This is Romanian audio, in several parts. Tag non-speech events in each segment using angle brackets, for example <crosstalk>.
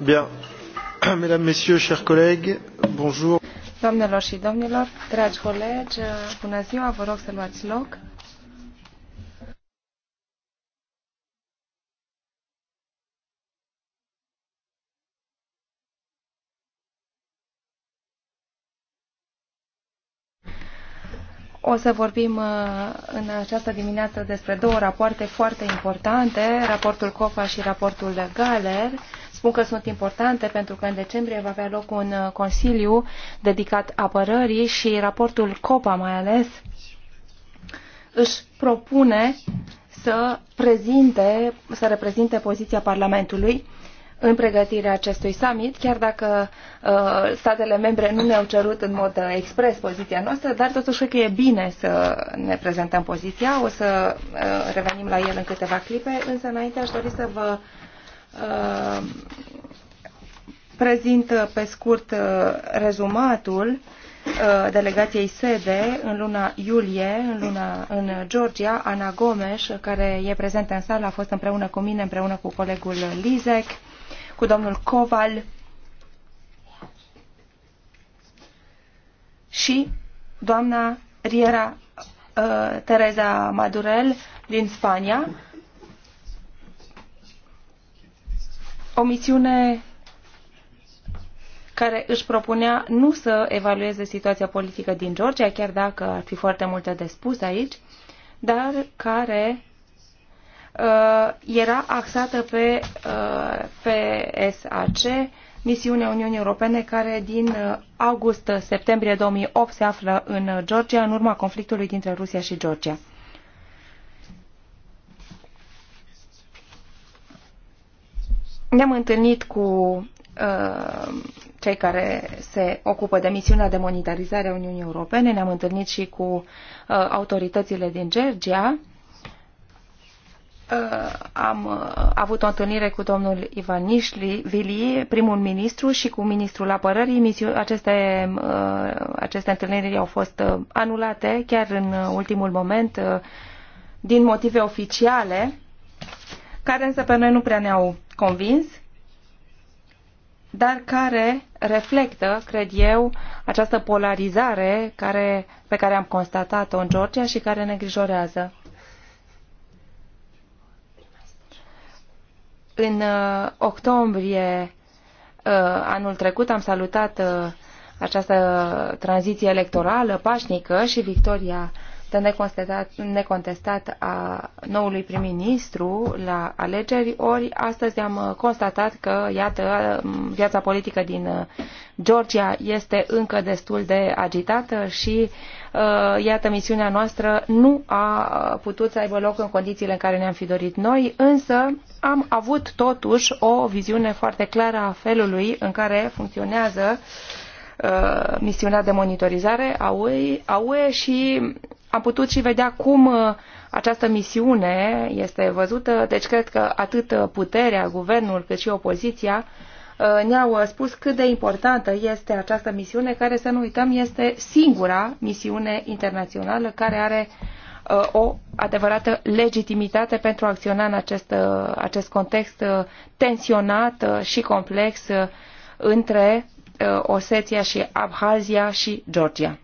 <clears throat> Mesdames, Messieurs, chers collègues, bonjour. Doamnelor și domnilor, dragi colegi, bună ziua, vă rog să luați loc. O să vorbim uh, în această dimineață despre două rapoarte foarte importante, raportul COFA și raportul GALER. Spun că sunt importante pentru că în decembrie va avea loc un uh, consiliu dedicat apărării și raportul COPA mai ales își propune să prezinte, să reprezinte poziția Parlamentului în pregătirea acestui summit, chiar dacă uh, statele membre nu ne-au cerut în mod uh, expres poziția noastră, dar totuși cred că e bine să ne prezentăm poziția. O să uh, revenim la el în câteva clipe, însă înainte aș dori să vă uh, prezint uh, pe scurt uh, rezumatul delegației sede în luna iulie, în, luna, în Georgia, Ana Gomes, care e prezentă în sală, a fost împreună cu mine, împreună cu colegul Lizek cu domnul Coval și doamna Riera uh, Teresa Madurel din Spania. O misiune care își propunea nu să evalueze situația politică din Georgia, chiar dacă ar fi foarte multe de spus aici, dar care Uh, era axată pe uh, PSAC, misiunea Uniunii Europene care din uh, august-septembrie 2008 se află în Georgia în urma conflictului dintre Rusia și Georgia. Ne-am întâlnit cu uh, cei care se ocupă de misiunea de monitorizare a Uniunii Europene, ne-am întâlnit și cu uh, autoritățile din Georgia, Uh, am uh, avut o întâlnire cu domnul Ivan Nișvili, primul ministru, și cu ministrul apărării. Aceste, uh, aceste întâlniri au fost anulate chiar în ultimul moment din motive oficiale, care însă pe noi nu prea ne-au convins, dar care reflectă, cred eu, această polarizare care, pe care am constatat-o în Georgia și care ne îngrijorează În uh, octombrie uh, anul trecut am salutat uh, această tranziție electorală pașnică și victoria necontestat, necontestat a noului prim-ministru la alegeri, ori astăzi am constatat că, iată, viața politică din uh, Georgia este încă destul de agitată și, uh, iată, misiunea noastră nu a putut să aibă loc în condițiile în care ne-am fi dorit noi, însă am avut totuși o viziune foarte clară a felului în care funcționează uh, misiunea de monitorizare a UE, a UE și am putut și vedea cum uh, această misiune este văzută, deci cred că atât puterea, guvernul, cât și opoziția uh, ne-au uh, spus cât de importantă este această misiune, care, să nu uităm, este singura misiune internațională care are o adevărată legitimitate pentru a acționa în acest, acest context tensionat și complex între Osetia și Abhazia și Georgia.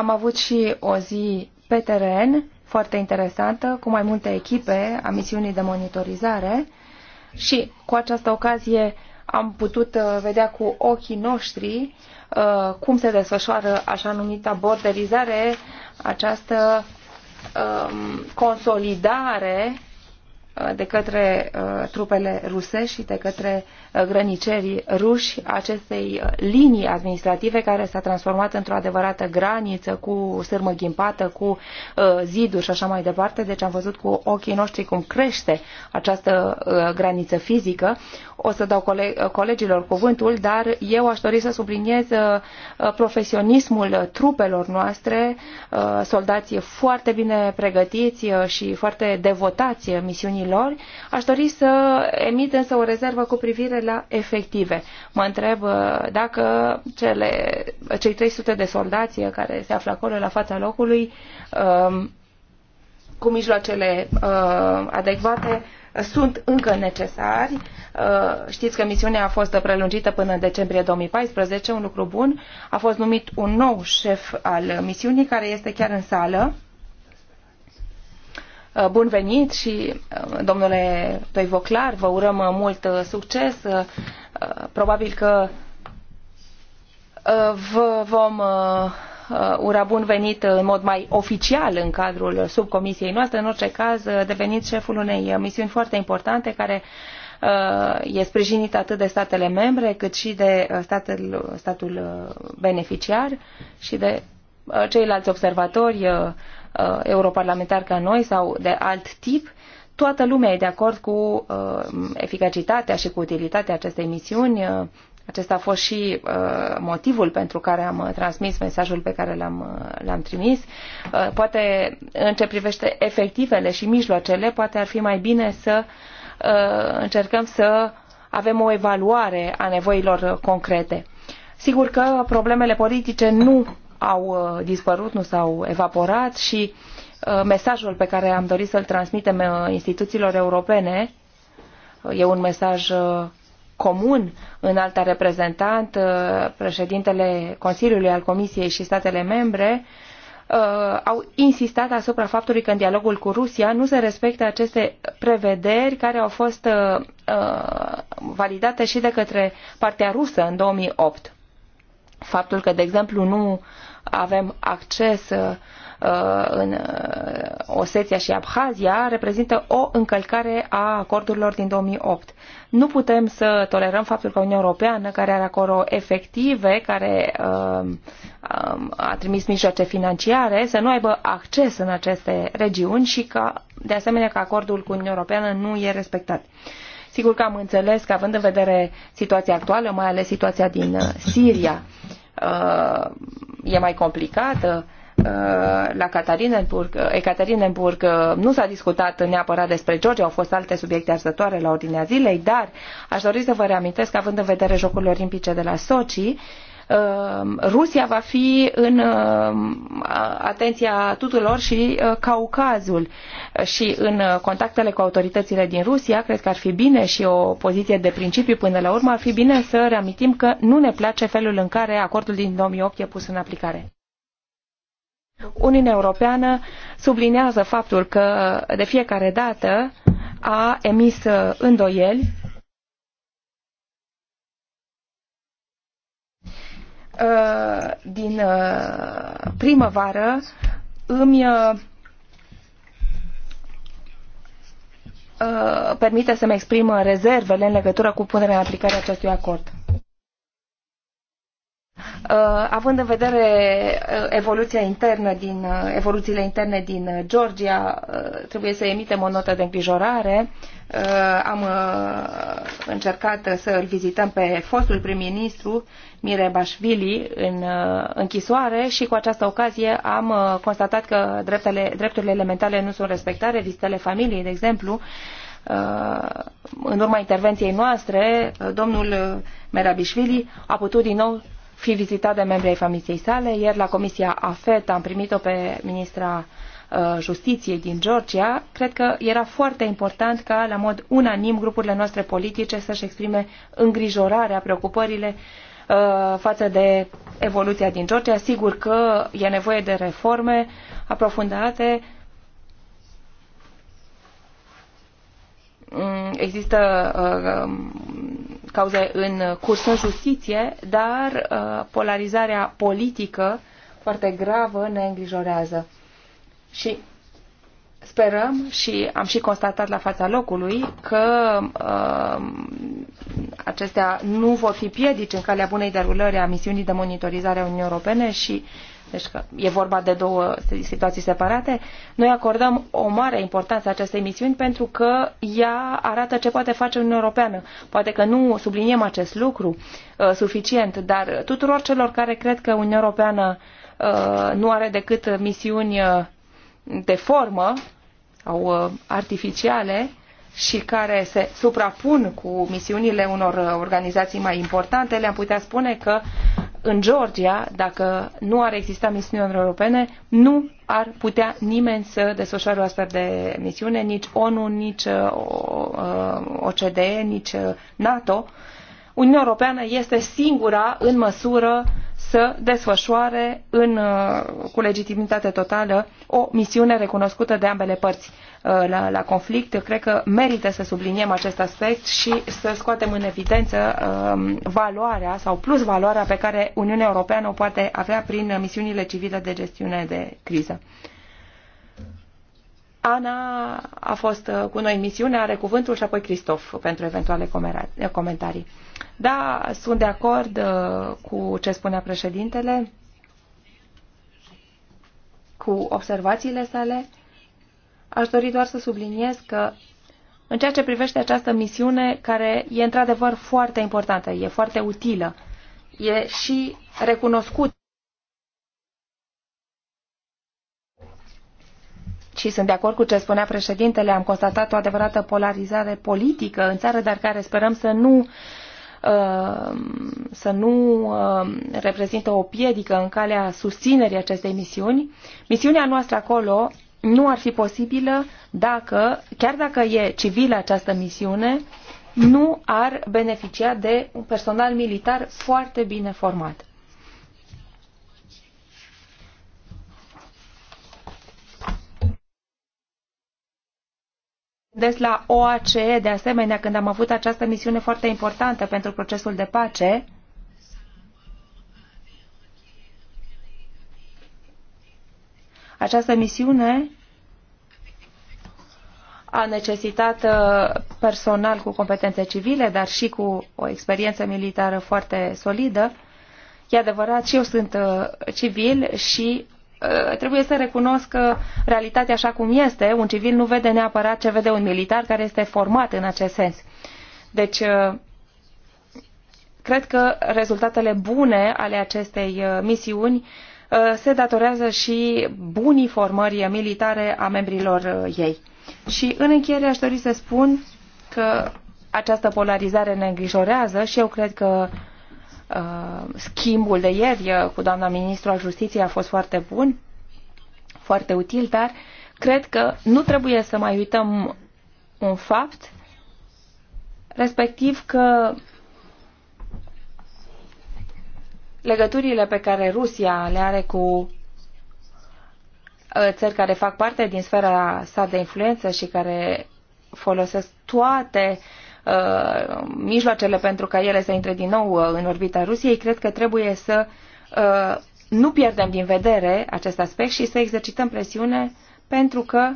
Am avut și o zi pe teren foarte interesantă, cu mai multe echipe a misiunii de monitorizare și cu această ocazie am putut uh, vedea cu ochii noștri uh, cum se desfășoară așa numita borderizare, această um, consolidare de către uh, trupele ruse și de către uh, grănicerii ruși acestei uh, linii administrative care s-a transformat într-o adevărată graniță cu sârmă ghimpată, cu ziduri și așa mai departe. Deci am văzut cu ochii noștri cum crește această graniță fizică. O să dau colegilor cuvântul, dar eu aș dori să subliniez profesionismul trupelor noastre, soldații foarte bine pregătiți și foarte devotați misiunii minorilor. Aș dori să emit însă o rezervă cu privire la efective. Mă întreb uh, dacă cele, cei 300 de soldați uh, care se află acolo la fața locului um, cu mijloacele uh, adecvate sunt încă necesari. Știți că misiunea a fost prelungită până în decembrie 2014, un lucru bun. A fost numit un nou șef al misiunii care este chiar în sală Uh, bun venit și, uh, domnule Toivoclar, vă urăm uh, mult succes. Probabil că vă vom ura bun venit în mod mai oficial în cadrul subcomisiei noastre. În orice caz, deveniți șeful unei misiuni foarte importante care e sprijinit atât de statele membre cât și de statul, statul beneficiar și de Uh, ceilalți observatori uh, uh, europarlamentari ca noi sau de alt tip, toată lumea e de acord cu eficacitatea și cu utilitatea acestei misiuni. Acesta a fost și motivul pentru care am transmis mesajul pe care l-am, l-am trimis. Poate în ce privește efectivele și mijloacele, poate ar fi mai bine să încercăm să avem o evaluare a nevoilor concrete. Sigur că problemele politice nu au uh, dispărut, nu s-au evaporat și uh, mesajul pe care am dorit să-l transmitem uh, instituțiilor europene e un mesaj comun în alta reprezentant, președintele Consiliului al Comisiei și statele membre, au insistat asupra faptului că în dialogul cu Rusia nu se respectă aceste prevederi care au fost validate și de către partea rusă în 2008. Faptul că, de exemplu, nu avem acces uh, uh, în uh, Osetia și Abhazia reprezintă o încălcare a acordurilor din 2008. Nu putem să tolerăm faptul că Uniunea Europeană, care are acolo efective, care um, a trimis mijloace financiare, să nu aibă acces în aceste regiuni și că, de asemenea, că acordul cu Uniunea Europeană nu e respectat. Sigur că am înțeles că, având în vedere situația actuală, mai ales situația din Siria, e mai complicată. Uh, la Caterinenburg, uh, Ekaterinenburg uh, nu s-a discutat neapărat despre George au fost alte subiecte arzătoare la ordinea zilei, dar aș dori să vă reamintesc, având în vedere Jocurile Olimpice de la Sochi, Um, Rusia va fi în um, atenția tuturor și uh, Caucazul și în uh, contactele cu autoritățile din Rusia, cred că ar fi bine și o poziție de principiu până la urmă, ar fi bine să reamintim că nu ne place felul în care acordul din 2008 e pus în aplicare. Uniunea Europeană sublinează faptul că de fiecare dată a emis uh, îndoieli Uh, din uh, primăvară îmi uh, permite să-mi exprim rezervele în legătură cu punerea în aplicare a acestui acord. Uh, având în vedere uh, evoluția internă din, uh, evoluțiile interne din Georgia, trebuie să emitem o notă de îngrijorare. Am încercat să îl vizităm pe fostul prim-ministru Mire Bașvili în închisoare și cu această ocazie am constatat că dreptele, drepturile elementare nu sunt respectate, vizitele familiei, de exemplu, în urma intervenției noastre, domnul Merabișvili a putut din nou fi vizitat de membrii familiei sale. Ieri la Comisia AFET am primit-o pe ministra uh, Justiției din Georgia, cred că era foarte important ca, la mod unanim, grupurile noastre politice să-și exprime îngrijorarea, preocupările uh, față de evoluția din Georgia. Sigur că e nevoie de reforme aprofundate. Mm, există uh, cauze în curs în justiție, dar uh, polarizarea politică foarte gravă ne îngrijorează. Și sperăm și am și constatat la fața locului că uh, acestea nu vor fi piedici în calea bunei derulări a misiunii de monitorizare a Uniunii Europene și deci că e vorba de două situații separate, noi acordăm o mare importanță acestei misiuni pentru că ea arată ce poate face Uniunea Europeană. Poate că nu subliniem acest lucru uh, suficient, dar tuturor celor care cred că Uniunea Europeană uh, nu are decât misiuni uh, de formă sau uh, artificiale, și care se suprapun cu misiunile unor uh, organizații mai importante, le-am putea spune că în Georgia, dacă nu ar exista misiuni europene, nu ar putea nimeni să desfășoare o astfel de misiune, nici ONU, nici uh, uh, OCDE, nici uh, NATO. Uniunea Europeană este singura în măsură să desfășoare în, cu legitimitate totală o misiune recunoscută de ambele părți. Uh, la, la conflict, cred că merită să subliniem acest aspect și să scoatem în evidență um, valoarea sau plus valoarea pe care Uniunea Europeană o poate avea prin misiunile civile de gestiune de criză. Ana a fost uh, cu noi în misiune, are cuvântul și apoi Cristof pentru eventuale comentarii. Da, sunt de acord uh, cu ce spunea președintele, cu observațiile sale. Aș dori doar să subliniez că în ceea ce privește această misiune, care e într-adevăr foarte importantă, e foarte utilă, e și recunoscut. Și sunt de acord cu ce spunea președintele, am constatat o adevărată polarizare politică în țară, dar care sperăm să nu uh, să nu uh, reprezintă o piedică în calea susținerii acestei misiuni. Misiunea noastră acolo nu ar fi posibilă dacă, chiar dacă e civilă această misiune, nu ar beneficia de un personal militar foarte bine format. des la OACE, de asemenea, când am avut această misiune foarte importantă pentru procesul de pace, Această misiune a necesitat uh, personal cu competențe civile, dar și cu o experiență militară foarte solidă. E adevărat, și eu sunt uh, civil și uh, trebuie să recunosc că realitatea așa cum este, un civil nu vede neapărat ce vede un militar care este format în acest sens. Deci, cred că rezultatele bune ale acestei misiuni Uh, se datorează și bunii formări militare a membrilor uh, ei. Și în încheiere aș dori să spun că această polarizare ne îngrijorează și eu cred că uh, schimbul de ieri cu doamna ministru al justiției a fost foarte bun, foarte util, dar cred că nu trebuie să mai uităm un fapt, respectiv că legăturile pe care Rusia le are cu uh, țări care fac parte din sfera sa de influență și care folosesc toate uh, mijloacele pentru ca ele să intre din nou uh, în orbita Rusiei, cred că trebuie să uh, nu pierdem din vedere acest aspect și să exercităm presiune pentru că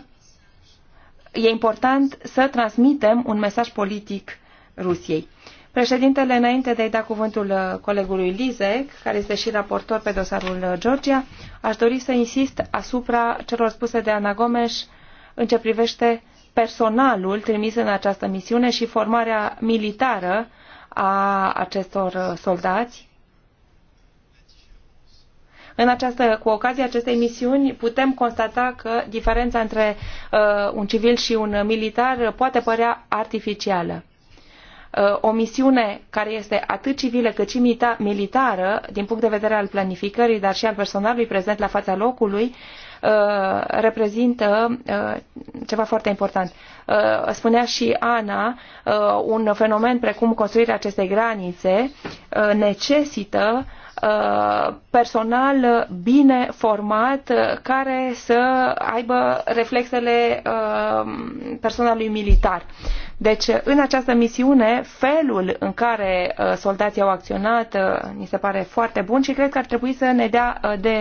e important să transmitem un mesaj politic Rusiei. Președintele, înainte de a-i da cuvântul uh, colegului Lizec, care este și raportor pe dosarul uh, Georgia, aș dori să insist asupra celor spuse de Ana Gomes în ce privește personalul trimis în această misiune și formarea militară a acestor uh, soldați. În această, cu ocazia acestei misiuni putem constata că diferența între uh, un civil și un militar poate părea artificială o misiune care este atât civilă cât și militară din punct de vedere al planificării, dar și al personalului prezent la fața locului, uh, reprezintă uh, ceva foarte important. Uh, spunea și Ana, un fenomen precum construirea acestei granițe necesită personal bine format care să aibă reflexele personalului militar. Deci, în această misiune, felul în care uh, soldații au acționat mi uh, se pare foarte bun și cred că ar trebui să ne dea uh, de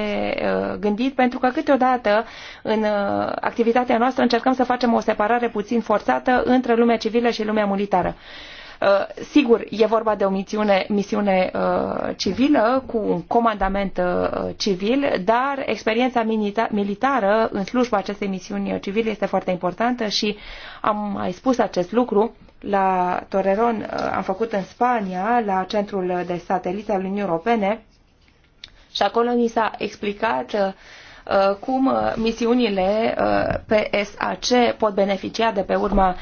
gândit, pentru că câteodată în activitatea noastră încercăm să facem o separare puțin forțată între lumea civilă și lumea militară. Uh, sigur, e vorba de o misiune, misiune uh, civilă cu un comandament uh, civil, dar experiența militară în slujba acestei misiuni civile este foarte importantă și am mai spus acest lucru la Torreron, am făcut în Spania, la Centrul de Satelite al Uniunii Europene și acolo ni s-a explicat Uh, cum uh, misiunile uh, PSAC pot beneficia de pe urma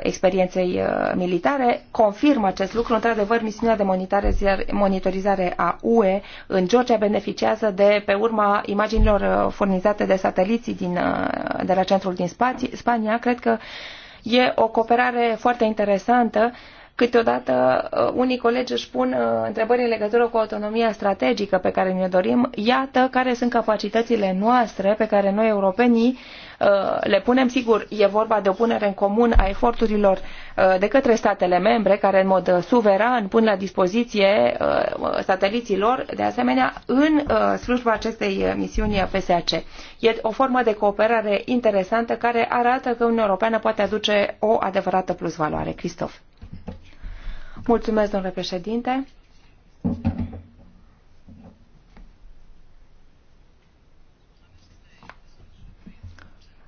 experienței militare. Confirm acest lucru. Într-adevăr, misiunea de monitorizare a UE în Georgia beneficiază de pe urma imaginilor furnizate de sateliții din, de la centrul din Spania. Cred că e o cooperare foarte interesantă Câteodată uh, unii colegi își pun uh, întrebări în legătură cu autonomia strategică pe care ne dorim. Iată care sunt capacitățile noastre pe care noi europenii uh, le punem. Sigur, e vorba de o punere în comun a eforturilor de către statele membre care în mod suveran pun la dispoziție sateliților, de asemenea, în slujba acestei misiuni PSAC. E o formă de cooperare interesantă care arată că Uniunea Europeană poate aduce o adevărată plusvaloare. Cristof. Mulțumesc, domnule președinte.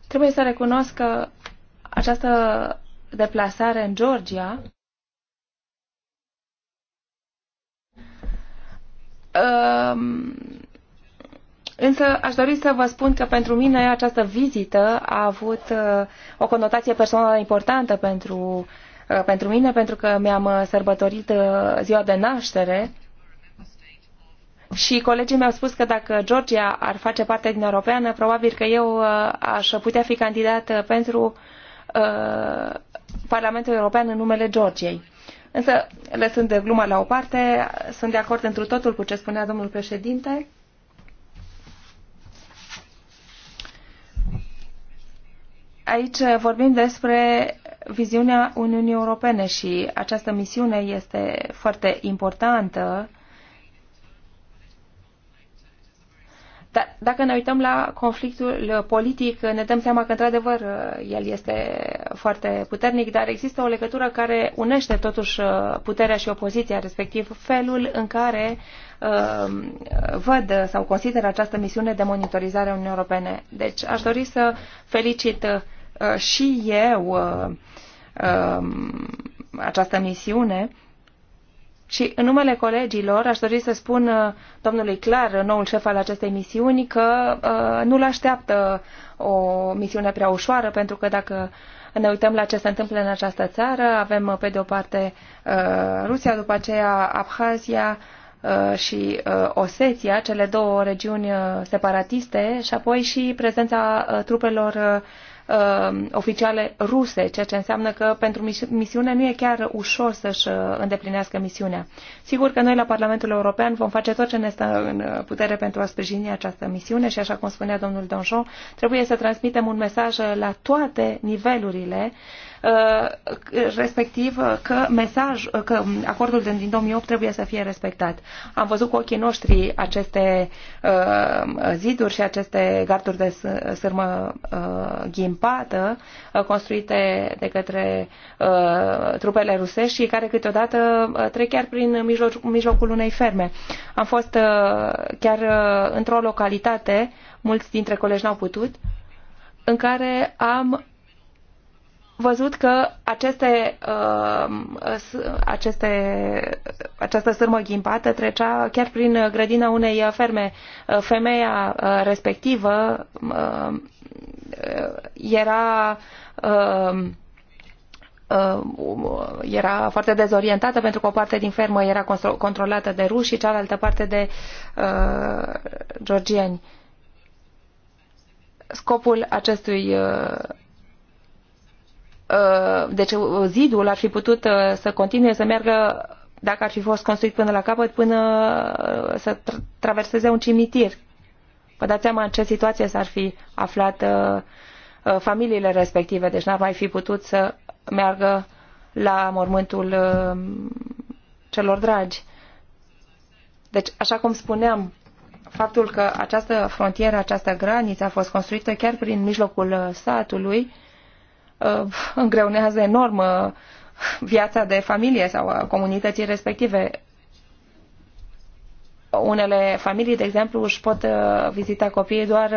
Trebuie să recunosc că această deplasare în Georgia um, Însă aș dori să vă spun că pentru mine această vizită a avut uh, o conotație personală importantă pentru Uh, pentru mine, pentru că mi-am uh, sărbătorit uh, ziua de naștere și colegii mi-au spus că dacă Georgia ar face parte din Europeană, probabil că eu aș putea fi candidat pentru uh, Parlamentul European în numele Georgiei. Însă, lăsând gluma la o parte, sunt de acord întru totul cu ce spunea domnul președinte. Aici vorbim despre viziunea Uniunii Europene și această misiune este foarte importantă. Dar dacă ne uităm la conflictul politic, ne dăm seama că, într-adevăr, el este foarte puternic, dar există o legătură care unește totuși puterea și opoziția, respectiv felul în care uh, văd sau consideră această misiune de monitorizare a Uniunii Europene. Deci aș dori să felicit Uh, și eu uh, um, această misiune și în numele colegilor aș dori să spun uh, domnului Clar, noul șef al acestei misiuni, că nu-l așteaptă o misiune prea ușoară, pentru că dacă ne uităm la ce se întâmplă în această țară, avem pe de o parte Rusia, după aceea Abhazia și Oseția, cele două regiuni separatiste, și apoi și prezența trupelor uh, oficiale ruse, ceea ce înseamnă că pentru misiune nu e chiar ușor să-și uh, îndeplinească misiunea. Sigur că noi la Parlamentul European vom face tot ce ne stă în uh, putere pentru a sprijini această misiune și, așa cum spunea domnul Donjon, trebuie să transmitem un mesaj uh, la toate nivelurile uh, Uh, respectiv că mesaj, că acordul din 2008 trebuie să fie respectat. Am văzut cu ochii noștri aceste uh, ziduri și aceste garduri de sârmă uh, ghimpată construite de către trupele rusești și care câteodată trec chiar prin mijlocul unei ferme. Am fost chiar într-o localitate, mulți dintre colegi n-au putut, în care am văzut că aceste, uh, aceste, această sârmă ghimpată trecea chiar prin grădina unei ferme. Uh, femeia uh, respectivă era era foarte dezorientată pentru că o parte din fermă era controlată de ruși și cealaltă parte de uh, georgieni. Scopul acestui uh, Uh, deci uh, zidul ar fi putut uh, să continue să meargă dacă ar fi fost construit până la capăt, până să tra traverseze un cimitir. Vă dați seama în ce situație s-ar fi aflat familiile respective, deci n-ar mai fi putut să meargă la mormântul celor dragi. Deci, așa cum spuneam, faptul că această frontieră, această graniță a fost construită chiar prin mijlocul satului, Uh, <laughs> îngreunează enorm uh, viața de familie sau a comunității respective. Unele familii, de exemplu, își pot uh, vizita copiii doar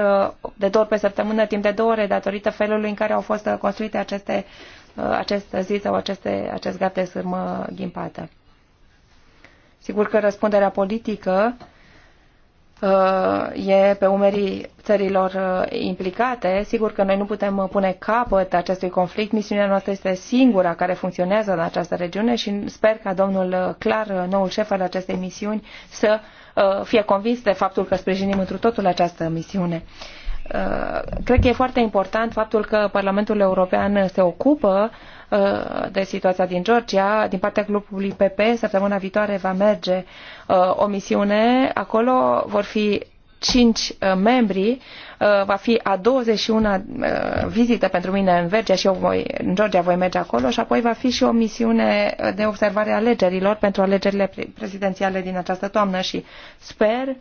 de două ori pe săptămână, timp de două ore, datorită felului în care au fost construite aceste, acest zid sau aceste, acest gard de sârmă ghimpată. Sigur că răspunderea politică uh, Uh, e pe umerii țărilor uh, implicate. Sigur că noi nu putem uh, pune capăt acestui conflict. Misiunea noastră este singura care funcționează în această regiune și sper ca domnul Clar, noul șef al acestei misiuni, să fie convins de faptul că sprijinim întru totul această misiune. Cred că e foarte important faptul că Parlamentul European se ocupă Uh, de situația din Georgia. Din partea grupului PP, săptămâna viitoare va merge uh, o misiune. Acolo vor fi cinci uh, membri. Va fi a 21-a vizită pentru mine în Georgia și eu voi, în Georgia voi merge acolo și apoi va fi și o misiune de observare a alegerilor pentru alegerile prezidențiale din această toamnă și sper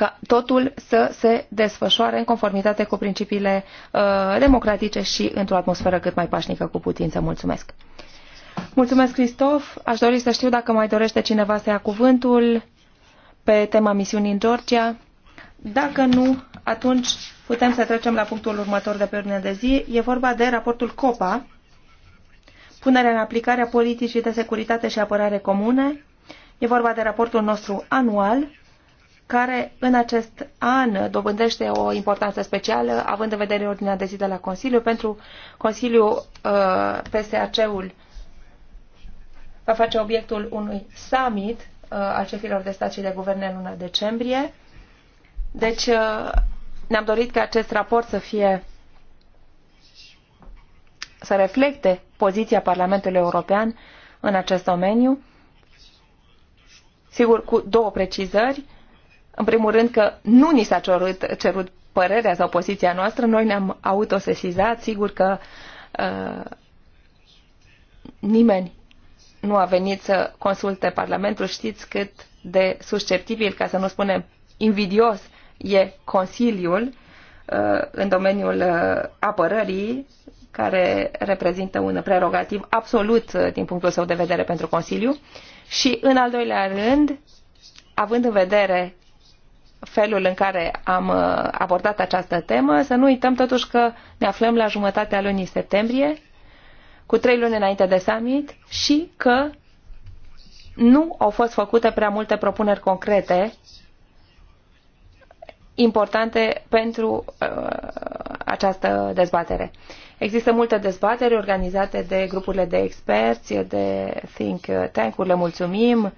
ca totul să se desfășoare în conformitate cu principiile uh, democratice și într-o atmosferă cât mai pașnică cu putință. Mulțumesc! Mulțumesc, Cristof! Aș dori să știu dacă mai dorește cineva să ia cuvântul pe tema misiunii în Georgia. Dacă nu, atunci putem să trecem la punctul următor de pe ordine de zi. E vorba de raportul COPA, punerea în aplicare a politicii de securitate și apărare comune. E vorba de raportul nostru anual care în acest an dobândește o importanță specială, având în vedere ordinea de zi de la Consiliu. Pentru Consiliu, uh, PSAC-ul va face obiectul unui summit uh, al șefilor de stat și de guverne în luna decembrie. Deci uh, ne-am dorit ca acest raport să fie să reflecte poziția Parlamentului European în acest domeniu. Sigur, cu două precizări. În primul rând că nu ni s-a cerut, cerut părerea sau poziția noastră, noi ne-am autosesizat, sigur că uh, nimeni nu a venit să consulte Parlamentul, știți cât de susceptibil, ca să nu spunem invidios, e Consiliul uh, în domeniul uh, apărării, care reprezintă un prerogativ absolut uh, din punctul său de vedere pentru Consiliu. Și în al doilea rând, având în vedere felul în care am uh, abordat această temă, să nu uităm totuși că ne aflăm la jumătatea lunii septembrie, cu trei luni înainte de summit, și că nu au fost făcute prea multe propuneri concrete importante pentru uh, această dezbatere. Există multe dezbateri organizate de grupurile de experți, de think tank-uri, le mulțumim,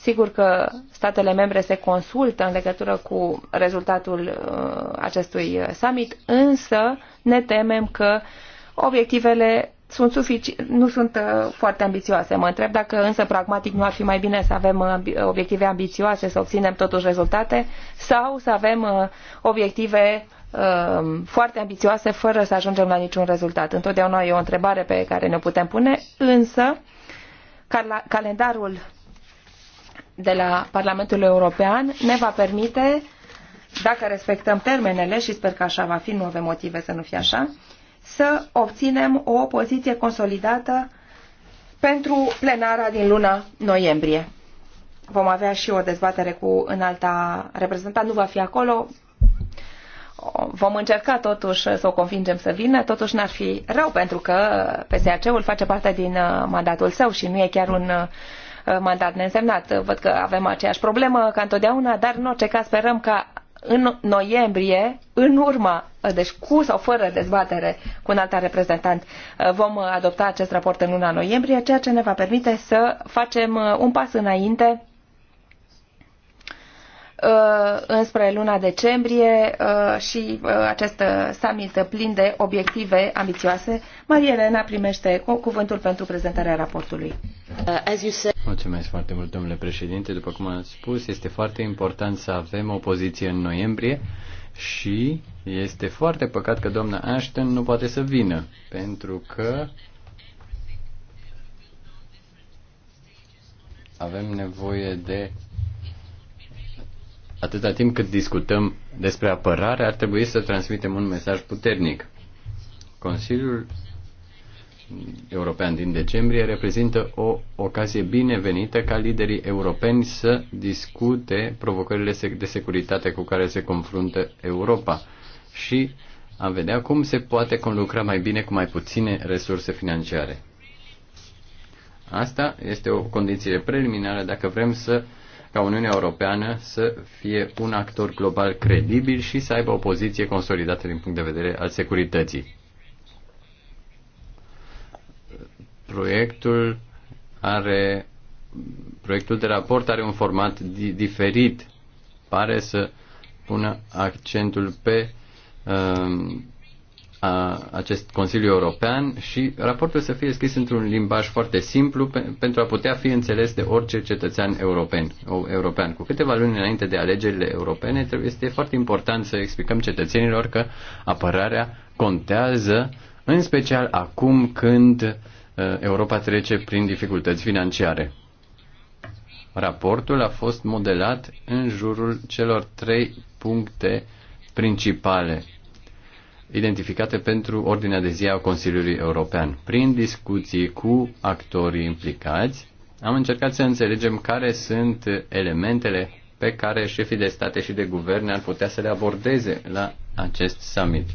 Sigur că statele membre se consultă în legătură cu rezultatul uh, acestui summit, însă ne temem că obiectivele sunt sufici- nu sunt uh, foarte ambițioase. Mă întreb dacă însă pragmatic nu ar fi mai bine să avem uh, obiective ambițioase, să obținem totuși rezultate, sau să avem obiective foarte ambițioase fără să ajungem la niciun rezultat. Întotdeauna e o întrebare pe care ne putem pune, însă calendarul de la Parlamentul European ne va permite, dacă respectăm termenele, și sper că așa va fi, nu avem motive să nu fie așa, să obținem o poziție consolidată pentru plenara din luna noiembrie. Vom avea și o dezbatere cu înalta reprezentant, nu va fi acolo. Vom încerca totuși să o convingem să vină, totuși n-ar fi rău pentru că PSAC-ul face parte din uh, mandatul său și nu e chiar un uh, mandat neînsemnat. Văd că avem aceeași problemă ca întotdeauna, dar în orice caz sperăm ca în noiembrie, în urma, deci cu sau fără dezbatere cu un alt reprezentant, vom adopta acest raport în luna noiembrie, ceea ce ne va permite să facem un pas înainte Uh, înspre luna decembrie uh, și uh, acest summit plin de obiective ambițioase. Maria Elena primește cuvântul pentru prezentarea raportului. Mulțumesc foarte mult, domnule președinte. După cum am spus, este foarte important să avem o poziție în noiembrie și este foarte păcat că doamna Ashton nu poate să vină, pentru că avem nevoie de atâta timp cât discutăm despre apărare, ar trebui să transmitem un mesaj puternic. Consiliul European din decembrie reprezintă o ocazie binevenită ca liderii europeni să discute provocările de securitate cu care se confruntă Europa și a vedea cum se poate conlucra mai bine cu mai puține resurse financiare. Asta este o condiție preliminară dacă vrem să ca Uniunea Europeană să fie un actor global credibil și să aibă o poziție consolidată din punct de vedere al securității. Proiectul are proiectul de raport are un format di- diferit. Pare să pună accentul pe uh, a, acest Consiliu European și raportul să fie scris într-un limbaj foarte simplu pe, pentru a putea fi înțeles de orice cetățean european. O, european. Cu câteva luni înainte de alegerile europene trebuie, este foarte important să explicăm cetățenilor că apărarea contează, în special acum când uh, Europa trece prin dificultăți financiare. Raportul a fost modelat în jurul celor trei puncte principale identificate pentru ordinea de zi a Consiliului European. Prin discuții cu actorii implicați, am încercat să înțelegem care sunt elementele pe care șefii de state și de guverne ar putea să le abordeze la acest summit.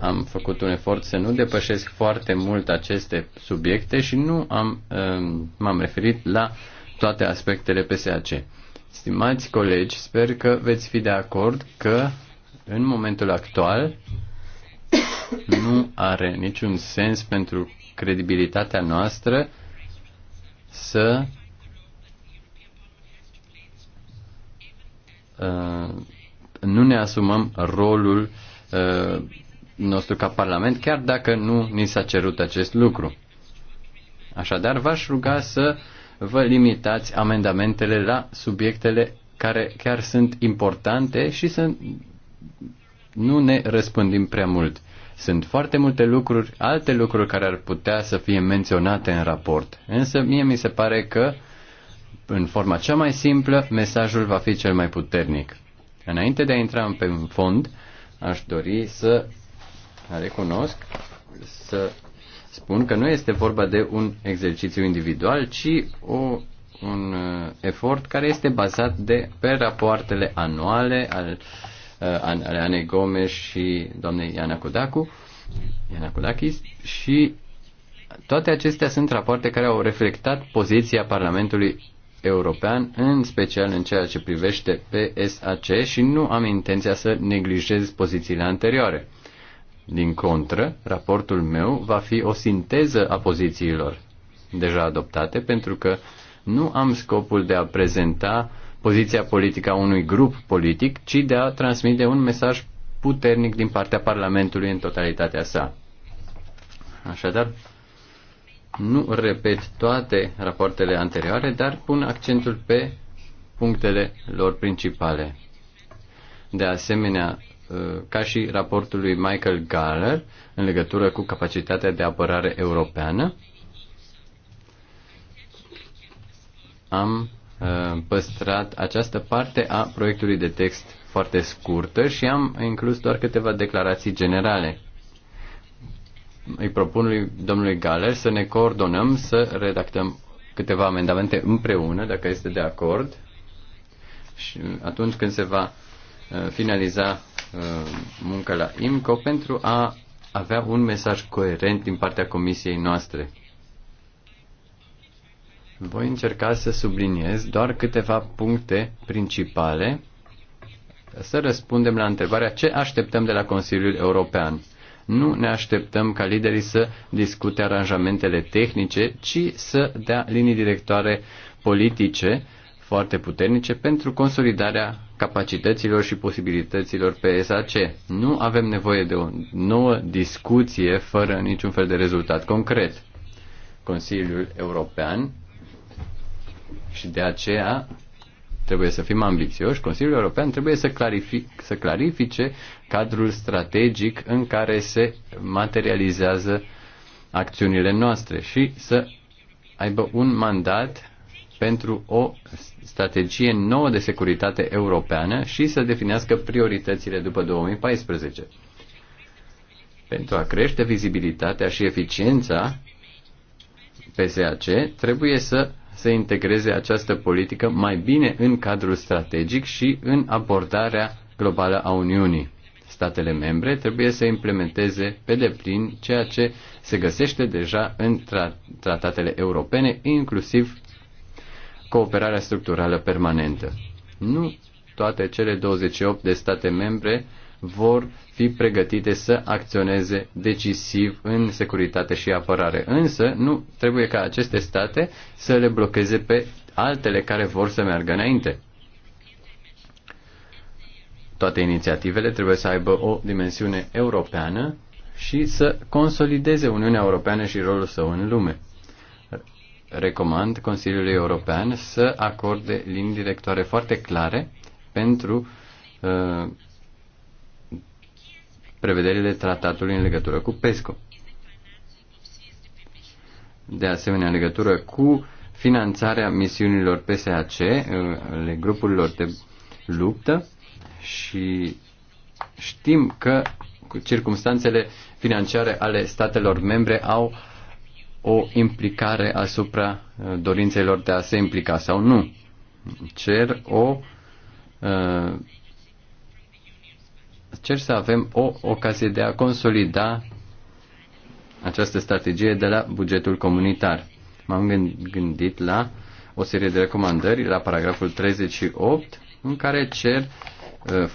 Am făcut un efort să nu depășesc foarte mult aceste subiecte și nu am, um, m-am referit la toate aspectele PSAC. Stimați colegi, sper că veți fi de acord că în momentul actual nu are niciun sens pentru credibilitatea noastră să uh, nu ne asumăm rolul uh, nostru ca Parlament, chiar dacă nu ni s-a cerut acest lucru. Așadar, v-aș ruga să vă limitați amendamentele la subiectele care chiar sunt importante și să nu ne răspândim prea mult. Sunt foarte multe lucruri, alte lucruri care ar putea să fie menționate în raport. Însă mie mi se pare că, în forma cea mai simplă, mesajul va fi cel mai puternic. Înainte de a intra în fond, aș dori să recunosc, să spun că nu este vorba de un exercițiu individual, ci o, un uh, efort care este bazat de, pe rapoartele anuale al uh, Uh, ale Anei Gomes și doamnei Iana Codacu, Iana Kudakis și toate acestea sunt rapoarte care au reflectat poziția Parlamentului European, în special în ceea ce privește PSAC și nu am intenția să neglijez pozițiile anterioare. Din contră, raportul meu va fi o sinteză a pozițiilor deja adoptate, pentru că nu am scopul de a prezenta uh, poziția politică a unui grup politic, ci de a transmite un mesaj puternic din partea Parlamentului în totalitatea sa. Așadar, nu repet toate rapoartele anterioare, dar pun accentul pe punctele lor principale. De asemenea, ă, ca și raportul lui Michael Galler în legătură cu capacitatea de apărare europeană, am Uh, păstrat această parte a proiectului de text foarte scurtă și am inclus doar câteva declarații generale. Îi propun lui domnului Galer să ne coordonăm, să redactăm câteva amendamente împreună, dacă este de acord, și atunci când se va uh, finaliza uh, munca la IMCO pentru a avea un mesaj coerent din partea comisiei noastre. Voi încerca să subliniez doar câteva puncte principale să răspundem la întrebarea ce așteptăm de la Consiliul European. Nu ne așteptăm ca liderii să discute aranjamentele tehnice, ci să dea linii directoare politice foarte puternice pentru consolidarea capacităților și posibilităților pe SAC. Nu avem nevoie de o nouă discuție fără niciun fel de rezultat concret. Consiliul European și de aceea trebuie să fim ambițioși, Consiliul European trebuie să, clarific, să clarifice cadrul strategic în care se materializează acțiunile noastre și să aibă un mandat pentru o strategie nouă de securitate europeană și să definească prioritățile după 2014. Pentru a crește vizibilitatea și eficiența PSAC, trebuie să să integreze această politică mai bine în cadrul strategic și în abordarea globală a Uniunii. Statele membre trebuie să implementeze pe deplin ceea ce se găsește deja în tra- tratatele europene, inclusiv cooperarea structurală permanentă. Nu toate cele 28 de state membre vor fi pregătite să acționeze decisiv în securitate și apărare. Însă, nu trebuie ca aceste state să le blocheze pe altele care vor să meargă înainte. Toate inițiativele trebuie să aibă o dimensiune europeană și să consolideze Uniunea Europeană și rolul său în lume. Recomand Consiliului European să acorde linii directoare foarte clare pentru uh, prevederile tratatului în legătură cu PESCO. De asemenea, în legătură cu finanțarea misiunilor PSAC, ale grupurilor de luptă și știm că circumstanțele financiare ale statelor membre au o implicare asupra uh, dorințelor de a se implica sau nu. Cer o uh, cer să avem o ocazie de a consolida această strategie de la bugetul comunitar. M-am gândit la o serie de recomandări la paragraful 38 în care cer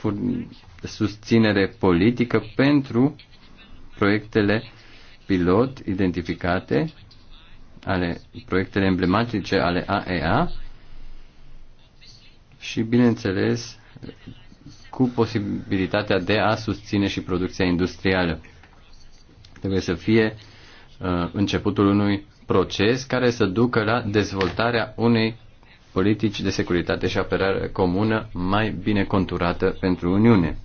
uh, susținere politică pentru proiectele pilot identificate ale proiectele emblematice ale AEA și bineînțeles cu posibilitatea de a susține și producția industrială. Trebuie să fie uh, începutul unui proces care să ducă la dezvoltarea unei politici de securitate și apărare comună mai bine conturată pentru Uniune.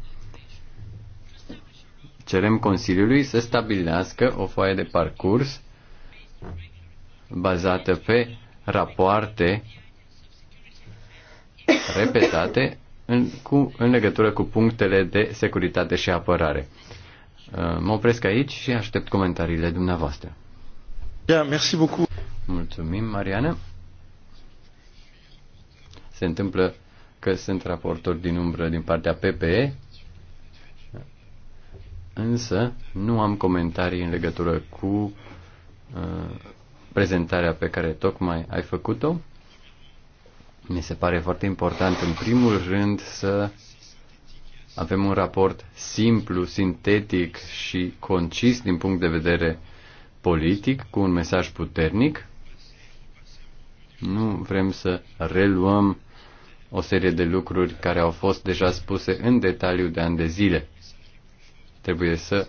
Cerem Consiliului să stabilească o foaie de parcurs bazată pe rapoarte repetate în, cu, în legătură cu punctele de securitate și apărare. Uh, mă opresc aici și aștept comentariile dumneavoastră. Yeah, merci beaucoup. Mulțumim, Mariana. Se întâmplă că sunt raportori din umbră din partea PPE, însă nu am comentarii în legătură cu uh, prezentarea pe care tocmai ai făcut-o. Mi se pare foarte important, în primul rând, să avem un raport simplu, sintetic și concis din punct de vedere politic, cu un mesaj puternic. Nu vrem să reluăm o serie de lucruri care au fost deja spuse în detaliu de ani de zile. Trebuie să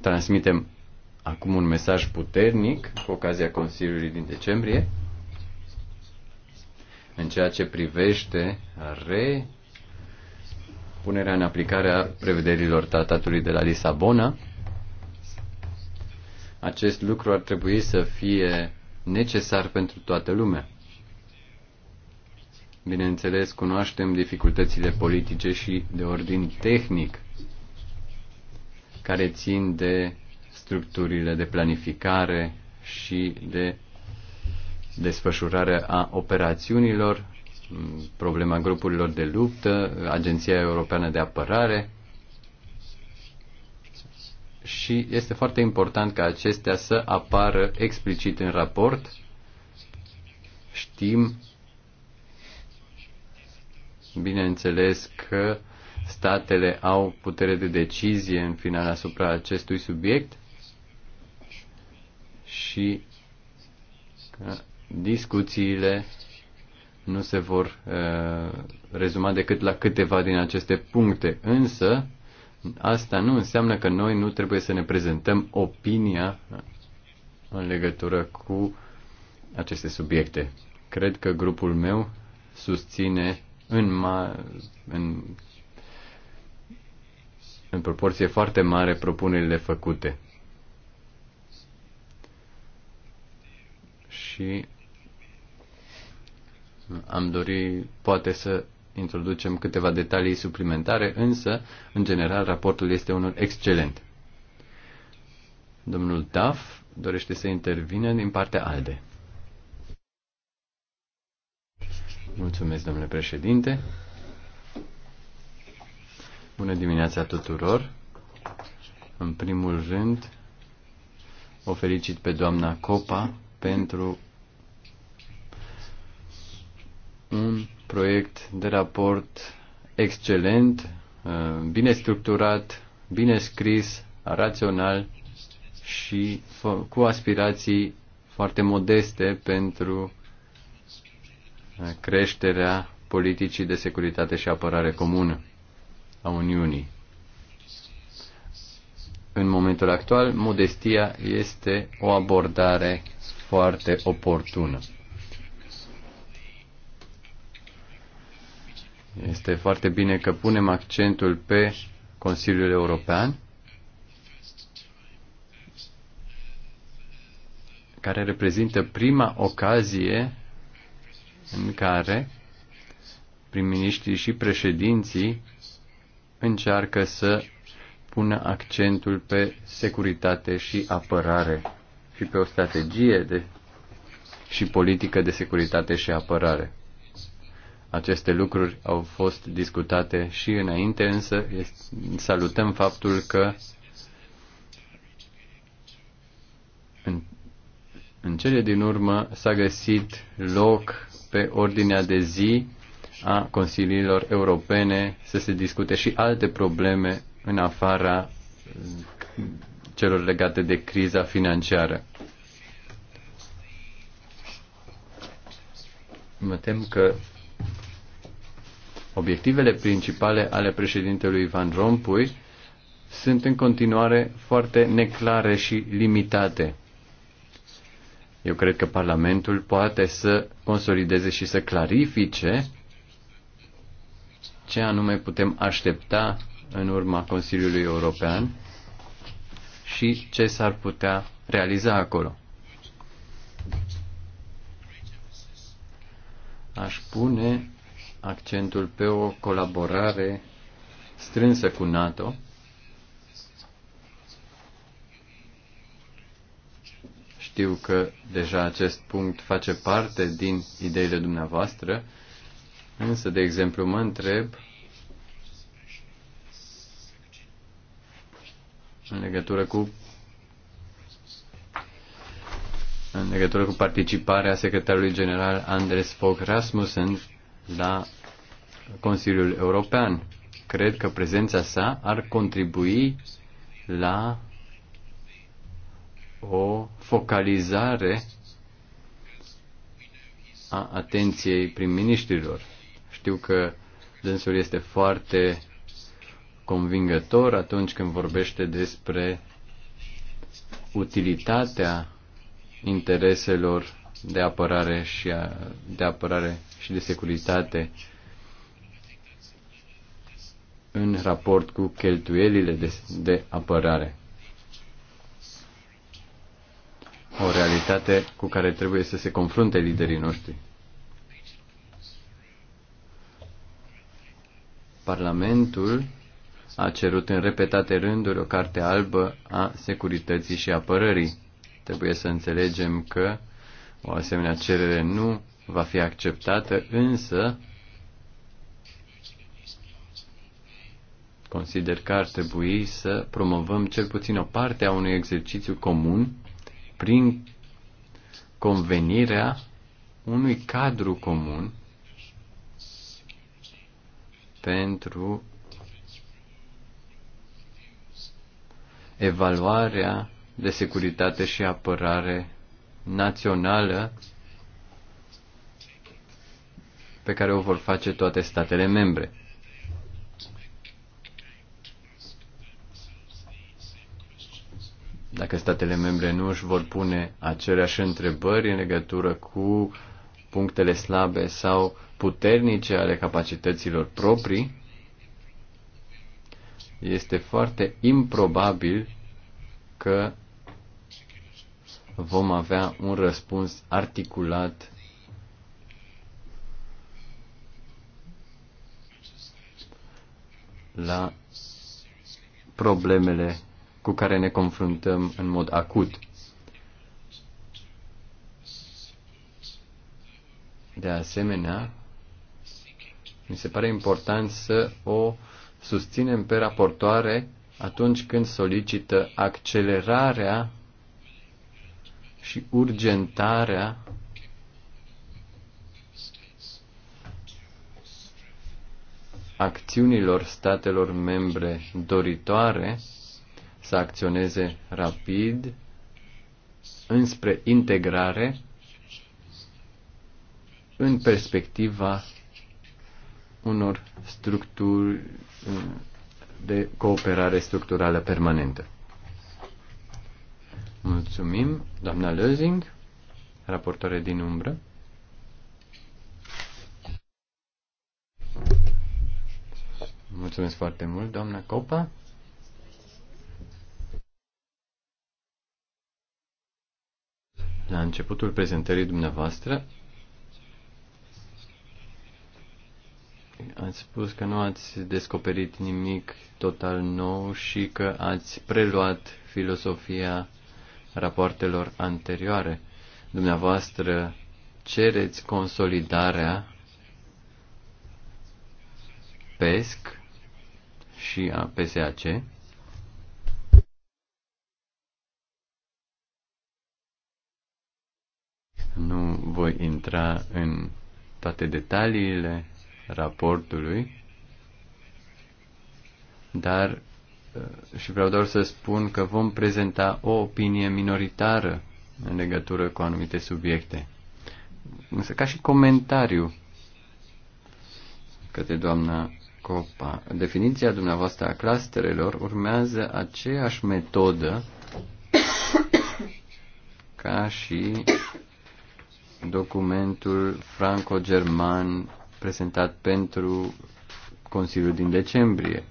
transmitem acum un mesaj puternic cu ocazia Consiliului din decembrie în ceea ce privește re punerea în aplicare a prevederilor tratatului de la Lisabona. Acest lucru ar trebui să fie necesar pentru toată lumea. Bineînțeles, cunoaștem dificultățile politice și de ordin tehnic care țin de structurile de planificare și de desfășurarea a operațiunilor, problema grupurilor de luptă, Agenția Europeană de Apărare și este foarte important ca acestea să apară explicit în raport. Știm, bineînțeles, că statele au putere de decizie în final asupra acestui subiect și că discuțiile nu se vor uh, rezuma decât la câteva din aceste puncte. Însă, asta nu înseamnă că noi nu trebuie să ne prezentăm opinia în legătură cu aceste subiecte. Cred că grupul meu susține în, ma- în, în proporție foarte mare propunerile făcute. Și am dori poate să introducem câteva detalii suplimentare, însă, în general, raportul este unul excelent. Domnul Taf dorește să intervină din partea ALDE. Mulțumesc, domnule președinte. Bună dimineața tuturor. În primul rând, o felicit pe doamna Copa pentru un proiect de raport excelent, uh, bine structurat, bine scris, rațional și cu aspirații foarte modeste pentru uh, creșterea politicii de securitate și apărare comună a Uniunii. În momentul actual, modestia este o abordare foarte oportună. Este foarte bine că punem accentul pe Consiliul European, care reprezintă prima ocazie în care prim-ministrii și președinții încearcă să pună accentul pe securitate și apărare și pe o strategie de, și politică de securitate și apărare. Aceste lucruri au fost discutate și înainte, însă salutăm faptul că în, în cele din urmă s-a găsit loc pe ordinea de zi a consiliilor europene să se discute și alte probleme în afara celor legate de criza financiară. Mă tem că Obiectivele principale ale președintelui Van Rompuy sunt în continuare foarte neclare și limitate. Eu cred că Parlamentul poate să consolideze și să clarifice ce anume putem aștepta în urma Consiliului European și ce s-ar putea realiza acolo. Aș pune accentul pe o colaborare strânsă cu NATO. Știu că deja acest punct face parte din ideile dumneavoastră, însă, de exemplu, mă întreb în legătură cu în legătură cu participarea secretarului general Andres Fogh Rasmussen la Consiliul European. Cred că prezența sa ar contribui la o focalizare a atenției prim-ministrilor. Știu că dânsul este foarte convingător atunci când vorbește despre utilitatea intereselor de apărare și a, de apărare și de securitate în raport cu cheltuielile de, de apărare. O realitate cu care trebuie să se confrunte liderii noștri. Parlamentul a cerut în repetate rânduri o carte albă a securității și apărării. Trebuie să înțelegem că o asemenea cerere nu va fi acceptată, însă consider că ar trebui să promovăm cel puțin o parte a unui exercițiu comun prin convenirea unui cadru comun pentru evaluarea de securitate și apărare națională pe care o vor face toate statele membre. Dacă statele membre nu își vor pune aceleași întrebări în legătură cu punctele slabe sau puternice ale capacităților proprii, este foarte improbabil că vom avea un răspuns articulat la problemele cu care ne confruntăm în mod acut. De asemenea, mi se pare important să o susținem pe raportoare atunci când solicită accelerarea și urgentarea acțiunilor statelor membre doritoare să acționeze rapid înspre integrare în perspectiva unor structuri uh, de cooperare structurală permanentă. Mulțumim, doamna Lözing, raportoare din umbră. Mulțumesc foarte mult, doamna Copa. La începutul prezentării dumneavoastră, ați spus că nu ați descoperit nimic total nou și că ați preluat filosofia rapoartelor anterioare. Dumneavoastră cereți consolidarea PESC și a PSAC. Nu voi intra în toate detaliile raportului, dar uh, și vreau doar să spun că vom prezenta o opinie minoritară în legătură cu anumite subiecte. Însă ca și comentariu către doamna COPA. Definiția dumneavoastră a clusterelor urmează aceeași metodă ca și documentul franco-german prezentat pentru Consiliul din decembrie.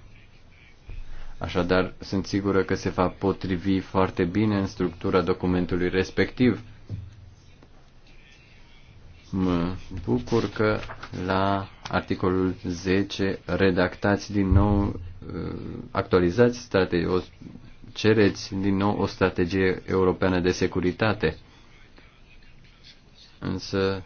Așadar, sunt sigură că se va potrivi foarte bine în structura documentului respectiv Mă bucur că la articolul 10 redactați din nou, uh, actualizați strategie, o, cereți din nou o strategie europeană de securitate. Însă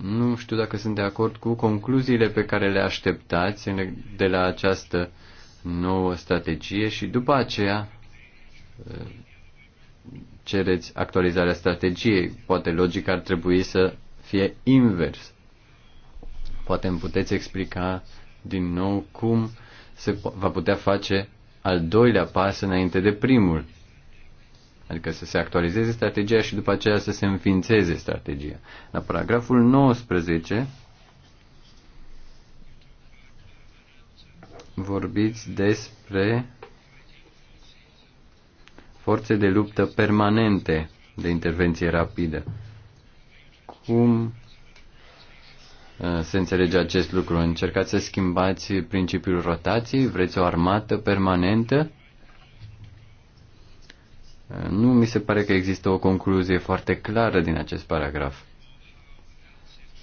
nu știu dacă sunt de acord cu concluziile pe care le așteptați de la această nouă strategie și după aceea uh, cereți actualizarea strategiei. Poate logica ar trebui să fie invers. Poate îmi puteți explica din nou cum se va putea face al doilea pas înainte de primul. Adică să se actualizeze strategia și după aceea să se înființeze strategia. La paragraful 19 vorbiți despre forțe de luptă permanente de intervenție rapidă. Cum uh, se înțelege acest lucru? Încercați să schimbați principiul rotației? Vreți o armată permanentă? Uh, nu mi se pare că există o concluzie foarte clară din acest paragraf.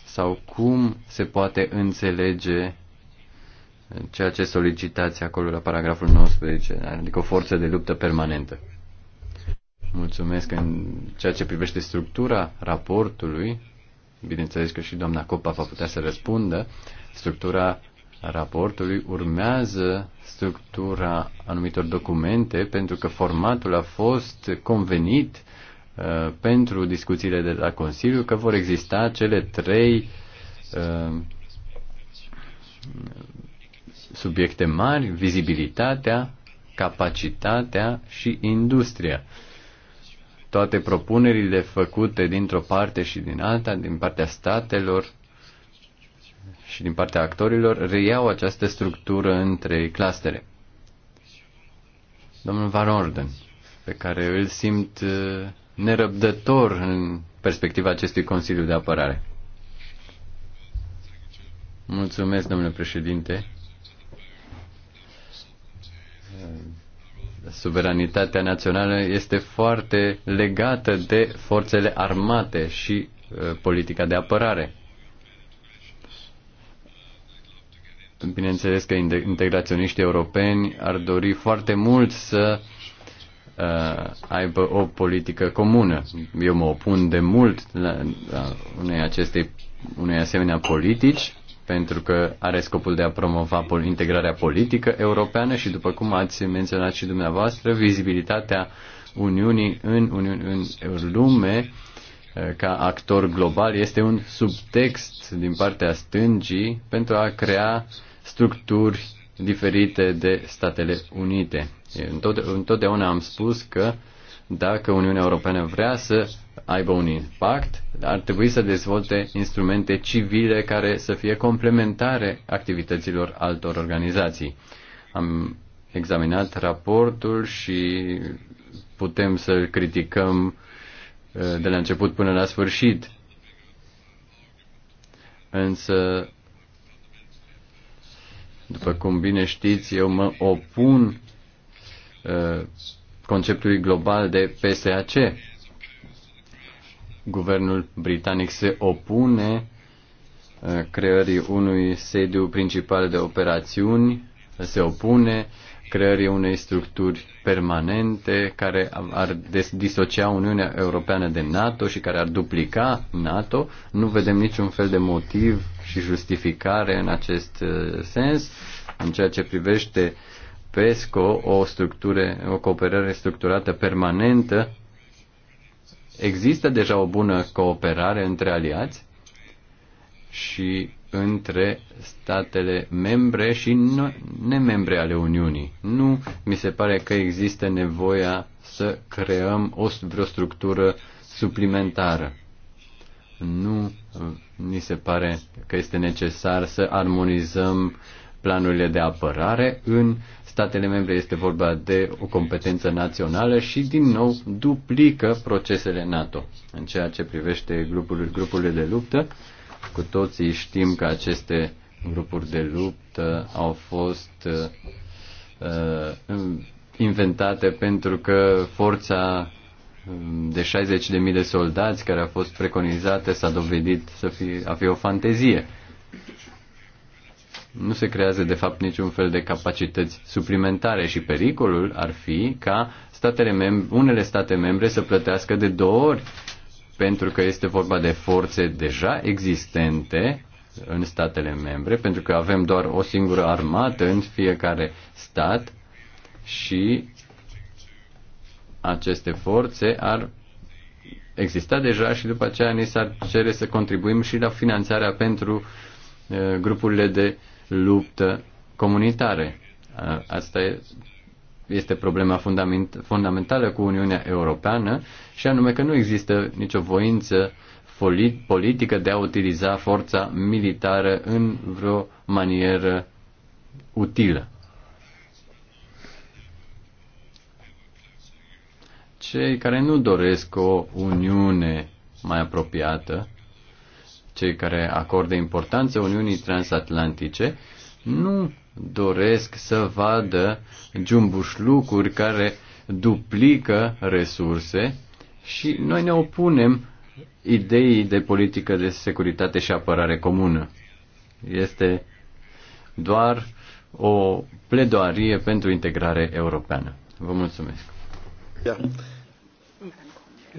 Sau cum se poate înțelege uh, ceea ce solicitați acolo la paragraful 19, adică o forță de luptă permanentă. Mulțumesc în ceea ce privește structura raportului. Bineînțeles că și doamna Copa va putea să răspundă. Structura raportului urmează structura anumitor documente pentru că formatul a fost convenit uh, pentru discuțiile de la Consiliu că vor exista cele trei uh, subiecte mari, vizibilitatea, capacitatea și industria. Uh, toate propunerile făcute dintr-o parte și din alta, din partea statelor și din partea actorilor, reiau această structură între clastere. Domnul Van Orden, pe care îl simt uh, nerăbdător în perspectiva acestui Consiliu de Apărare. Mulțumesc, domnule președinte suveranitatea națională este foarte legată de forțele armate și uh, politica de apărare. Bineînțeles că integraționiștii europeni ar dori foarte mult să uh, aibă o politică comună. Eu mă opun de mult la, la unei, acestei, unei asemenea politici pentru că are scopul de a promova integrarea politică europeană și, după cum ați menționat și dumneavoastră, vizibilitatea Uniunii în, Uniune, în lume eh, ca actor global este un subtext din partea stângii pentru a crea structuri diferite de Statele Unite. Întotdeauna am spus că dacă Uniunea Europeană vrea să aibă un impact, ar trebui să dezvolte instrumente civile care să fie complementare activităților altor organizații. Am examinat raportul și putem să-l criticăm eh, de la început până la sfârșit. Însă, după cum bine știți, eu mă opun eh, conceptului global de PSAC guvernul britanic se opune uh, creării unui sediu principal de operațiuni, se opune creării unei structuri permanente care ar disocia Uniunea Europeană de NATO și care ar duplica NATO. Nu vedem niciun fel de motiv și justificare în acest uh, sens. În ceea ce privește PESCO, o, structură, o cooperare structurată permanentă Există deja o bună cooperare între aliați și între statele membre și nemembre ale Uniunii. Nu mi se pare că există nevoia să creăm o, vreo structură suplimentară. Nu mi se pare că este necesar să armonizăm planurile de apărare în statele membre este vorba de o competență națională și, din nou, duplică procesele NATO. În ceea ce privește grupurile, grupurile de luptă, cu toții știm că aceste grupuri de luptă au fost uh, uh inventate pentru că forța um, de 60.000 de soldați care a fost preconizată s-a dovedit să fie, a fi o fantezie. Uh, nu se creează de fapt niciun fel de capacități suplimentare și pericolul ar fi ca statele mem- unele state membre să plătească de două ori pentru că este vorba de forțe deja existente în statele membre, pentru că avem doar o singură armată în fiecare stat și aceste forțe ar exista deja și după aceea ni s-ar cere să contribuim și la finanțarea pentru uh, grupurile de uh, luptă comunitare. Asta este problema fundamentală cu Uniunea Europeană și anume că nu există nicio voință politică de a utiliza forța militară în vreo manieră utilă. Cei care nu doresc o uniune mai apropiată cei care acordă importanță Uniunii Transatlantice nu doresc să vadă jumbușlucuri care duplică resurse și noi ne opunem ideii de politică de securitate și apărare comună. Este doar o pledoarie pentru integrare europeană. Vă mulțumesc. Yeah.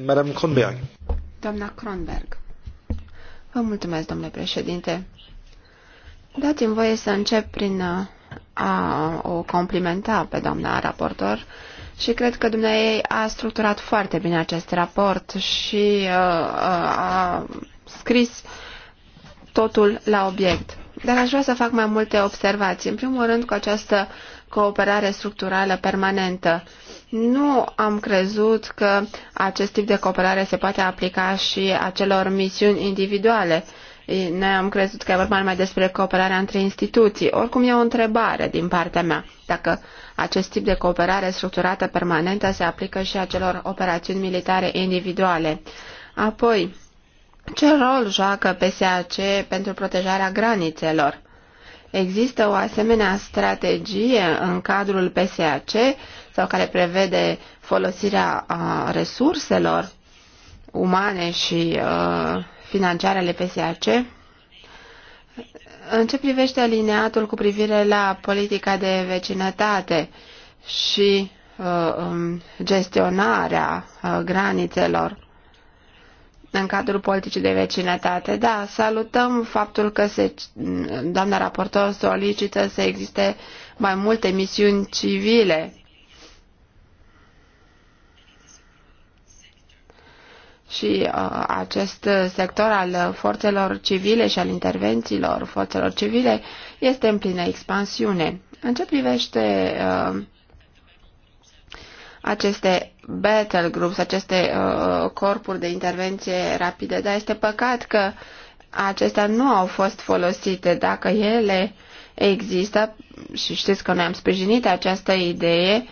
Madame Kronberg. Doamna Kronberg. Vă mulțumesc, domnule președinte. Dați-mi voie să încep prin a o complimenta pe doamna raportor și cred că dumneavoastră a structurat foarte bine acest raport și a scris totul la obiect. Dar aș vrea să fac mai multe observații. În primul rând, cu această cooperare structurală permanentă. Nu am crezut că acest tip de cooperare se poate aplica și acelor misiuni individuale. Noi am crezut că e vorba numai despre cooperarea între instituții. Oricum e o întrebare din partea mea, dacă acest tip de cooperare structurată permanentă se aplică și acelor operațiuni militare individuale. Apoi, ce rol joacă PSAC pentru protejarea granițelor? Există o asemenea strategie în cadrul PSAC sau care prevede folosirea a resurselor umane și uh, financiare ale PSAC. În ce privește alineatul cu privire la politica de vecinătate și uh, gestionarea uh, granițelor în cadrul politicii de vecinătate, da, salutăm faptul că se, doamna raportor solicită să existe mai multe misiuni civile și uh, acest sector al forțelor civile și al intervențiilor forțelor civile este în plină expansiune. În ce privește uh, aceste battle groups, aceste uh, corpuri de intervenție rapide, dar este păcat că acestea nu au fost folosite. Dacă ele există, și știți că noi am sprijinit această idee, uh,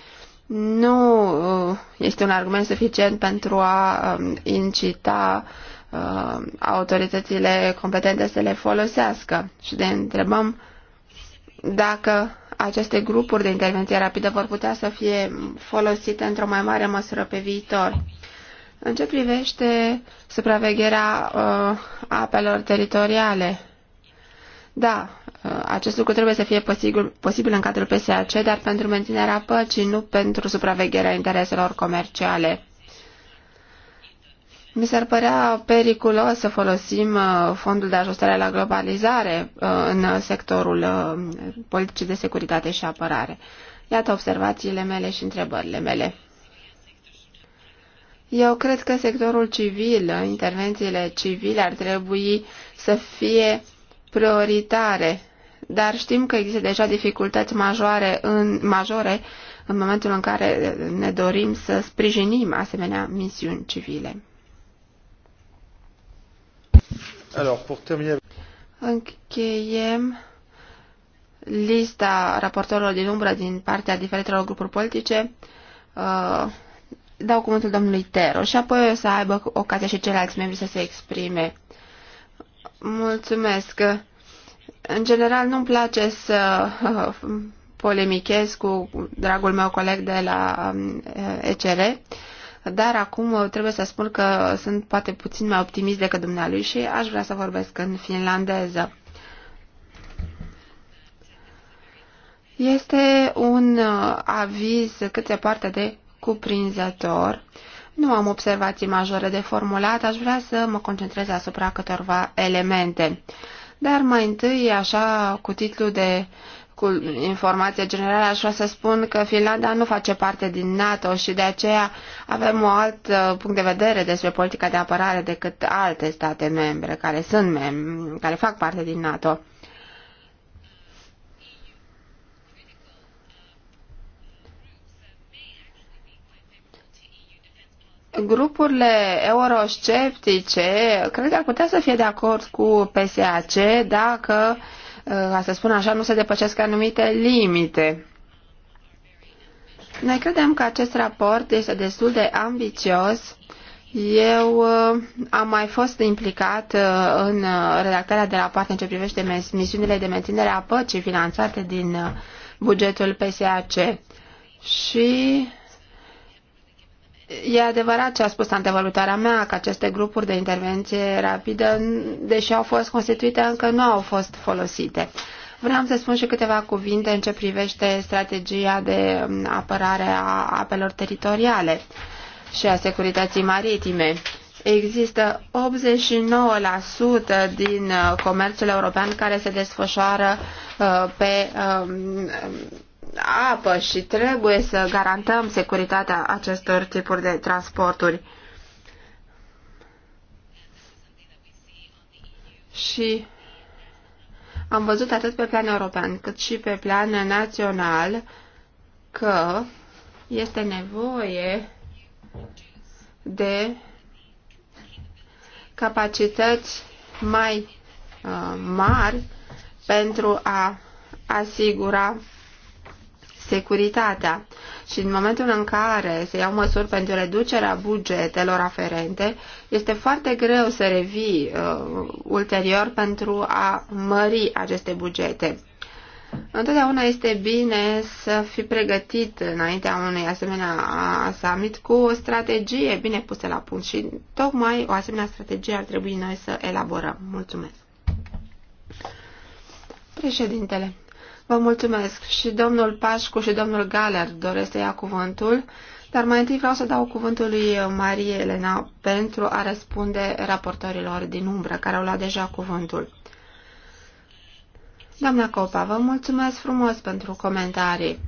nu uh, este un argument suficient pentru a um, incita uh, autoritățile competente să le folosească și de întrebăm dacă aceste grupuri de intervenție rapidă vor putea să fie folosite într-o mai mare măsură pe viitor. În ce privește supravegherea uh, apelor teritoriale? Da, Uh, acest lucru trebuie să fie posibil, posibil în cadrul PSAC, dar pentru menținerea păcii, nu pentru supravegherea intereselor comerciale. Mi s-ar părea periculos să folosim uh, fondul de ajustare la globalizare uh, în sectorul politicii de securitate și apărare. Iată observațiile mele și întrebările mele. Eu cred că sectorul civil, intervențiile civile ar trebui să fie prioritare dar știm că există deja dificultăți majore în, majore în momentul în care ne dorim să sprijinim asemenea misiuni civile. Alors, pour terminer... Încheiem lista raportorilor din umbră din partea diferitelor grupuri politice. Uh, dau cuvântul domnului Tero și apoi o să aibă ocazia și ceilalți membri să se exprime. Mulțumesc! În general, nu-mi place să <laughs> polemichez cu dragul meu coleg de la um, ECR, dar acum trebuie să spun că sunt poate puțin mai optimist decât dumnealui și aș vrea să vorbesc în finlandeză. Este un uh, aviz cât se poate de cuprinzător. Nu am observații majore de formulat, aș vrea să mă concentrez asupra câtorva elemente. Dar mai întâi, așa, cu titlul de cu informație generală, aș vrea să spun că Finlanda nu face parte din NATO și de aceea avem un alt uh, punct de vedere despre politica de apărare decât alte state membre care sunt mem- care fac parte din NATO. grupurile eurosceptice cred că ar putea să fie de acord cu PSAC dacă, uh, ca să spun așa, nu se depășesc anumite limite. Noi credem că acest raport este destul de ambițios. Eu uh, am mai fost implicat uh, în redactarea de rapoarte în ce privește misiunile de menținere a păcii finanțate din bugetul PSAC și E adevărat ce a spus antevalutarea mea, că aceste grupuri de intervenție rapidă, deși au fost constituite, încă nu au fost folosite. Vreau să spun și câteva cuvinte în ce privește strategia de um, apărare a apelor teritoriale și a securității maritime. Există 89% din uh, comerțul european care se desfășoară uh, pe um, apă și trebuie să garantăm securitatea acestor tipuri de transporturi. Și am văzut atât pe plan european cât și pe plan național că este nevoie de capacități mai uh, mari pentru a asigura securitatea. Și în momentul în care se iau măsuri pentru reducerea bugetelor aferente, este foarte greu să revii uh, ulterior pentru a mări aceste bugete. Întotdeauna este bine să fii pregătit înaintea unui asemenea uh, summit cu o strategie bine pusă la punct și tocmai o asemenea strategie ar trebui noi să elaborăm. Mulțumesc. Președintele. Vă mulțumesc. Și domnul Pașcu și domnul Galer doresc să ia cuvântul, dar mai întâi vreau să dau cuvântul lui Marie Elena pentru a răspunde raportorilor din umbră care au luat deja cuvântul. Doamna Copa, vă mulțumesc frumos pentru comentarii.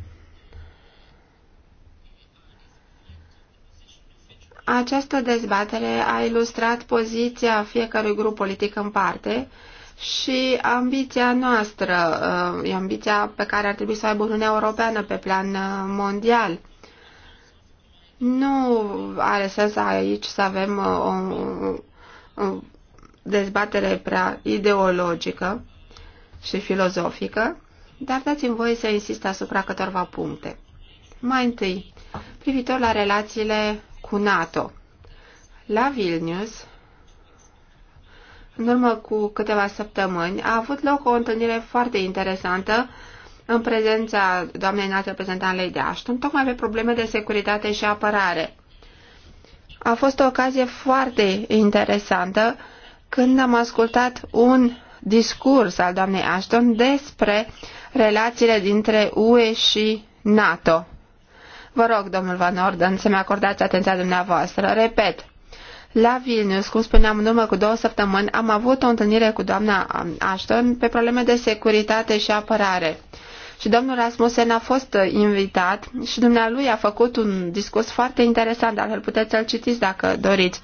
Această dezbatere a ilustrat poziția fiecărui grup politic în parte și ambiția noastră, uh, e ambiția pe care ar trebui să o aibă Uniunea Europeană pe plan uh, mondial. Nu are sens aici să avem uh, o, dezbatere prea ideologică și filozofică, dar dați-mi voie să insist asupra câtorva puncte. Mai întâi, privitor la relațiile cu NATO. La Vilnius, în urmă cu câteva săptămâni a avut loc o întâlnire foarte interesantă în prezența doamnei înalt reprezentant Lady Ashton, tocmai pe probleme de securitate și apărare. A fost o ocazie foarte interesantă când am ascultat un discurs al doamnei Ashton despre relațiile dintre UE și NATO. Vă rog, domnul Van Orden, să-mi acordați atenția dumneavoastră. Repet, la Vilnius, cum spuneam în urmă cu două săptămâni, am avut o întâlnire cu doamna um, Ashton pe probleme de securitate și apărare. Și domnul Rasmussen a fost uh, invitat și dumnealui a făcut un discurs foarte interesant, dar îl puteți să-l citiți dacă doriți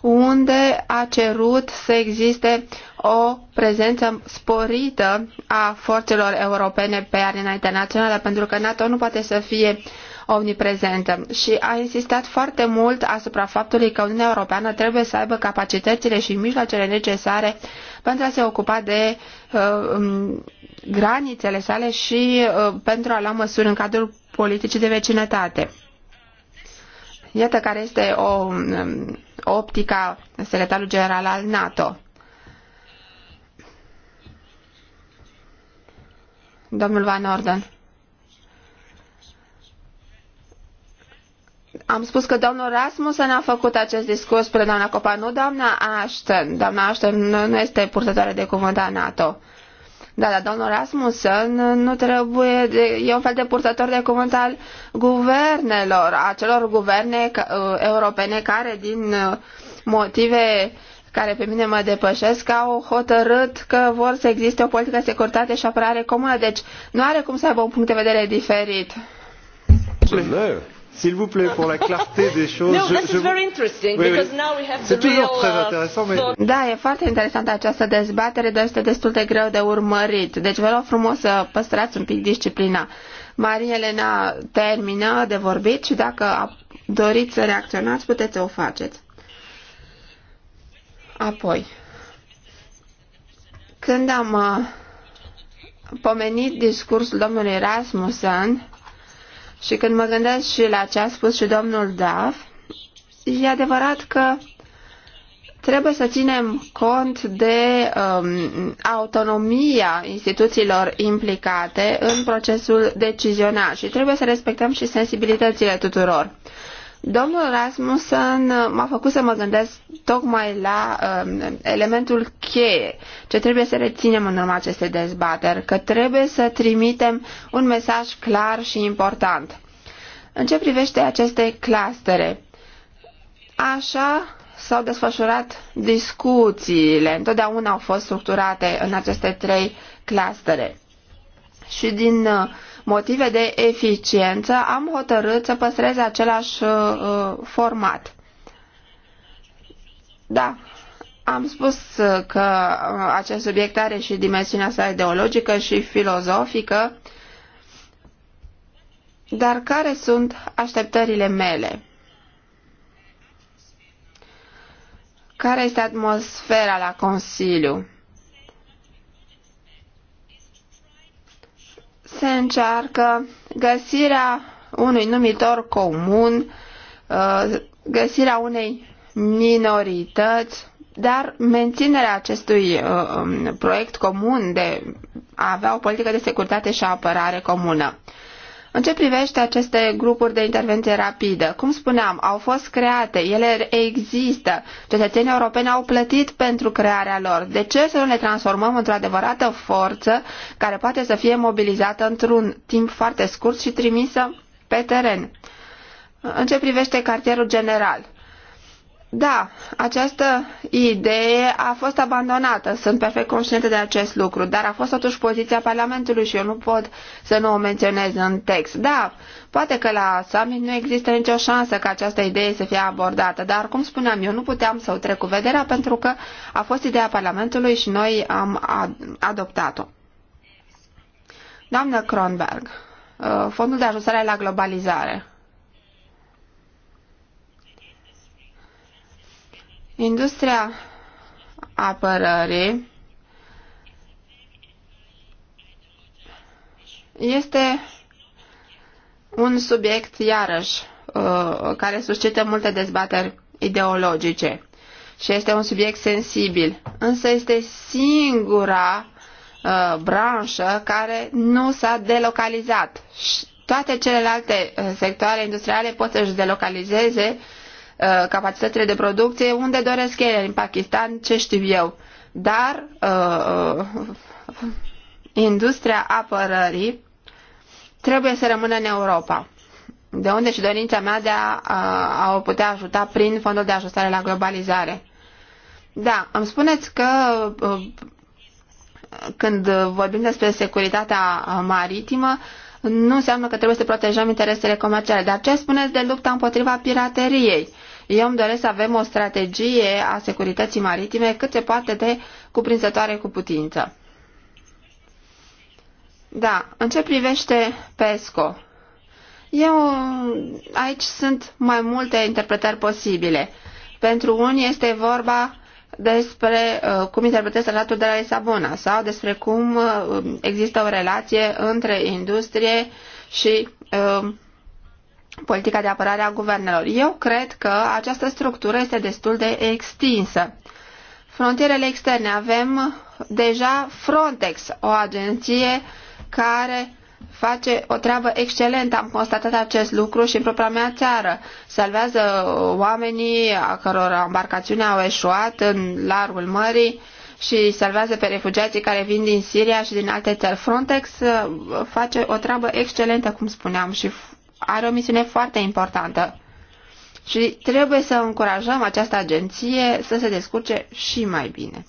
unde a cerut să existe o prezență sporită a forțelor europene pe arena internațională, pentru că NATO nu poate să fie omniprezentă și a insistat foarte mult asupra faptului că Uniunea Europeană trebuie să aibă capacitățile și mijloacele necesare pentru a se ocupa de uh, um, granițele sale și uh, pentru a lua măsuri în cadrul politicii de vecinătate. Iată care este o um, optica secretarului general al NATO. Domnul Van Orden. Am spus că domnul Rasmussen a făcut acest discurs spre doamna Copa, nu doamna Ashton. Doamna Ashton nu, nu este purtătoare de cuvânt a NATO. Da, dar domnul Rasmussen nu trebuie, e un fel de purtător de cuvânt al guvernelor, a celor guverne uh, europene care din uh, motive care pe mine mă depășesc, au hotărât că vor să existe o politică de securitate și apărare comună. Deci nu are cum să aibă un punct de vedere diferit. S'il vous plaît, pour la clarté des choses. No, this je, je... is very interesting oui, because oui. now we have the toujours real. Très uh, intéressant, mais... Da, e foarte interesantă această dezbatere, dar este destul de greu de urmărit. Deci vă rog frumos să păstrați un pic disciplina. Maria Elena termină de vorbit și dacă doriți să reacționați, puteți să o faceți. Apoi, când am uh, pomenit discursul domnului Rasmussen, și când mă gândesc și la ce a spus și domnul Daf, e adevărat că trebuie să ținem cont de um, autonomia instituțiilor implicate în procesul decizional și trebuie să respectăm și sensibilitățile tuturor. Domnul Rasmussen m-a făcut să mă gândesc tocmai la um, elementul cheie ce trebuie să reținem în urma acestei dezbateri, că trebuie să trimitem un mesaj clar și important. În ce privește aceste clastere, așa s-au desfășurat discuțiile, întotdeauna au fost structurate în aceste trei clastere. Și din uh, motive de eficiență, am hotărât să păstrez același uh, uh format. Da, am spus uh, că uh, acest subiect are și dimensiunea sa ideologică și filozofică, dar care sunt așteptările mele? Care este atmosfera la Consiliu? se încearcă găsirea unui numitor comun, uh, găsirea unei minorități, dar menținerea acestui uh, um, proiect comun de a avea o politică de securitate și apărare comună. În ce privește aceste grupuri de intervenție rapidă, cum spuneam, au fost create, ele există, cetățenii europeni au plătit pentru crearea lor. De ce să nu le transformăm într-o adevărată forță care poate să fie mobilizată într-un timp foarte scurt și trimisă pe teren? În ce privește cartierul general, da, această idee a fost abandonată, sunt perfect conștientă de acest lucru, dar a fost totuși poziția Parlamentului și eu nu pot să nu o menționez în text. Da, poate că la summit nu există nicio șansă ca această idee să fie abordată, dar cum spuneam, eu nu puteam să o trec cu vederea pentru că a fost ideea Parlamentului și noi am adoptat-o. Doamnă Kronberg, uh, Fondul de ajustare la globalizare. Industria apărării este un subiect, iarăși, uh, care suscită multe dezbateri ideologice și este un subiect sensibil, însă este singura uh, branșă care nu s-a delocalizat. toate celelalte uh, sectoare industriale pot să-și delocalizeze Uh, capacitățile de producție unde doresc ele, în Pakistan, ce știu eu. Dar uh, industria apărării trebuie să rămână în Europa. De unde și dorința mea de a, a, a o putea ajuta prin fondul de ajustare la globalizare. Da, îmi spuneți că uh, când vorbim despre securitatea maritimă, nu înseamnă că trebuie să protejăm interesele comerciale. Dar ce spuneți de lupta împotriva pirateriei? Eu îmi doresc să avem o strategie a securității maritime cât se poate de cuprinzătoare cu putință. Da, în ce privește PESCO? Eu, aici sunt mai multe interpretări posibile. Pentru unii este vorba despre uh, cum interpretez tratatul de la Lisabona sau despre cum uh, există o relație între industrie și uh, politica de apărare a guvernelor. Eu cred că această structură este destul de extinsă. Frontierele externe avem deja Frontex, o agenție care face o treabă excelentă. Am constatat acest lucru și în propria mea țară. Salvează oamenii a căror embarcațiune au eșuat în largul mării și salvează pe refugiații care vin din Siria și din alte țări. Frontex uh, face o treabă excelentă, cum spuneam, și are o misiune foarte importantă și trebuie să încurajăm această agenție să se descurce și mai bine.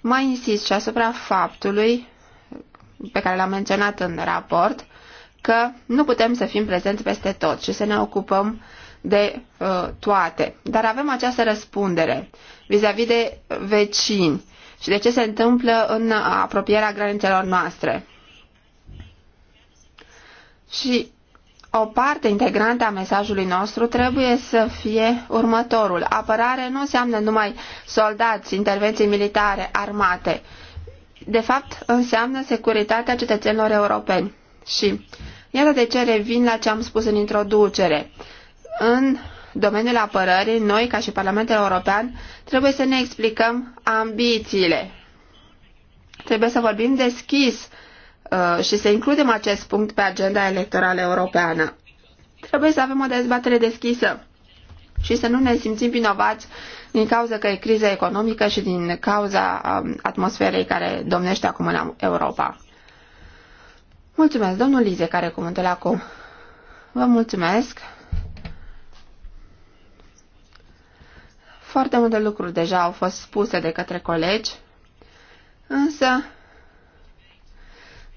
Mai insist și asupra faptului pe care l-am menționat în raport, că nu putem să fim prezenți peste tot și să ne ocupăm de uh, toate. Dar avem această răspundere vis-a-vis -vis de vecini și de ce se întâmplă în apropierea granițelor noastre. Și o parte integrantă a mesajului nostru trebuie să fie următorul. Apărare nu înseamnă numai soldați, intervenții militare, armate. De fapt, înseamnă securitatea cetățenilor europeni. Și iată de ce revin la ce am spus în introducere. În domeniul apărării, noi, ca și Parlamentul European, trebuie să ne explicăm ambițiile. Trebuie să vorbim deschis Uh, și să includem acest punct pe agenda electorală europeană. Trebuie să avem o dezbatere deschisă și să nu ne simțim vinovați din cauza că e criza economică și din cauza um, atmosferei care domnește acum în Europa. Mulțumesc, domnul Lize, care cuvântul acum. Vă mulțumesc. Foarte multe lucruri deja au fost spuse de către colegi, însă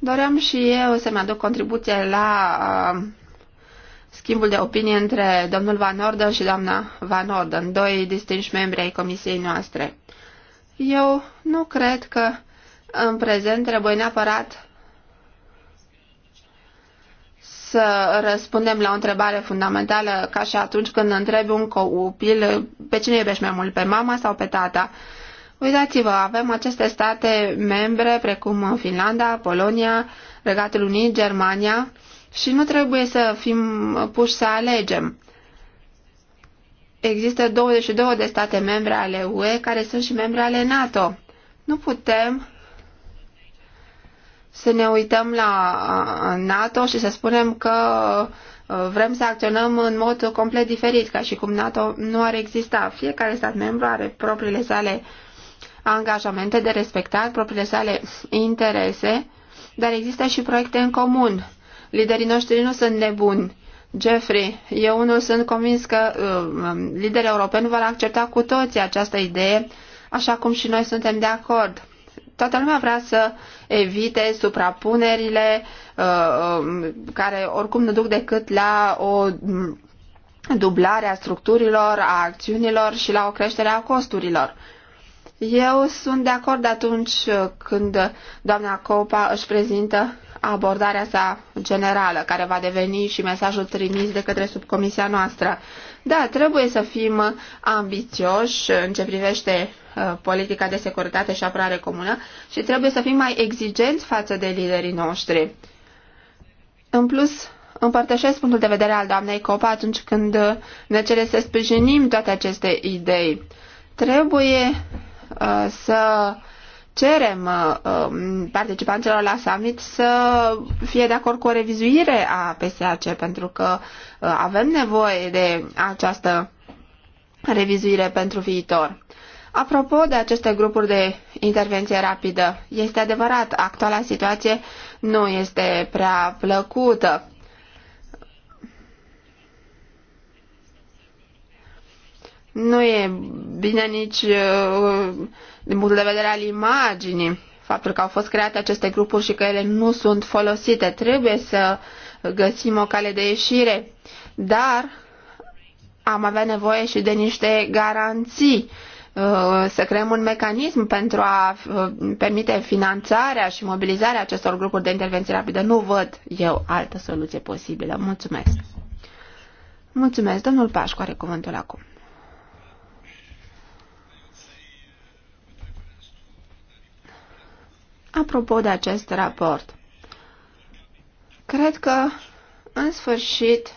Doream și eu să-mi aduc contribuție la uh, schimbul de opinie între domnul Van Orden și doamna Van Orden, doi distinși membri ai comisiei noastre. Eu nu cred că în prezent trebuie neapărat să răspundem la o întrebare fundamentală ca și atunci când întrebi un copil pe cine iubești mai mult, pe mama sau pe tata. Uh, Uitați-vă, avem aceste state membre precum Finlanda, Polonia, Regatul Unit, Germania și nu trebuie să fim puși să alegem. Există 22 de state membre ale UE care sunt și membre ale NATO. Nu putem să ne uităm la NATO și să spunem că vrem să acționăm în mod complet diferit, ca și cum NATO nu ar exista. Fiecare stat membru are propriile sale uh, angajamente de respectat, propriile sale interese, dar există și proiecte în comun. Liderii noștri nu sunt nebuni. Jeffrey, eu nu sunt convins că uh, liderii europeni vor accepta cu toții această idee, așa cum și noi suntem de acord. Toată lumea vrea să evite suprapunerile uh, um, care oricum nu duc decât la o mm, dublare a structurilor, a acțiunilor și la o creștere a costurilor. Eu sunt de acord atunci când doamna Copa își prezintă abordarea sa generală, care va deveni și mesajul trimis de către subcomisia noastră. Da, trebuie să fim ambițioși în ce privește uh, politica de securitate și apărare comună și trebuie să fim mai exigenți față de liderii noștri. În plus, împărtășesc punctul de vedere al doamnei Copa atunci când ne cere să sprijinim toate aceste idei. Trebuie Uh, să cerem uh, um, participanților la summit să fie de acord cu o revizuire a PSAC, pentru că uh, avem nevoie de această revizuire pentru viitor. Apropo de aceste grupuri de intervenție rapidă, este adevărat, actuala situație nu este prea plăcută. Nu e bine nici uh, din punct de vedere al imaginii faptul că au fost create aceste grupuri și că ele nu sunt folosite. Trebuie să găsim o cale de ieșire, dar am avea nevoie și de niște garanții uh, să creăm un mecanism pentru a uh, permite finanțarea și mobilizarea acestor grupuri de intervenție rapidă. Nu văd eu altă soluție posibilă. Mulțumesc. Mulțumesc. Domnul Pașcu are cuvântul acum. Apropo de acest raport, cred că, în sfârșit,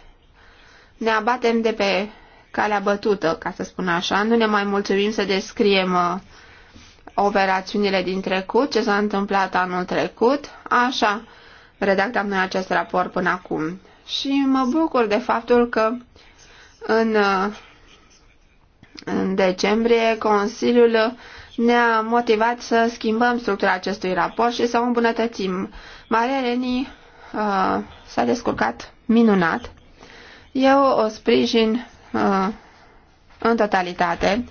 ne abatem de pe calea bătută, ca să spun așa. Nu ne mai mulțumim să descriem uh, operațiunile din trecut, ce s-a întâmplat anul trecut. Așa redactam noi acest raport până acum. Și mă bucur de faptul că în, uh, în decembrie Consiliul ne-a motivat să schimbăm structura acestui raport și să o îmbunătățim. Maria Reni uh, s-a descurcat minunat. Eu o sprijin uh, în totalitate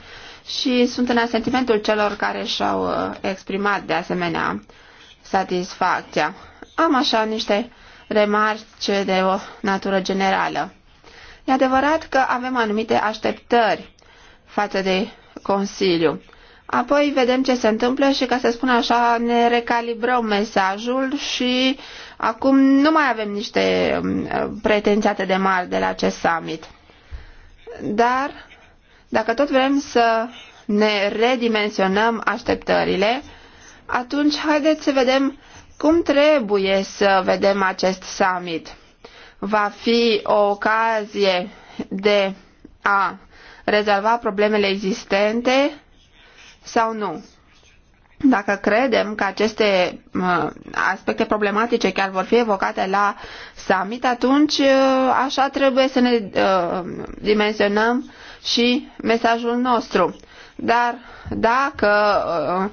și sunt în asentimentul celor care și-au uh, exprimat de asemenea satisfacția. Am așa niște remarci de o natură generală. E adevărat că avem anumite așteptări față de Consiliu apoi vedem ce se întâmplă și, ca să spun așa, ne recalibrăm mesajul și acum nu mai avem niște um, pretențiate de mari de la acest summit. Dar, dacă tot vrem să ne redimensionăm așteptările, atunci haideți să vedem cum trebuie să vedem acest summit. Va fi o ocazie de a rezolva problemele existente sau nu. Dacă credem că aceste aspecte problematice chiar vor fi evocate la summit, atunci ă, așa trebuie să ne ă, dimensionăm și mesajul nostru. Dar dacă ă,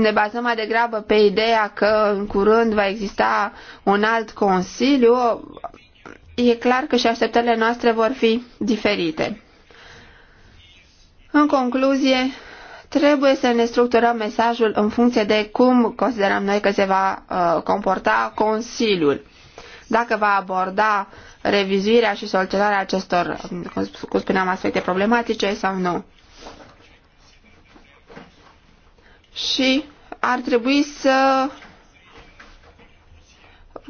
ne bazăm mai degrabă pe ideea că în curând va exista un alt consiliu, e clar că și așteptările noastre vor fi diferite. În concluzie, trebuie să ne structurăm mesajul în funcție de cum considerăm noi că se va uh, comporta Consiliul. Dacă va aborda revizuirea și soluționarea acestor, cum spuneam, aspecte problematice sau nu. Și ar trebui să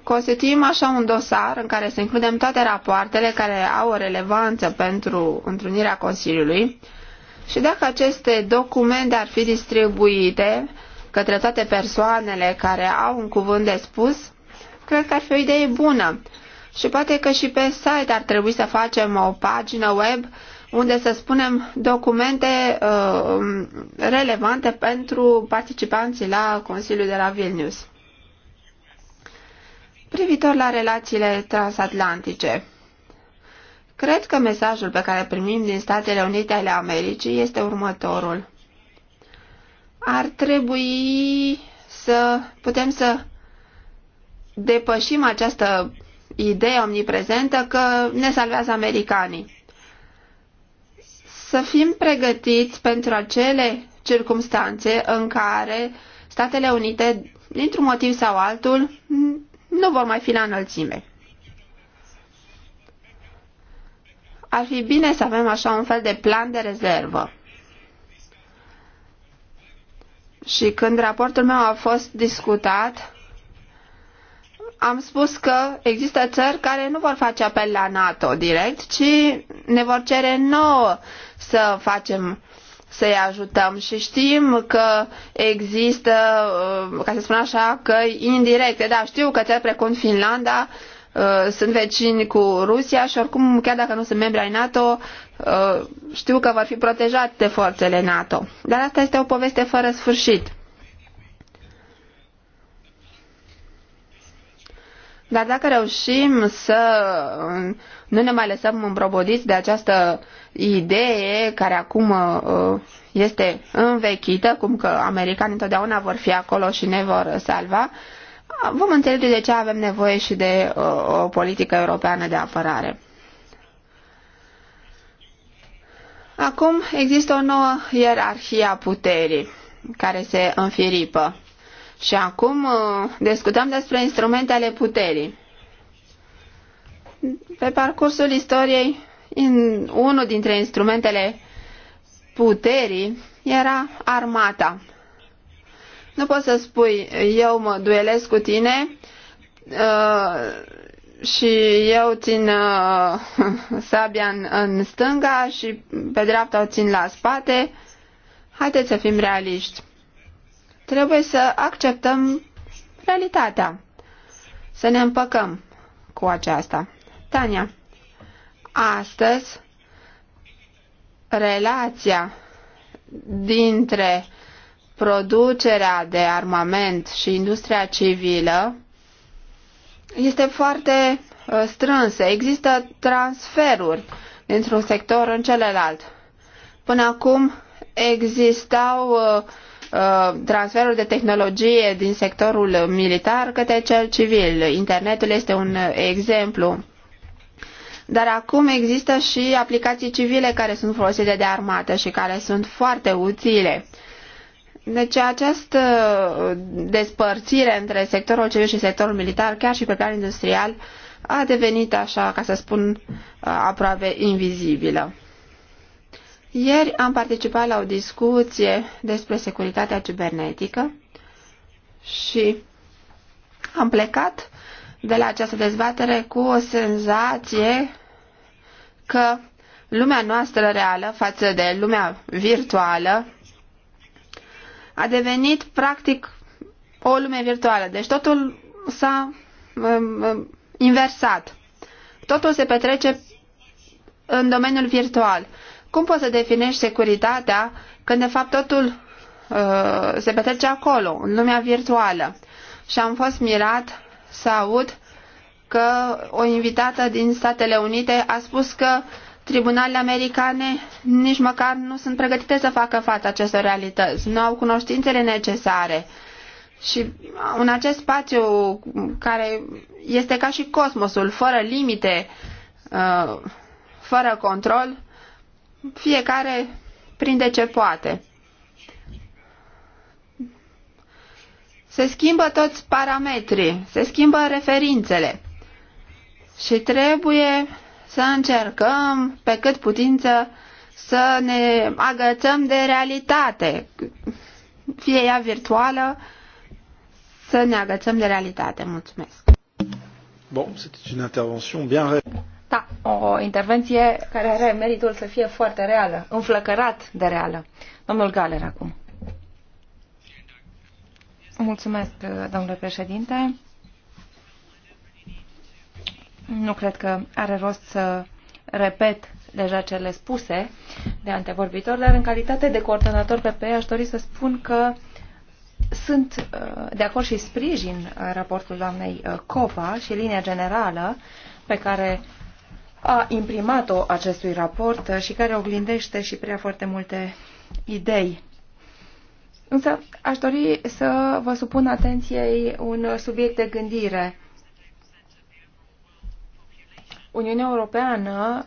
constituim așa un dosar în care să includem toate rapoartele care au o relevanță pentru întrunirea Consiliului, și dacă aceste documente ar fi distribuite către toate persoanele care au un cuvânt de spus, cred că ar fi o idee bună. Și poate că și pe site ar trebui să facem o pagină web unde să spunem documente uh, relevante pentru participanții la Consiliul de la Vilnius. Privitor la relațiile transatlantice. Cred că mesajul pe care îl primim din Statele Unite ale Americii este următorul. Ar trebui să putem să depășim această idee omniprezentă că ne salvează americanii. Să fim pregătiți pentru acele circumstanțe în care Statele Unite, dintr-un motiv sau altul, nu vor mai fi la înălțime. ar fi bine să avem așa un fel de plan de rezervă. Și când raportul meu a fost discutat, am spus că există țări care nu vor face apel la NATO direct, ci ne vor cere nouă să facem să-i ajutăm și știm că există, uh, ca să spun așa, că indirecte. Da, știu că țări precum Finlanda Uh, sunt vecini cu Rusia și oricum, chiar dacă nu sunt membri ai NATO, uh, știu că vor fi protejați de forțele NATO. Dar asta este o poveste fără sfârșit. Dar dacă reușim să uh, nu ne mai lăsăm îmbrobodiți de această idee care acum este învechită, cum că americanii întotdeauna vor fi acolo și ne vor salva, vom înțelege de ce avem nevoie și de o, uh, o politică europeană de apărare. Acum există o nouă ierarhie a puterii care se înfiripă. Și acum uh, discutăm despre instrumente ale puterii. Pe parcursul istoriei, unul dintre instrumentele puterii era armata, nu poți să spui, eu mă duelesc cu tine uh, și eu țin uh, <laughs> sabia în, în stânga și pe dreapta o țin la spate. Haideți să fim realiști. Trebuie să acceptăm realitatea. Să ne împăcăm cu aceasta. Tania, astăzi relația dintre producerea de armament și industria civilă este foarte uh, strânsă. Există transferuri dintr-un sector în celălalt. Până acum existau uh, uh, transferul de tehnologie din sectorul militar către cel civil. Internetul este un exemplu. Dar acum există și aplicații civile care sunt folosite de armată și care sunt foarte utile. Deci această uh, despărțire între sectorul civil și sectorul militar, chiar și pe plan industrial, a devenit așa, ca să spun, uh, aproape invizibilă. Ieri am participat la o discuție despre securitatea cibernetică și am plecat de la această dezbatere cu o senzație că lumea noastră reală față de lumea virtuală a devenit practic o lume virtuală. Deci totul s-a um, um, inversat. Totul se petrece în domeniul virtual. Cum poți să definești securitatea când de fapt totul uh, se petrece acolo, în lumea virtuală? Și am fost mirat să aud că o invitată din Statele Unite a spus că uh, tribunalele americane nici măcar nu sunt pregătite să facă față acestor realități, nu au cunoștințele necesare. Și în acest spațiu care este ca și cosmosul, fără limite, uh, fără control, fiecare prinde ce poate. Se schimbă toți parametrii, se schimbă referințele și trebuie să încercăm pe cât putință să ne agățăm de realitate, fie ea virtuală, să ne agățăm de realitate. Mulțumesc. Bon, c'était une intervention bien réelle. Da, o intervenție care are meritul să fie foarte reală, înflăcărat de reală. Domnul Galer acum. Mulțumesc, domnule președinte. Nu cred că are rost să repet deja cele spuse de antevorbitor, dar în calitate de coordonator PPE aș dori să spun că sunt uh, de acord și sprijin uh, raportul doamnei uh, copa și linia generală pe care a imprimat-o acestui raport și care oglindește și prea foarte multe idei. Însă aș dori să vă supun atenției un subiect de gândire Uniunea Europeană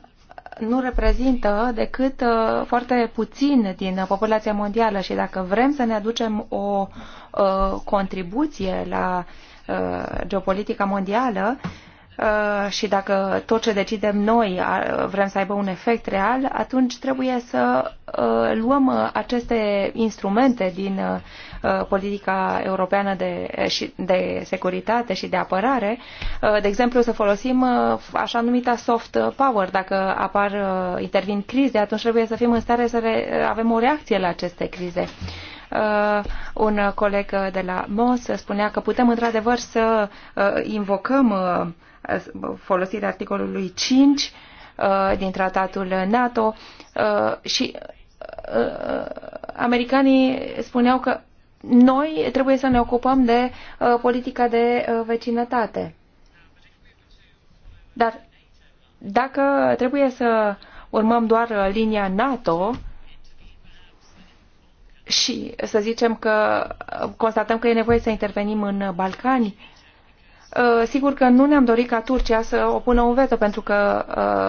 nu reprezintă decât uh, foarte puțin din populația mondială și dacă vrem să ne aducem o uh, contribuție la uh, geopolitica mondială și dacă tot ce decidem noi vrem să aibă un efect real, atunci trebuie să luăm aceste instrumente din Uh, politica europeană de, uh, de securitate și de apărare. Uh, de exemplu, să folosim așa numita soft power. Dacă apar, intervin crize, atunci trebuie să fim în stare să avem o reacție la aceste crize un coleg de la MOS spunea că putem într-adevăr să invocăm folosirea articolului 5 din tratatul NATO și americanii spuneau că noi trebuie să ne ocupăm de uh, politica de uh, vecinătate. Dar dacă trebuie să urmăm doar uh, linia NATO și să zicem că uh, constatăm că e nevoie să intervenim în Balcani, Uh, sigur că nu ne-am dorit ca Turcia să opună un veto pentru că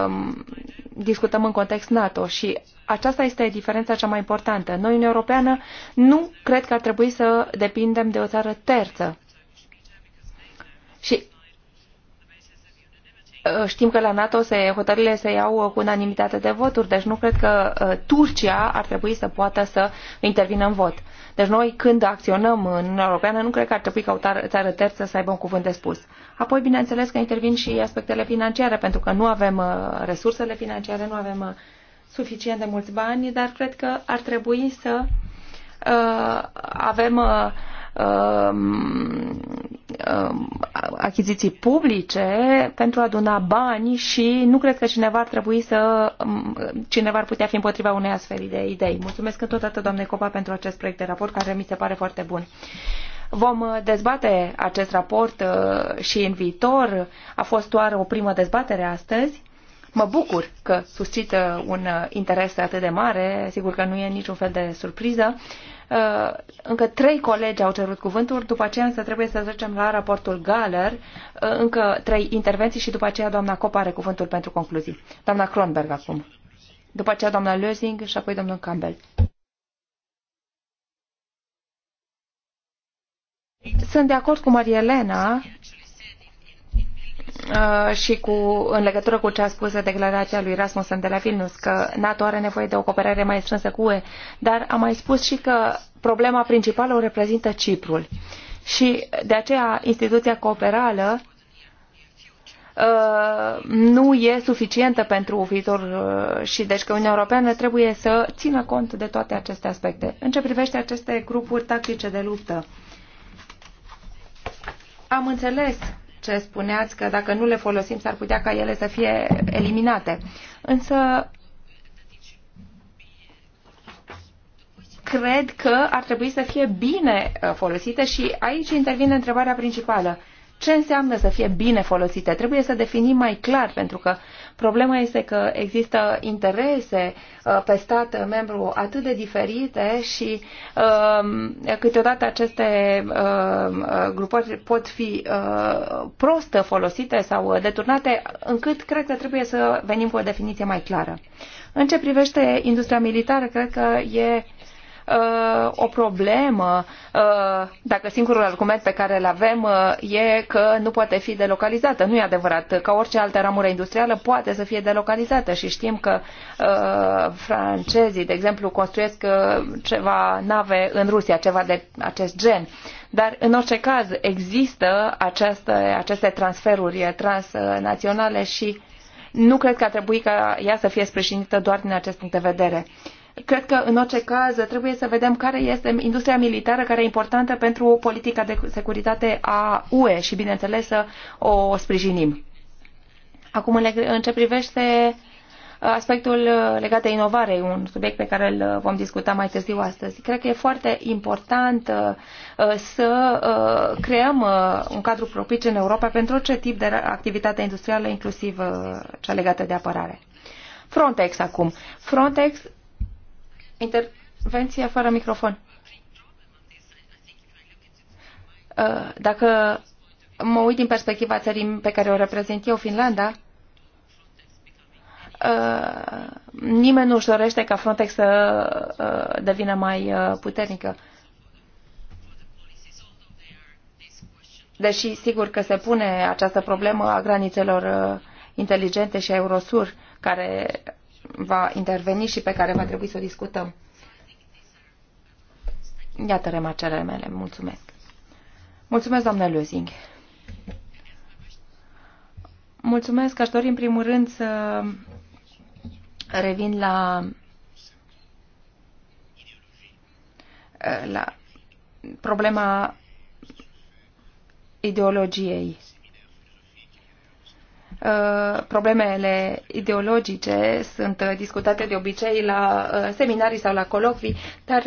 um, discutăm în context NATO și aceasta este diferența cea mai importantă. Noi, în Europeană, nu cred că ar trebui să depindem de o țară terță. Și Uh, știm că la NATO se, hotările se iau uh, cu unanimitate de voturi, deci nu cred că uh, Turcia ar trebui să poată să intervină în vot. Deci noi când acționăm în Uniunea Europeană nu cred că ar trebui ca o țară terță să aibă un cuvânt de spus. Apoi, bineînțeles că intervin și aspectele financiare, pentru că nu avem resursele financiare, nu avem suficient de mulți bani, dar cred că ar trebui să avem Um, um, achiziții publice pentru a aduna bani și nu cred că cineva ar trebui să um, cineva ar putea fi împotriva unei astfel de idei. Mulțumesc dată, doamne Copa, pentru acest proiect de raport care mi se pare foarte bun. Vom uh, dezbate acest raport uh, și în viitor. A fost doar o primă dezbatere astăzi. Mă bucur că suscită un uh, interes atât de mare, sigur că nu e niciun fel de surpriză. Uh, încă trei colegi au cerut cuvântul, după aceea însă trebuie să trecem la raportul Galer, uh, încă trei intervenții și după aceea doamna Copa are cuvântul pentru concluzii. Doamna Kronberg acum. După aceea doamna Lösing și apoi domnul Campbell. Sunt de acord cu Maria Elena Uh, și cu, în legătură cu ce a spus declarația lui Rasmussen de la Vilnius, că NATO are nevoie de o cooperare mai strânsă cu UE, dar a mai spus și că problema principală o reprezintă Ciprul. Și de aceea instituția cooperală uh, nu e suficientă pentru viitor uh, și deci că Uniunea Europeană trebuie să țină cont de toate aceste aspecte. În ce privește aceste grupuri tactice de luptă, am înțeles ce spuneați că dacă nu le folosim s-ar putea ca ele să fie eliminate. Însă cred că ar trebui să fie bine uh, folosite și aici intervine întrebarea principală ce înseamnă să fie bine folosite. Trebuie să definim mai clar, pentru că problema este că există interese uh, pe stat uh, membru atât de diferite și um, câteodată aceste um, uh, grupări pot fi prost folosite sau deturnate, încât cred că trebuie să venim cu o definiție mai clară. În ce privește industria militară, cred că e uh, uh, o problemă uh, dacă singurul argument pe care îl avem uh, e că nu poate fi delocalizată. Nu e adevărat. Ca orice altă ramură industrială poate să fie delocalizată și știm că uh, francezii, de exemplu, construiesc uh, ceva nave în Rusia, ceva de acest gen. Dar, în orice caz, există această, aceste transferuri transnaționale și nu cred că ar trebui ca ea să fie sprijinită doar din acest punct de vedere. Uh, Cred că, în orice caz, trebuie să vedem care este industria militară care e importantă pentru politica de securitate a UE și, bineînțeles, să o sprijinim. Acum, în ce privește uh, aspectul uh, legat de inovare, un subiect pe care îl uh, vom discuta mai târziu astăzi. Cred că e foarte important să creăm un cadru propice în Europa pentru orice tip de activitate industrială, inclusiv cea legată de apărare. Frontex acum. Frontex Intervenția fără microfon. Uh, dacă mă uit din perspectiva țării pe care o reprezint eu, Finlanda, uh, nimeni nu își dorește ca Frontex să uh, devină mai puternică. Deși sigur că se pune această problemă a granițelor inteligente și a Eurosur, care va interveni și pe care va trebui să o discutăm. Iată remarcele mele. Mulțumesc. Mulțumesc, doamnă Luzing. Mulțumesc. Aș dori, în primul rând, să revin la, la problema ideologiei Uh, problemele ideologice sunt uh, discutate de obicei la uh, seminarii sau la colofii, dar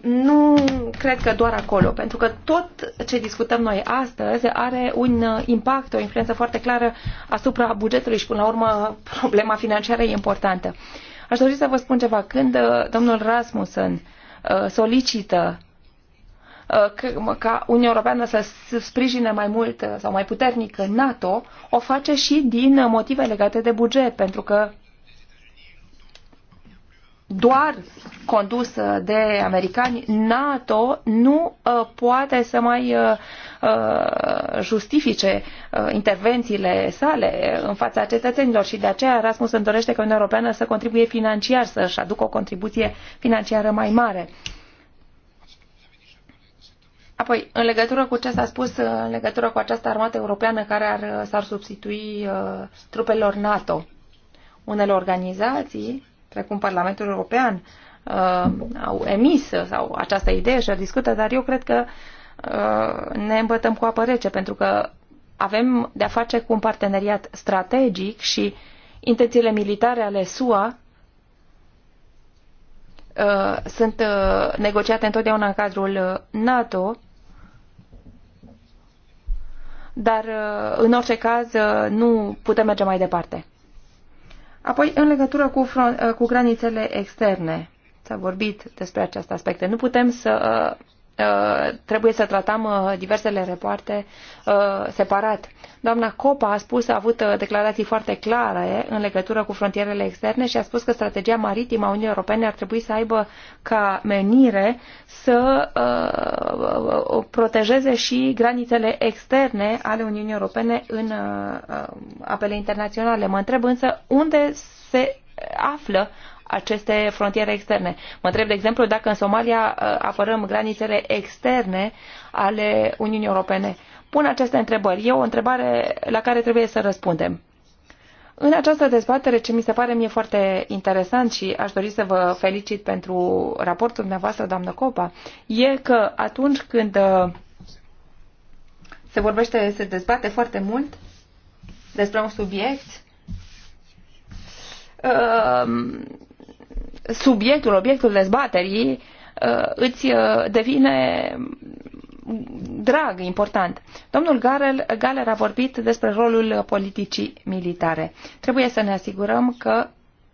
nu cred că doar acolo, pentru că tot ce discutăm noi astăzi are un impact, o influență foarte clară asupra bugetului și, până la urmă, <laughs> problema financiară e importantă. Aș dori să vă spun ceva. Când domnul Rasmussen solicită Uh, ca Uniunea Europeană să sprijine mai mult uh, sau mai puternic NATO, o face și din motive legate de buget, pentru că doar condus uh, de americani, NATO nu uh, poate să mai uh, justifice uh, intervențiile sale în fața cetățenilor și de aceea Rasmus îmi dorește că Uniunea Europeană să contribuie financiar, să-și aducă o contribuție financiară mai mare. Uh, Apoi, în legătură cu ce s-a spus în legătură cu această armată europeană care ar, s-ar substitui uh, trupelor NATO, unele organizații, precum Parlamentul European, uh, au emis sau această idee și o discută, dar eu cred că uh, ne îmbătăm cu apă rece, pentru că avem de-a face cu un parteneriat strategic și intențiile militare ale SUA uh, sunt uh, negociate întotdeauna în cadrul uh, NATO dar uh, în orice caz uh, nu putem merge mai departe. Apoi, în legătură cu, uh, cu granițele externe, s-a vorbit despre acest aspect. Nu putem să Uh, trebuie să tratăm uh, diversele rapoarte uh, separat. Doamna Copa a spus, a avut declarații foarte clare în legătură cu frontierele externe și a spus că strategia maritimă a Uniunii Europene ar trebui să aibă ca menire să protejeze și granițele externe ale Uniunii Europene în apele internaționale. Mă întreb însă unde se află aceste frontiere externe. Mă întreb, de exemplu, dacă în Somalia uh, apărăm granițele externe ale Uniunii Europene. Pun aceste întrebări. E o întrebare la care trebuie să răspundem. În această dezbatere, ce mi se pare mie foarte interesant și aș dori să vă felicit pentru raportul dumneavoastră, doamnă Copa, e că atunci când uh, se vorbește, se dezbate foarte mult despre un subiect, Um, subiectul, obiectul dezbaterii uh, îți uh, devine drag, important. Domnul Garel, Galer a vorbit despre rolul politicii militare. Trebuie să ne asigurăm că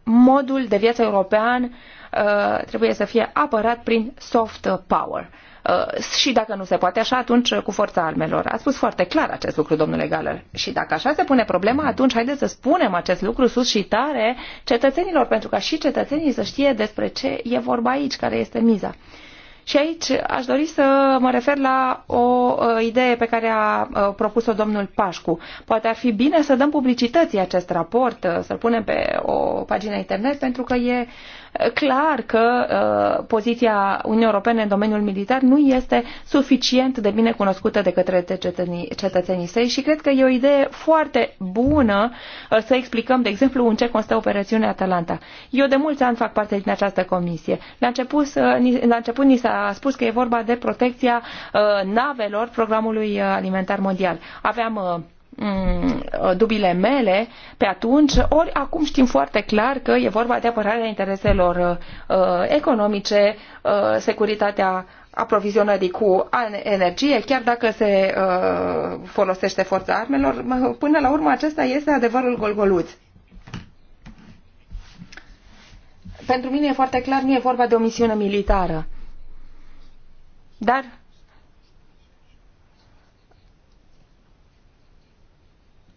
modul de viață european uh, trebuie să fie apărat prin soft power Uh, și dacă nu se poate așa, atunci uh, cu forța armelor. A spus foarte clar acest lucru, domnule Galer. Și dacă așa se pune problema, atunci haideți să spunem acest lucru sus și tare cetățenilor, pentru ca și cetățenii să știe despre ce e vorba aici, care este miza. Și aici aș dori să mă refer la o uh, idee pe care a propus-o domnul Pașcu. Poate ar fi bine să dăm publicității acest raport, să-l punem pe o pagină internet, pentru că e clar că uh, poziția Uniunii Europene în domeniul militar nu este suficient de bine cunoscută de către cetățenii, cetățenii săi și cred că e o idee foarte bună uh, să explicăm, de exemplu, în ce constă operațiunea Atalanta. Eu de mulți ani fac parte din această comisie. La început, uh, la început ni s-a spus că e vorba de protecția navelor programului alimentar mondial. Aveam Mm, dubile mele pe atunci, ori acum știm foarte clar că e vorba de apărarea intereselor uh, economice, uh, securitatea aprovizionării cu energie, chiar dacă se uh, folosește forța armelor, până la urmă acesta este adevărul golgoluț. Pentru mine e foarte clar, nu e vorba de o misiune militară. Dar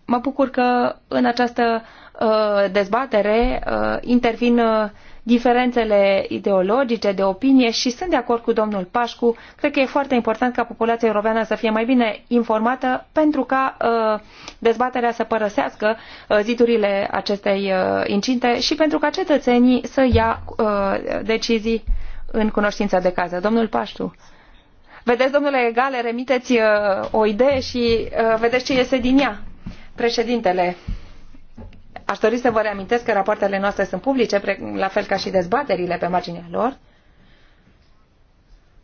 Mă bucur că în această uh, dezbatere uh, intervin uh, diferențele ideologice, de opinie și sunt de acord cu domnul Pașcu. Cred că e foarte important ca populația europeană să fie mai bine informată pentru ca dezbaterea să părăsească zidurile acestei incinte și pentru ca cetățenii să ia decizii în cunoștință de cază. Domnul Pașcu. Vedeți, domnule Gale, remiteți o idee și vedeți ce iese din ea. Președintele, aș dori să vă reamintesc că rapoartele noastre sunt publice, la fel ca și dezbaterile pe marginea lor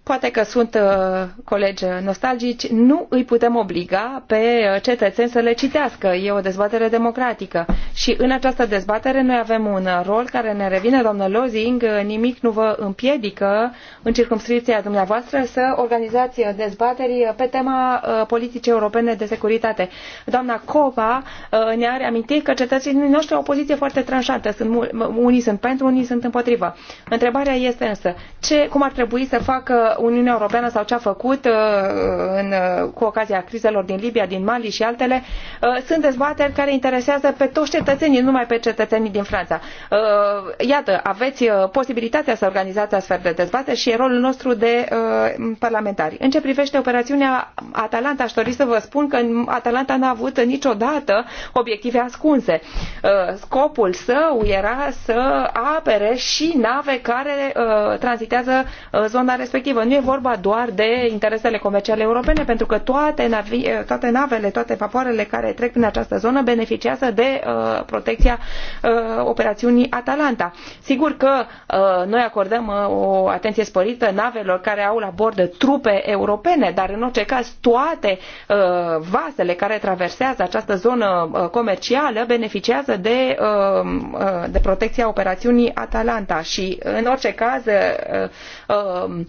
poate că sunt uh, colegi nostalgici, nu îi putem obliga pe uh, cetățeni să le citească. E o dezbatere democratică. Și în această dezbatere noi avem un uh, rol care ne revine, doamnă Lozing, nimic nu vă împiedică în circumscripția dumneavoastră să organizați dezbateri pe tema politicii europene de securitate. Doamna Cova ne-a reamintit că cetățenii noștri au o poziție foarte tranșantă. Sunt, unii sunt pentru, unii sunt împotrivă. Întrebarea este însă, ce, cum ar trebui să facă Uniunea Europeană sau ce a făcut uh, în, uh, cu ocazia crizelor din Libia, din Mali și altele, uh, sunt dezbateri care interesează pe toți cetățenii, nu numai pe cetățenii din Franța. Iată, aveți posibilitatea să organizați astfel de dezbateri și e rolul nostru de parlamentari. În ce privește operațiunea Atalanta, aș dori să vă spun că Atalanta n-a avut niciodată obiective ascunse. Scopul său era să apere și nave care tranzitează zona respectivă nu e vorba doar de interesele comerciale europene, pentru că toate, navi, toate navele, toate vapoarele care trec prin această zonă beneficiază de uh, protecția uh, operațiunii Atalanta. Sigur că uh, noi acordăm uh, o atenție sporită navelor care au la bord trupe europene, dar în orice caz toate uh, vasele care traversează această zonă uh, comercială beneficiază de, uh, uh, de protecția operațiunii Atalanta și în orice caz uh, Um,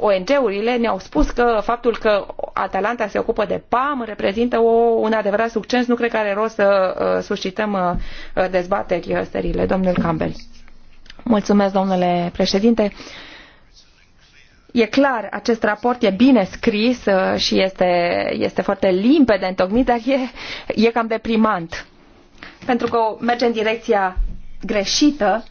ONG-urile ne-au spus că faptul că Atalanta se ocupă de PAM reprezintă o, un adevărat succes. Nu cred că are rost să uh, suscităm uh, dezbateri uh, sterile. Domnul Campbell. Mulțumesc, domnule președinte. E clar, acest raport e bine scris și este, este foarte limpede întocmit, dar e, e cam deprimant. Pentru că merge în direcția greșită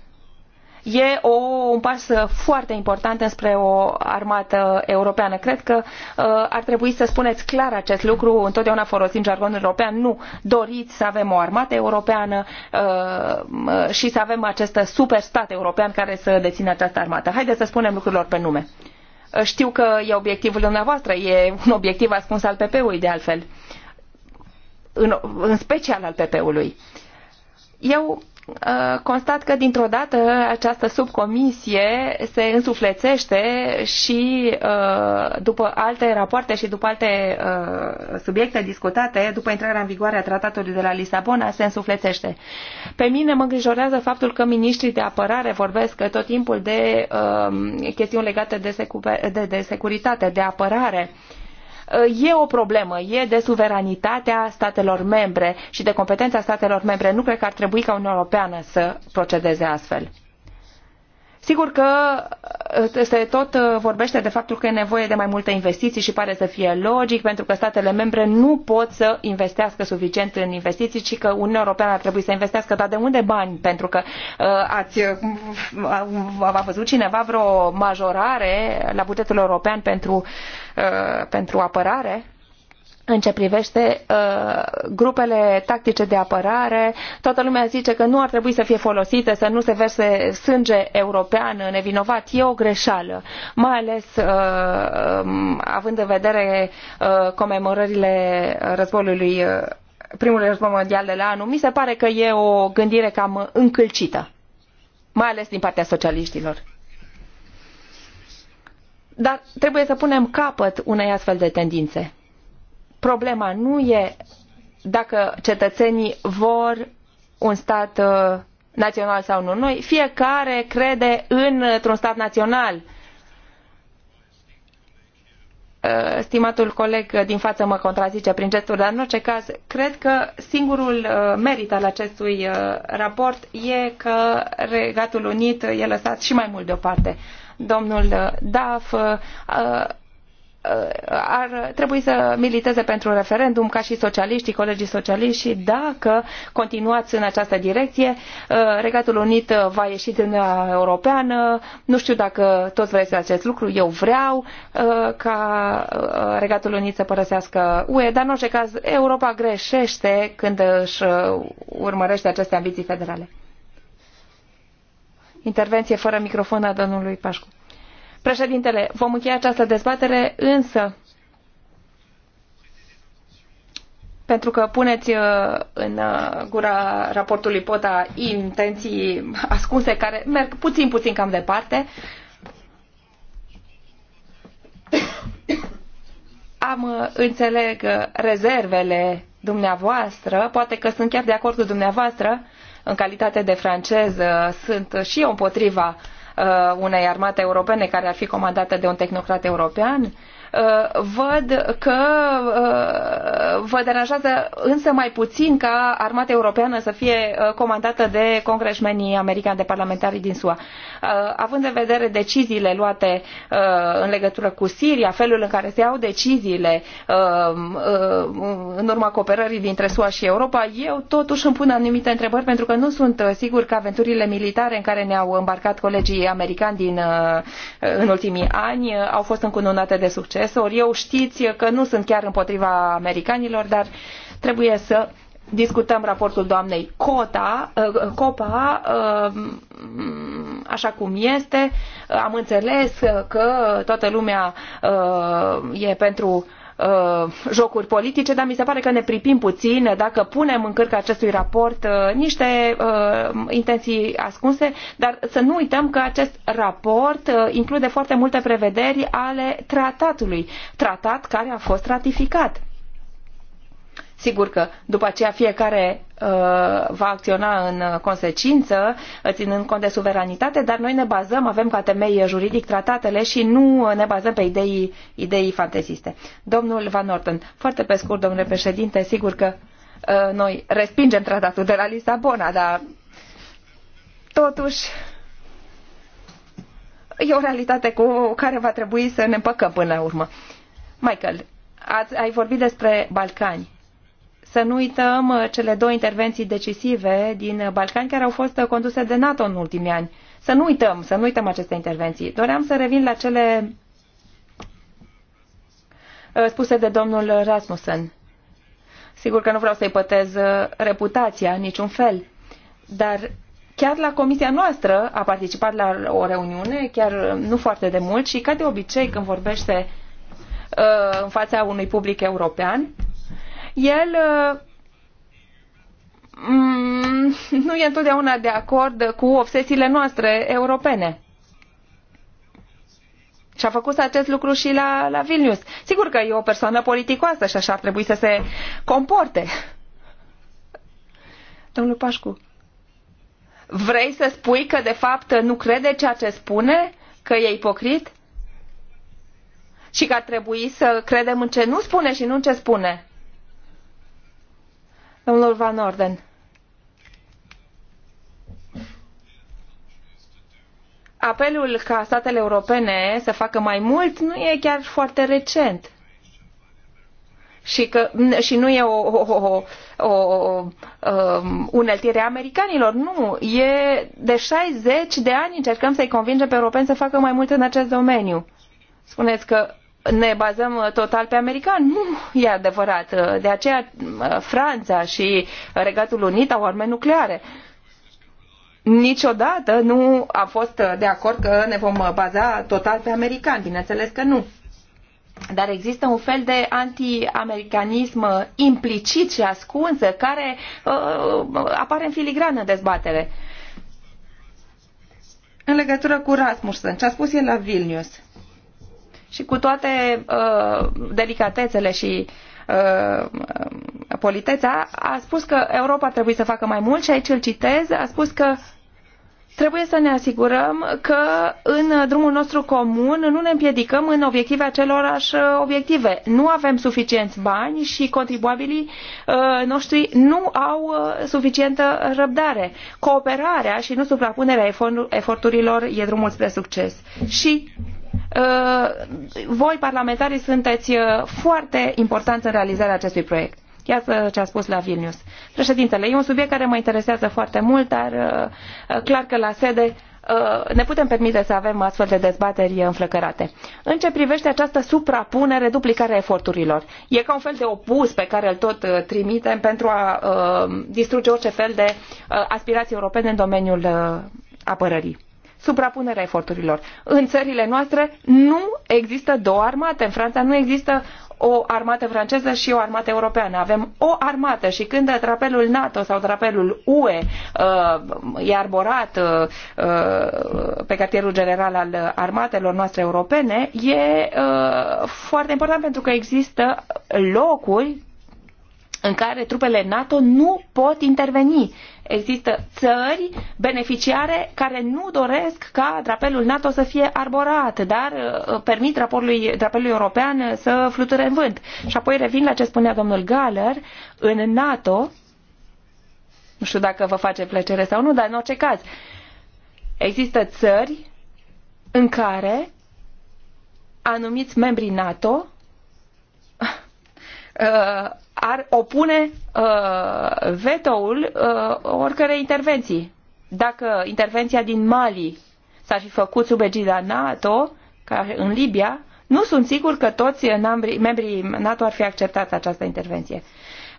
e o, un pas foarte important înspre o armată europeană. Cred că uh, ar trebui să spuneți clar acest lucru, întotdeauna folosim jargonul european, nu doriți să avem o armată europeană uh, și să avem acest super stat european care să dețină această armată. Haideți să spunem lucrurilor pe nume. Uh, știu că e obiectivul dumneavoastră, e un obiectiv ascuns al PP-ului de altfel, în, în special al PP-ului. Eu Uh, constat că dintr-o dată această subcomisie se însuflețește și uh, după alte rapoarte și după alte uh, subiecte discutate, după intrarea în vigoare a tratatului de la Lisabona, se însuflețește. Pe mine mă îngrijorează faptul că miniștrii de apărare vorbesc tot timpul de um, chestiuni legate de, securitate, de apărare e o problemă, e de suveranitatea statelor membre și de competența statelor membre. Nu cred că ar trebui ca Uniunea Europeană să procedeze astfel. Sigur că uh, se tot uh, vorbește de faptul că e nevoie de mai multe investiții și pare să fie logic, pentru că statele membre nu pot să investească suficient în investiții, ci că Uniunea Europeană ar trebui să investească, dar de unde bani? Pentru că uh, ați, a văzut cineva vreo majorare la bugetul european pentru, pentru apărare? în ce privește uh, grupele tactice de apărare, toată lumea zice că nu ar trebui să fie folosite, să nu se verse sânge european nevinovat. E o greșeală, mai ales uh, um, având în vedere uh, comemorările războiului, uh, primul război mondial de la anul. Mi se pare că e o gândire cam încălcită, mai ales din partea socialiștilor. Dar trebuie să punem capăt unei astfel de tendințe Problema nu e dacă cetățenii vor un stat uh, național sau nu. Noi fiecare crede într-un stat național. Uh, stimatul coleg din față mă contrazice prin gesturi, dar în orice caz, cred că singurul uh, merit al acestui raport e că Regatul Unit e lăsat și mai mult deoparte. Domnul Daf Uh, ar trebui să militeze pentru un referendum ca și socialiștii, colegii socialiști și dacă continuați în această direcție, uh, Regatul Unit uh, va ieși din Uniunea Europeană, nu știu dacă toți vreți acest lucru, eu vreau ca Regatul Unit să părăsească UE, dar în orice caz Europa greșește când își urmărește aceste ambiții federale. Intervenție fără microfon a domnului Pașcu. Președintele, vom încheia această dezbatere, însă pentru că puneți uh, în uh, gura raportului POTA intenții ascunse care merg puțin, puțin cam departe. Am uh, înțeleg rezervele dumneavoastră, poate că sunt chiar de acord cu dumneavoastră, în calitate de francez sunt și eu împotriva uh, Uh, unei armate europene care ar fi comandată de un tehnocrat european? Uh, văd că uh, vă deranjează însă mai puțin ca armata europeană să fie uh, comandată de congresmenii americani, de parlamentari din SUA. Având în vedere deciziile luate în legătură cu Siria, felul în care se iau deciziile în urma cooperării dintre SUA și Europa, eu totuși îmi pun anumite întrebări pentru că nu sunt sigur că aventurile militare în care ne-au îmbarcat colegii americani din, în ultimii ani au fost încununate de succes agresori. Eu știți că nu sunt chiar împotriva americanilor, dar trebuie să discutăm raportul doamnei Cota, uh, Copa, uh, așa cum este. Am înțeles că toată lumea uh, e pentru Uh, jocuri politice, dar mi se pare că ne pripim puțin dacă punem în cârca acestui raport uh, niște uh, intenții ascunse, dar să nu uităm că acest raport include foarte multe prevederi ale tratatului, tratat care a fost ratificat Sigur că după aceea fiecare uh, va acționa în consecință, ținând cont de suveranitate, dar noi ne bazăm, avem ca temei juridic tratatele și nu ne bazăm pe idei, idei fanteziste. Domnul Van Orten, foarte pe scurt, domnule președinte, sigur că uh, noi respingem tratatul de la Lisabona, dar totuși e o realitate cu care va trebui să ne împăcăm până la urmă. Michael, ați, ai vorbit despre Balcani să nu uităm uh, cele două intervenții decisive din Balcani care au fost uh, conduse de NATO în ultimii ani. Să nu uităm, să nu uităm aceste intervenții. Doream să revin la cele uh, spuse de domnul Rasmussen. Sigur că nu vreau să-i pătez reputația în niciun fel, dar chiar la comisia noastră a participat la o reuniune, chiar nu foarte de mult și ca de obicei când vorbește în fața unui public european, el uh, mm, <laughs> nu e întotdeauna de acord cu obsesiile noastre europene. Și a făcut acest lucru și la, la Vilnius. Sigur că e o persoană politicoasă și așa ar trebui să se comporte. <laughs> Domnul Pașcu, vrei să spui că de fapt nu crede ceea ce spune? Că e ipocrit? Și că ar trebui să credem în ce nu spune și nu în ce spune? Domnul Van Orden. Apelul ca statele europene să facă mai mult nu e chiar foarte recent și, că, și nu e o, o, o, o um, uneltire a americanilor, nu, e de 60 de ani încercăm să-i convingem pe europeni să facă mai mult în acest domeniu. Spuneți că ne bazăm uh, total pe americani. Nu e adevărat. Uh, de aceea uh, Franța și Regatul Unit au arme nucleare. Niciodată nu am fost de acord că ne vom baza total pe americani. Bineînțeles că nu. Dar există un fel de anti-americanism implicit și ascuns care uh, apare în filigrană în dezbatere. În legătură cu Rasmussen, ce a spus el la Vilnius, și cu toate uh, delicatețele și uh, politețea, a spus că Europa trebuie să facă mai mult și aici îl citez, a spus că trebuie să ne asigurăm că în drumul nostru comun nu ne împiedicăm în obiective acelorași obiective. Nu avem suficienți bani și contribuabilii uh, noștri nu au uh, suficientă răbdare. Cooperarea și nu suprapunerea eforturilor e drumul spre succes. Și Uh, voi, parlamentarii, sunteți uh, foarte importanți în realizarea acestui proiect. Iată ce a spus la Vilnius. Președintele, e un subiect care mă interesează foarte mult, dar uh, clar că la sede ne putem permite să avem astfel de dezbateri înflăcărate. În ce privește această suprapunere, duplicarea eforturilor, e ca un fel de opus pe care îl tot trimitem pentru a distruge orice fel de aspirații europene în domeniul apărării suprapunerea eforturilor. În țările noastre nu există două armate. În Franța nu există o armată franceză și o armată europeană. Avem o armată și când drapelul NATO sau drapelul UE uh, e arborat uh, uh pe cartierul general al armatelor noastre europene, e uh, foarte important pentru că există locuri în care trupele NATO nu pot interveni există țări beneficiare care nu doresc ca drapelul NATO să fie arborat, dar uh, permit drapelului, drapelului european să fluture în vânt. Și apoi revin la ce spunea domnul Galer, în NATO, nu știu dacă vă face plăcere sau nu, dar în orice caz, există țări în care anumiți membrii NATO <laughs> uh, ar opune uh, vetoul uh, oricărei intervenții. Dacă intervenția din Mali s-ar fi făcut sub egida NATO, ca în Libia, nu sunt sigur că toți membrii NATO ar fi acceptat această intervenție.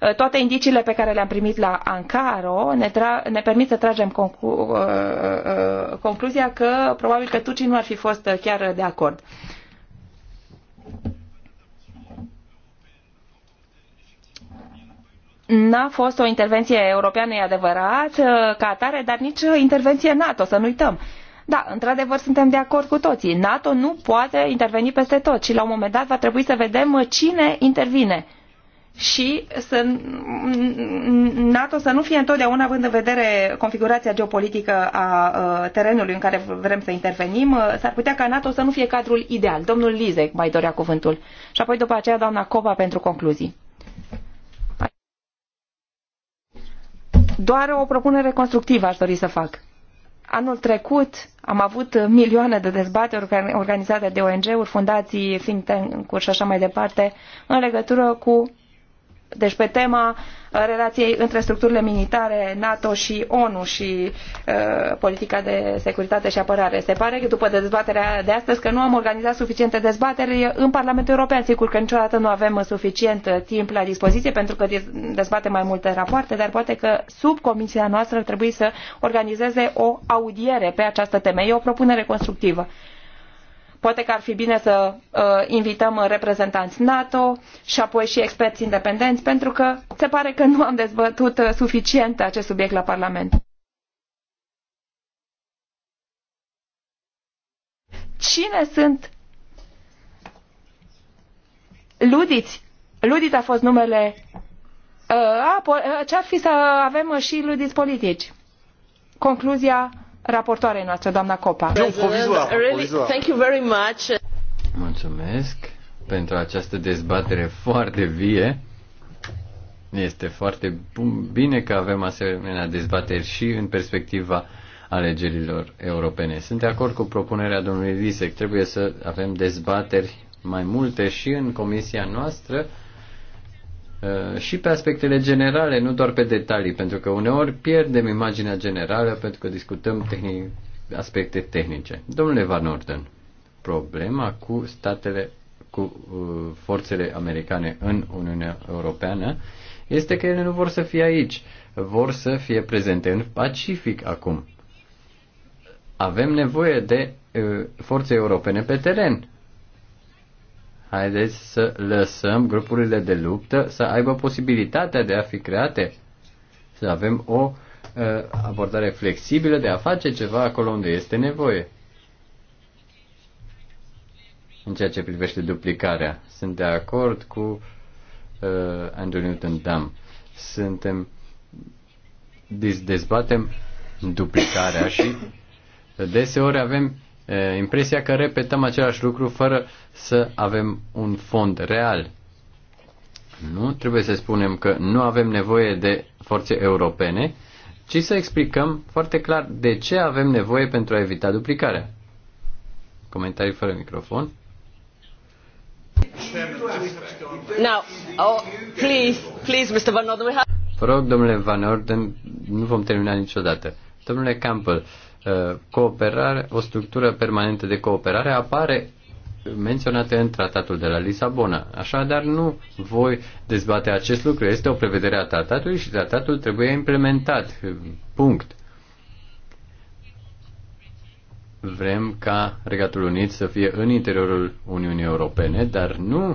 Uh, toate indiciile pe care le-am primit la Ankara ne, tra- ne permit să tragem conclu- uh, uh, concluzia că probabil că turcii nu ar fi fost chiar de acord. n-a fost o intervenție europeană, e adevărat, uh, ca atare, dar nici o uh, intervenție NATO, să nu uităm. Da, într-adevăr suntem de acord cu toții. NATO nu poate interveni peste tot și la un moment dat va trebui să vedem uh, cine intervine. Și să, NATO să nu fie întotdeauna, având în vedere configurația geopolitică a terenului în care vrem să intervenim, s-ar putea ca NATO să nu fie cadrul ideal. Domnul Lizec mai dorea cuvântul. Și apoi după aceea doamna Copa pentru concluzii. Doar o propunere constructivă aș dori să fac. Anul trecut am avut milioane de dezbateri organizate de ONG-uri, fundații, think tank-uri și așa mai departe în legătură cu deci pe tema uh, relației între structurile militare NATO și ONU și uh, politica de securitate și apărare. Se pare că după dezbaterea de astăzi că nu am organizat suficiente dezbateri în Parlamentul European. Sigur că niciodată nu avem suficient uh, timp la dispoziție pentru că dezbatem mai multe rapoarte, dar poate că sub comisia noastră ar trebui să organizeze o audiere pe această temă. E o propunere constructivă. Poate că ar fi bine să uh, invităm uh, reprezentanți NATO și apoi și experți independenți, pentru că se pare că nu am dezbătut uh, suficient acest subiect la Parlament. Cine sunt ludiți? Ludit a fost numele uh, a, ce-ar fi să avem și ludiți politici? Concluzia Raportoarea noastră, doamna Copa. Mulțumesc pentru această dezbatere foarte vie. Este foarte bine că avem asemenea dezbateri și în perspectiva alegerilor europene. Sunt de acord cu propunerea domnului Visec, Trebuie să avem dezbateri mai multe și în comisia noastră Uh, și pe aspectele generale, nu doar pe detalii, pentru că uneori pierdem imaginea generală pentru că discutăm tehnic, aspecte tehnice. Domnule Van Orden, problema cu statele, cu uh, forțele americane în Uniunea Europeană este că ele nu vor să fie aici, vor să fie prezente în Pacific acum. Avem nevoie de uh, forțe europene pe teren haideți să lăsăm grupurile de luptă să aibă posibilitatea de a fi create, să avem o uh, abordare flexibilă de a face ceva acolo unde este nevoie. În ceea ce privește duplicarea, sunt de acord cu uh, Andrew Newton Dam. Suntem dezbatem duplicarea și uh, deseori avem impresia că repetăm același lucru fără să avem un fond real. Nu trebuie să spunem că nu avem nevoie de forțe europene, ci să explicăm foarte clar de ce avem nevoie pentru a evita duplicarea. Comentarii fără microfon. Now, oh, please, please, Mr. Van Orden, we have... Vă rog, domnule Van Orden, nu vom termina niciodată. Domnule Campbell, Uh, cooperare, o structură permanentă de cooperare apare menționată în tratatul de la Lisabona. Așadar, nu voi dezbate acest lucru. Este o prevedere a tratatului și tratatul trebuie implementat. Punct. Vrem ca Regatul Unit să fie în interiorul Uniunii Europene, dar nu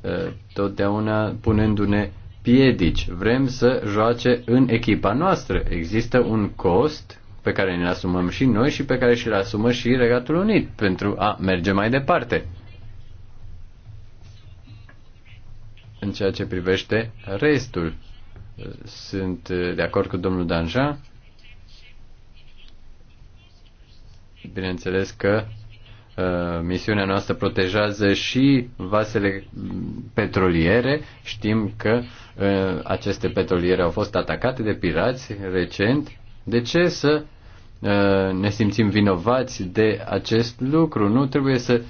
uh, totdeauna punându-ne piedici. Vrem să joace în echipa noastră. Există un cost pe care ne-l asumăm și noi și pe care și-l asumă și Regatul Unit pentru a merge mai departe. În ceea ce privește restul, sunt de acord cu domnul Danja. Bineînțeles că Uh, misiunea noastră protejează și vasele petroliere. Știm că uh, aceste petroliere au fost atacate de pirați recent. De ce să uh, ne simțim vinovați de acest lucru? Nu trebuie să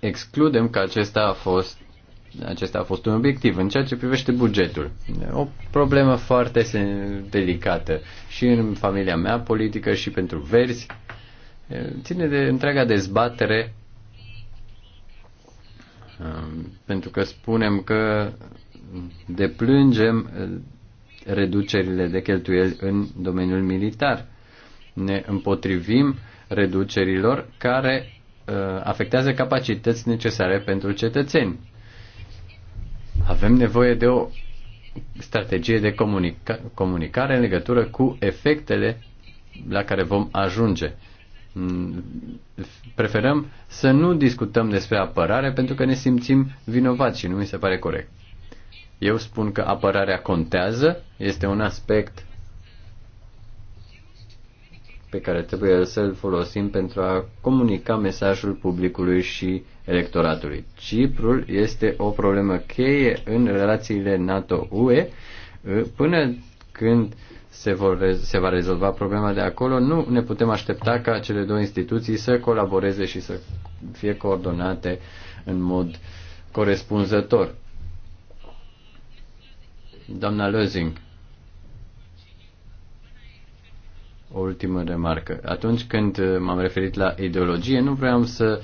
excludem că acesta a fost acesta a fost un obiectiv în ceea ce privește bugetul. O problemă foarte delicată și în familia mea politică și pentru verzi ține de întreaga dezbatere um, pentru că spunem că deplângem uh, reducerile de cheltuieli în domeniul militar. Ne împotrivim reducerilor care uh, afectează capacități necesare pentru cetățeni. Avem nevoie de o strategie de comunica- comunicare în legătură cu efectele la care vom ajunge. Mm, preferăm să nu discutăm despre apărare pentru că ne simțim vinovați și nu mi se pare corect. Eu spun că apărarea contează, este un aspect pe care trebuie să-l folosim pentru a comunica mesajul publicului și electoratului. Ciprul este o problemă cheie în relațiile NATO-UE până când uh, se, vor, se va rezolva problema de acolo, nu ne putem aștepta ca cele două instituții să colaboreze și să fie coordonate în mod corespunzător. Doamna Lozing, o ultimă remarcă. Atunci când m-am referit la ideologie, nu vreau să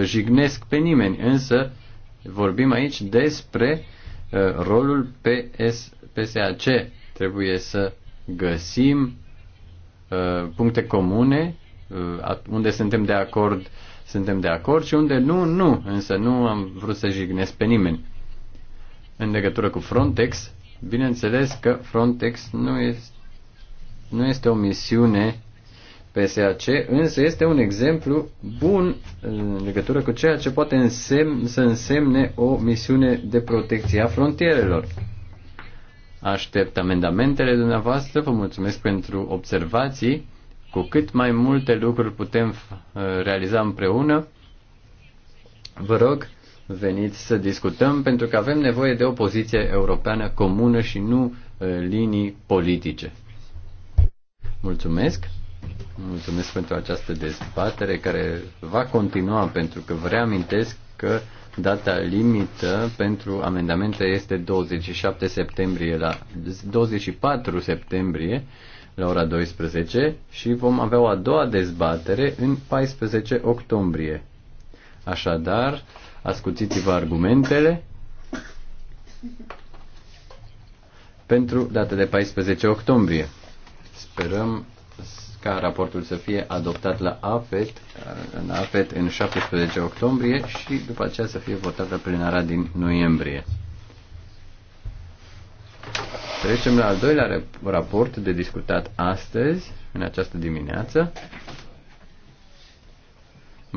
jignesc pe nimeni, însă vorbim aici despre uh, rolul PS, PSAC. Trebuie să găsim uh, puncte comune uh, unde suntem de acord suntem de acord și unde nu, nu, însă nu am vrut să jignesc pe nimeni. În legătură cu Frontex, bineînțeles că Frontex nu este, nu este o misiune PSAC, însă este un exemplu bun uh, în legătură cu ceea ce poate însemn, să însemne o misiune de protecție a frontierelor. Aștept amendamentele dumneavoastră, vă mulțumesc pentru observații. Cu cât mai multe lucruri putem uh, realiza împreună, vă rog, veniți să discutăm, pentru că avem nevoie de o poziție europeană comună și nu uh, linii politice. Mulțumesc! Mulțumesc pentru această dezbatere care va continua, pentru că vă reamintesc că Data limită pentru amendamente este 27 septembrie la 24 septembrie la ora 12 și vom avea o a doua dezbatere în 14 octombrie. Așadar, ascuțiți-vă argumentele pentru data de 14 octombrie. Sperăm ca raportul să fie adoptat la AFET, în AFET în 17 octombrie și după aceea să fie votat la plenara din noiembrie. Trecem la al doilea raport de discutat astăzi, în această dimineață,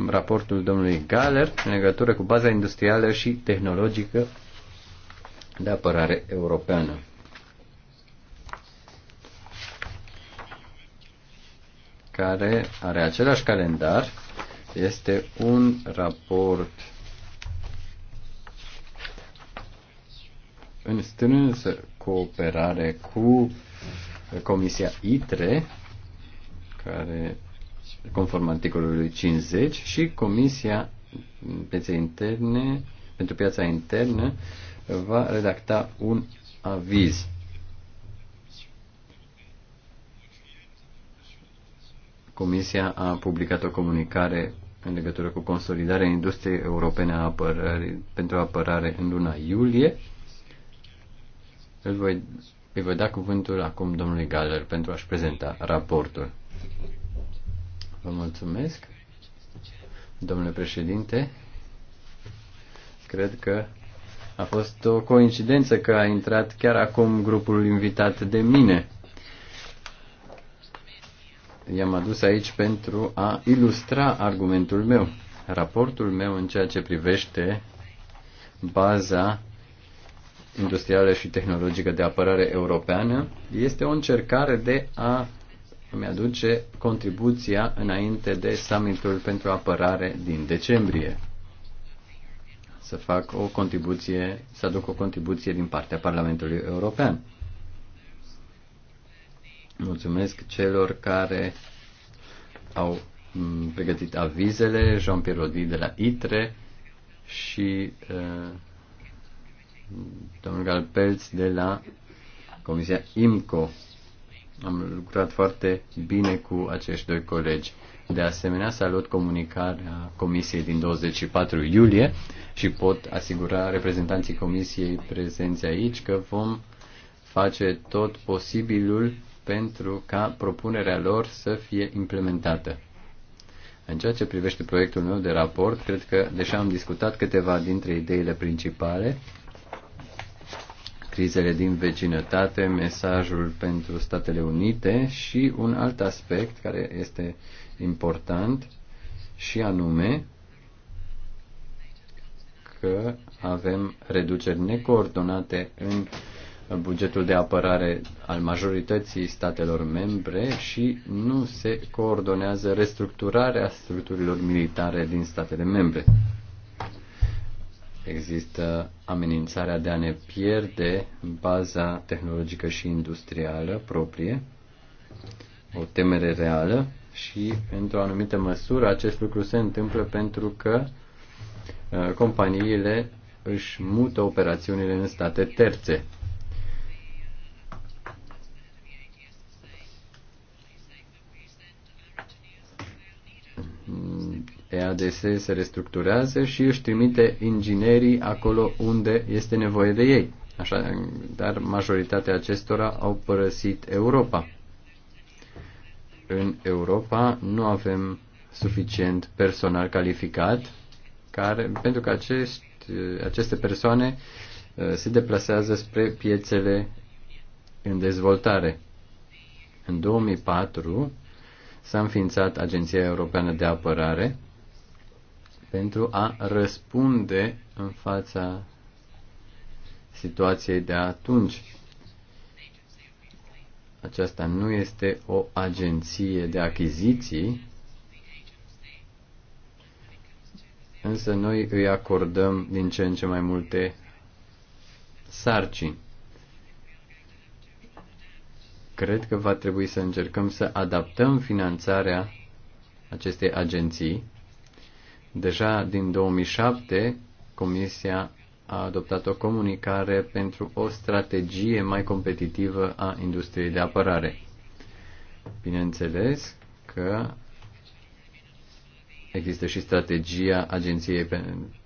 raportul domnului Galer în legătură cu baza industrială și tehnologică de apărare europeană. care are același calendar. Este un raport în strânsă cooperare cu Comisia ITRE, care conform articolului 50, și Comisia Pieței Interne, pentru piața internă va redacta un aviz. Comisia a publicat o comunicare în legătură cu consolidarea industriei europene a apărării, pentru apărare în luna iulie. Îl voi, îi voi da cuvântul acum domnului Galler pentru a-și prezenta raportul. Vă mulțumesc, domnule președinte. Cred că a fost o coincidență că a intrat chiar acum grupul invitat de mine i-am adus aici pentru a ilustra argumentul meu, raportul meu în ceea ce privește baza industrială și tehnologică de apărare europeană este o încercare de a îmi aduce contribuția înainte de summitul pentru apărare din decembrie. Să fac o contribuție, să aduc o contribuție din partea Parlamentului European. Mulțumesc celor care au mm, pregătit avizele, Jean-Pierre Rodi de la ITRE și uh, domnul Galpelț de la Comisia IMCO. Am lucrat foarte bine cu acești doi colegi. De asemenea, salut comunicarea Comisiei din 24 iulie și pot asigura reprezentanții Comisiei prezenți aici că vom face tot posibilul pentru ca propunerea lor să fie implementată. În ceea ce privește proiectul meu de raport, cred că deja am discutat câteva dintre ideile principale, crizele din vecinătate, mesajul pentru Statele Unite și un alt aspect care este important și anume că avem reduceri necoordonate în bugetul de apărare al majorității statelor membre și nu se coordonează restructurarea structurilor militare din statele membre. Există amenințarea de a ne pierde baza tehnologică și industrială proprie, o temere reală și, într-o anumită măsură, acest lucru se întâmplă pentru că uh, companiile își mută operațiunile în state terțe EADS se restructurează și își trimite inginerii acolo unde este nevoie de ei. Așa, dar majoritatea acestora au părăsit Europa. În Europa nu avem suficient personal calificat care, pentru că acești, aceste persoane uh, se deplasează spre piețele în dezvoltare. În 2004, s-a înființat Agenția Europeană de Apărare pentru a răspunde în fața situației de atunci. Aceasta nu este o agenție de achiziții, însă noi îi acordăm din ce în ce mai multe sarcini. Cred că va trebui să încercăm să adaptăm finanțarea acestei agenții. Deja din 2007, Comisia a adoptat o comunicare pentru o strategie mai competitivă a industriei de apărare. Bineînțeles că există și strategia Agenției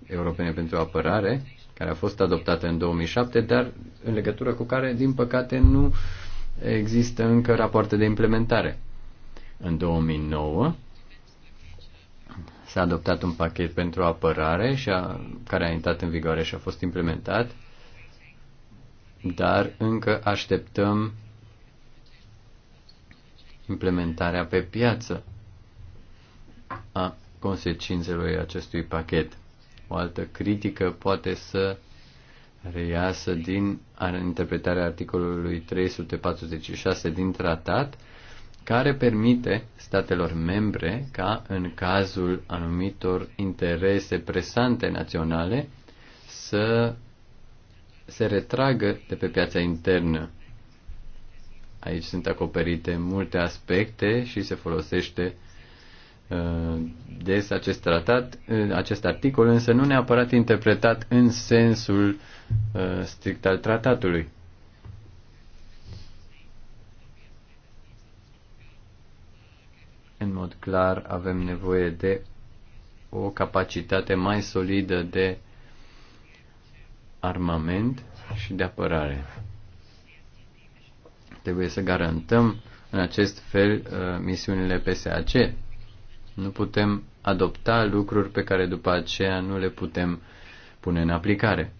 Europene pentru Apărare, care a fost adoptată în 2007, dar în legătură cu care, din păcate, nu există încă rapoarte de implementare. În 2009 s-a adoptat un pachet pentru apărare și a, care a intrat în vigoare și a fost implementat, dar încă așteptăm implementarea pe piață a consecințelor acestui pachet. O altă critică poate să reiasă din interpretarea articolului 346 din tratat, care permite statelor membre ca, în cazul anumitor interese presante naționale, să se retragă de pe piața internă. Aici sunt acoperite multe aspecte și se folosește Uh, des acest tratat, acest articol, însă nu neapărat interpretat în sensul uh, strict al tratatului. În mod clar, avem nevoie de o capacitate mai solidă de armament și de apărare. Trebuie să garantăm în acest fel uh, misiunile PSAC, nu putem adopta lucruri pe care după aceea nu le putem pune în aplicare.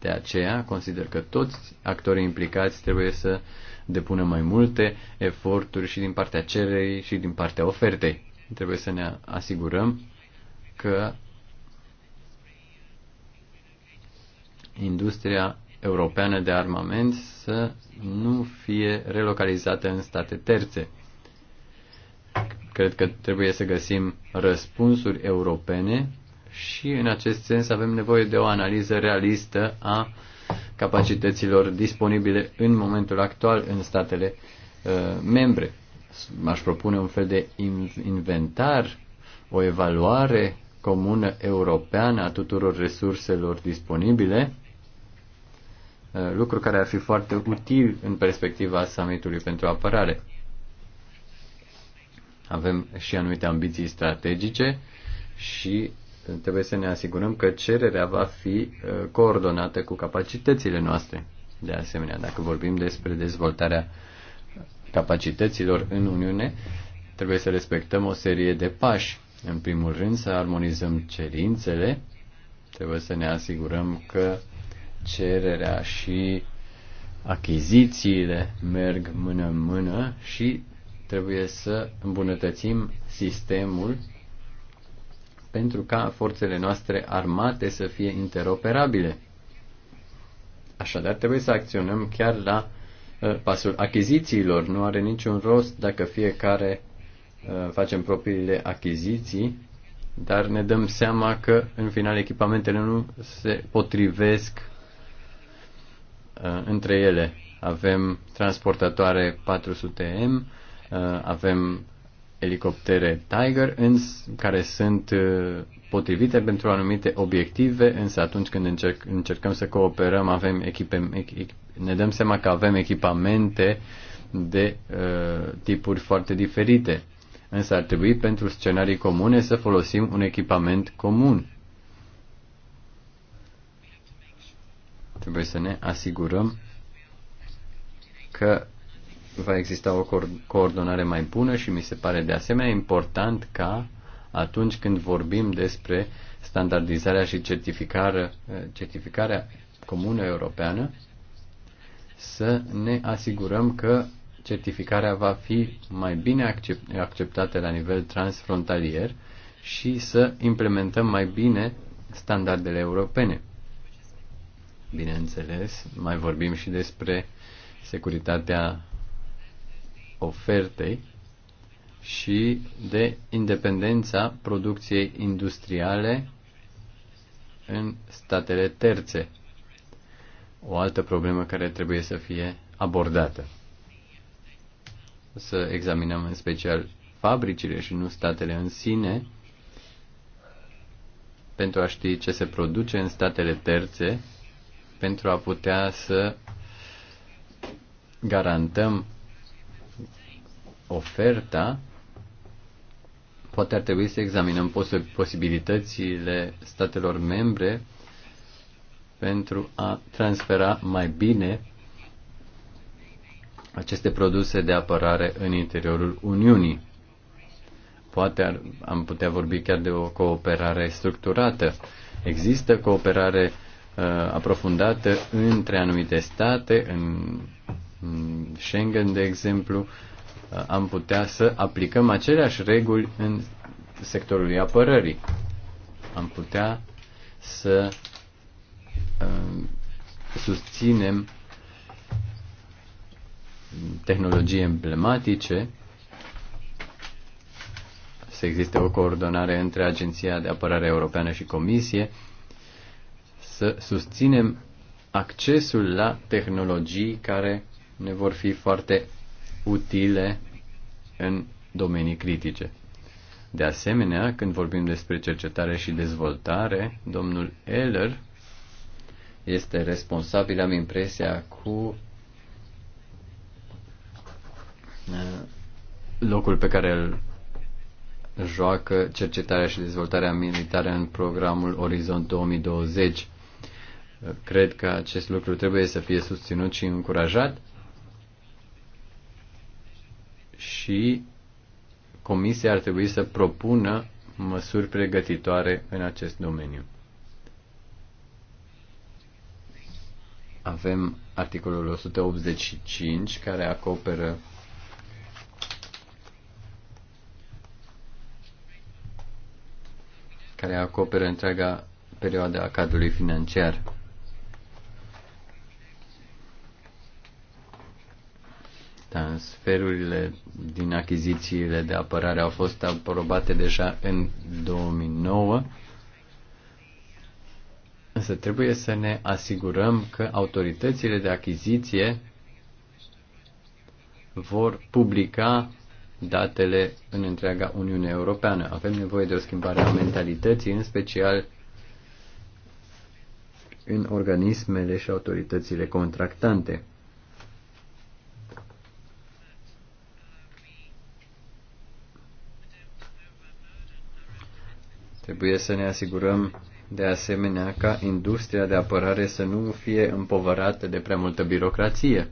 De aceea consider că toți actorii implicați trebuie să depună mai multe eforturi și din partea cererii și din partea ofertei. Trebuie să ne asigurăm că industria europeană de armament să nu fie relocalizată în state terțe. Cred că trebuie să găsim răspunsuri europene și în acest sens avem nevoie de o analiză realistă a capacităților disponibile în momentul actual în statele uh, membre. M-aș propune un fel de inventar, o evaluare comună europeană a tuturor resurselor disponibile, uh, lucru care ar fi foarte util în perspectiva summitului pentru apărare. Avem și anumite ambiții strategice și uh, trebuie să ne asigurăm că cererea va fi uh, coordonată cu capacitățile noastre. De asemenea, dacă vorbim despre dezvoltarea capacităților în Uniune, trebuie să respectăm o serie de pași. În primul rând, să armonizăm cerințele, trebuie să ne asigurăm că cererea și achizițiile merg mână în mână și Trebuie să îmbunătățim sistemul pentru ca forțele noastre armate să fie interoperabile. Așadar, trebuie să acționăm chiar la uh, pasul achizițiilor. Nu are niciun rost dacă fiecare uh, facem propriile achiziții, dar ne dăm seama că, în final, echipamentele nu se potrivesc uh, între ele. Avem transportatoare 400M, Uh, avem elicoptere Tiger îns, care sunt uh, potrivite pentru anumite obiective, însă atunci când încerc, încercăm să cooperăm, avem echipe, ne dăm seama că avem echipamente de uh, tipuri foarte diferite. Însă ar trebui pentru scenarii comune să folosim un echipament comun. Trebuie să ne asigurăm că va exista o coordonare mai bună și mi se pare de asemenea important ca atunci când vorbim despre standardizarea și certificarea, certificarea comună europeană, să ne asigurăm că certificarea va fi mai bine acceptată la nivel transfrontalier și să implementăm mai bine standardele europene. Bineînțeles, mai vorbim și despre securitatea ofertei și de independența producției industriale în statele terțe. O altă problemă care trebuie să fie abordată. Să examinăm în special fabricile și nu statele în sine, pentru a ști ce se produce în statele terțe, pentru a putea să garantăm oferta, poate ar trebui să examinăm posibilitățile statelor membre pentru a transfera mai bine aceste produse de apărare în interiorul Uniunii. Poate ar, am putea vorbi chiar de o cooperare structurată. Există cooperare uh, aprofundată între anumite state, în, în Schengen, de exemplu, Uh, am putea să aplicăm aceleași reguli în sectorul apărării. Am putea să uh, susținem tehnologii emblematice, să existe o coordonare între Agenția de Apărare Europeană și Comisie, să susținem accesul la tehnologii care ne vor fi foarte utile în domenii critice. De asemenea, când vorbim despre cercetare și dezvoltare, domnul Eller este responsabil, am impresia, cu uh, locul pe care îl joacă cercetarea și dezvoltarea militară în programul Orizont 2020. Cred că acest lucru trebuie să fie susținut și încurajat și Comisia ar trebui să propună măsuri pregătitoare în acest domeniu. Avem articolul 185 care acoperă care acoperă întreaga perioadă a cadrului financiar. Transferurile din achizițiile de apărare au fost aprobate deja în 2009, însă trebuie să ne asigurăm că autoritățile de achiziție vor publica datele în întreaga Uniune Europeană. Avem nevoie de o schimbare a mentalității, în special în organismele și autoritățile contractante. Trebuie să ne asigurăm de asemenea ca industria de apărare să nu fie împovărată de prea multă birocrație,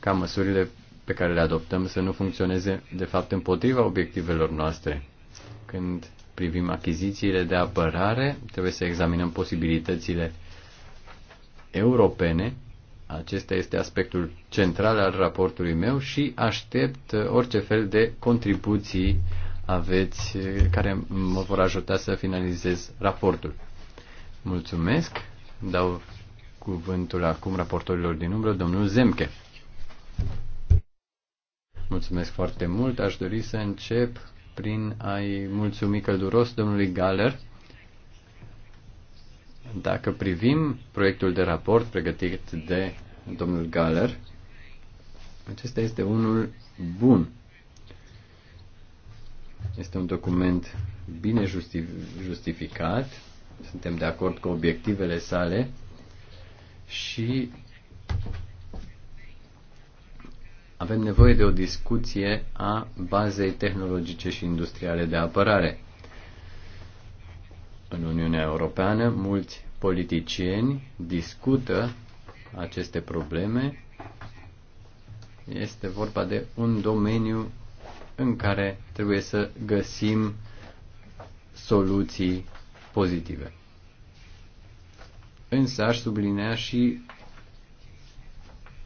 ca măsurile pe care le adoptăm să nu funcționeze de fapt împotriva obiectivelor noastre. Când privim achizițiile de apărare, trebuie să examinăm posibilitățile europene. Acesta este aspectul central al raportului meu și aștept uh, orice fel de contribuții aveți, care mă vor ajuta să finalizez raportul. Mulțumesc. Dau cuvântul acum raportorilor din umbră, domnul Zemke. Mulțumesc foarte mult. Aș dori să încep prin a-i mulțumi călduros domnului Galer. Dacă privim proiectul de raport pregătit de domnul Galer, acesta este unul bun este un document bine justificat, suntem de acord cu obiectivele sale și avem nevoie de o discuție a bazei tehnologice și industriale de apărare. În Uniunea Europeană, mulți politicieni discută aceste probleme. Este vorba de un domeniu în care trebuie să găsim soluții pozitive. Însă aș sublinea și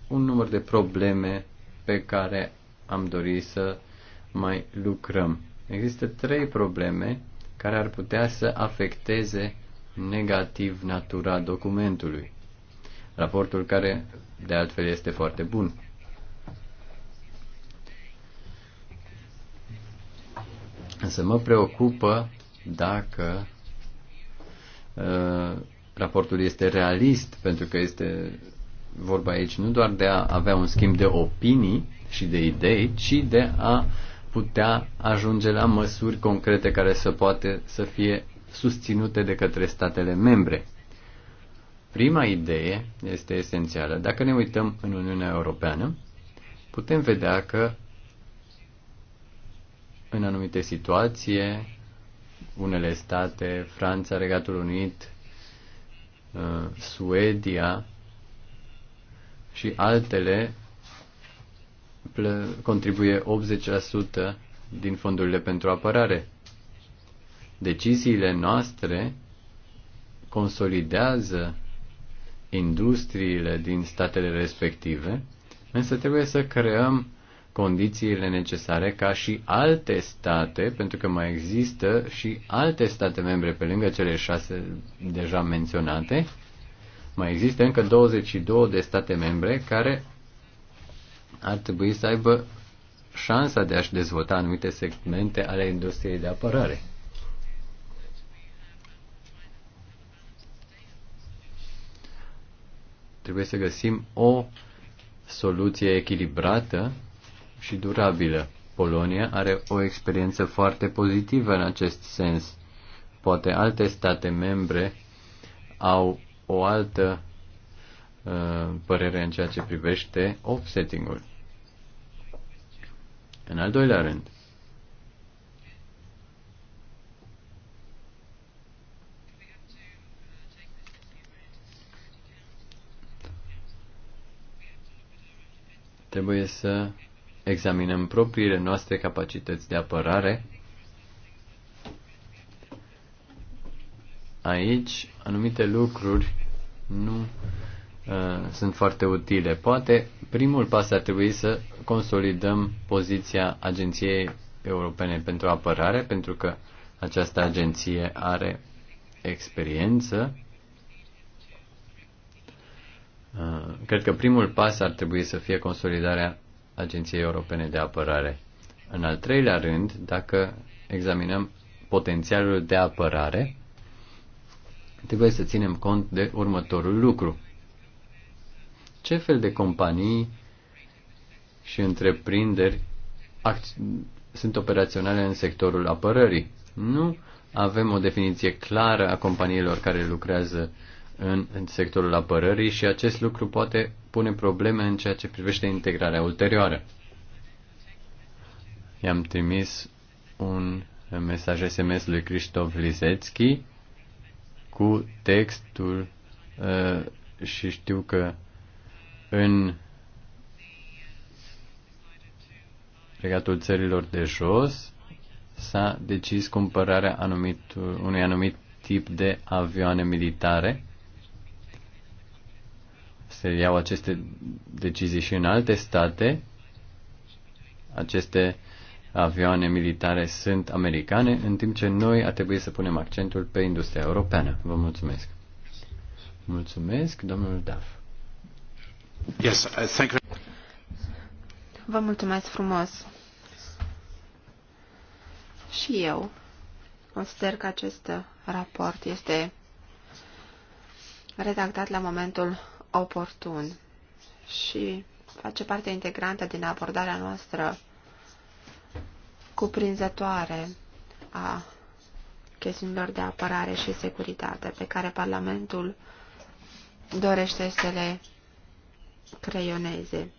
un număr de probleme pe care am dorit să mai lucrăm. Există trei probleme care ar putea să afecteze negativ natura documentului. Raportul care, de altfel, este foarte bun. Însă mă preocupă dacă uh, raportul este realist, pentru că este vorba aici nu doar de a avea un schimb de opinii și de idei, ci de a putea ajunge la măsuri concrete care să poate să fie susținute de către statele membre. Prima idee este esențială. Dacă ne uităm în Uniunea Europeană, putem vedea că în anumite situații, unele state, Franța, Regatul Unit, uh, Suedia și altele contribuie 80% din fondurile pentru apărare. Deciziile noastre consolidează industriile din statele respective, însă trebuie să creăm condițiile necesare ca și alte state, pentru că mai există și alte state membre pe lângă cele șase deja menționate, mai există încă 22 de state membre care ar trebui să aibă șansa de a-și dezvolta anumite segmente ale industriei de apărare. Trebuie să găsim o soluție echilibrată și durabilă. Polonia are o experiență foarte pozitivă în acest sens. Poate alte state membre au o altă uh, părere în ceea ce privește offsetting-ul. În al doilea rând, trebuie să examinăm propriile noastre capacități de apărare. Aici, anumite lucruri nu uh, sunt foarte utile. Poate primul pas ar trebui să consolidăm poziția Agenției Europene pentru Apărare, pentru că această agenție are experiență. Uh, cred că primul pas ar trebui să fie consolidarea Agenției Europene de Apărare. În al treilea rând, dacă examinăm potențialul de apărare, trebuie să ținem cont de următorul lucru. Ce fel de companii și întreprinderi sunt operaționale în sectorul apărării? Nu avem o definiție clară a companiilor care lucrează uh, în, în sectorul apărării și acest lucru poate pune probleme în ceea ce privește integrarea ulterioară. I-am trimis un mesaj SMS lui Cristof Lizetski cu textul uh, și știu că în regatul țărilor de jos s-a decis cumpărarea anumit, unui anumit tip de avioane militare se iau aceste decizii și în alte state. Aceste avioane militare sunt americane, în timp ce noi a trebui să punem accentul pe industria europeană. Vă mulțumesc. Mulțumesc, domnul Daf. Yes, uh, thank you. Vă mulțumesc frumos. Și eu consider că acest raport este redactat la momentul oportun și face parte integrantă din abordarea noastră cuprinzătoare a chestiunilor de apărare și securitate pe care Parlamentul dorește să le creioneze.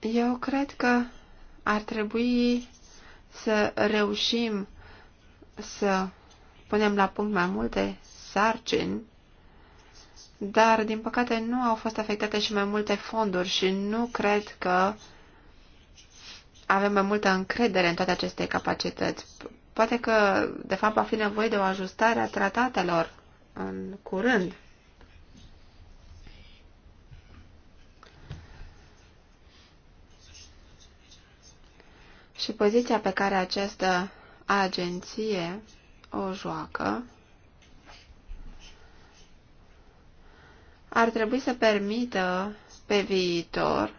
Eu cred că ar trebui să reușim să punem la punct mai multe sarcini dar din păcate nu au fost afectate și mai multe fonduri și nu cred că avem mai multă încredere în toate aceste capacități. Poate că, de fapt, va fi nevoie de o ajustare a tratatelor în curând. Și poziția pe care această agenție o joacă ar trebui să permită pe viitor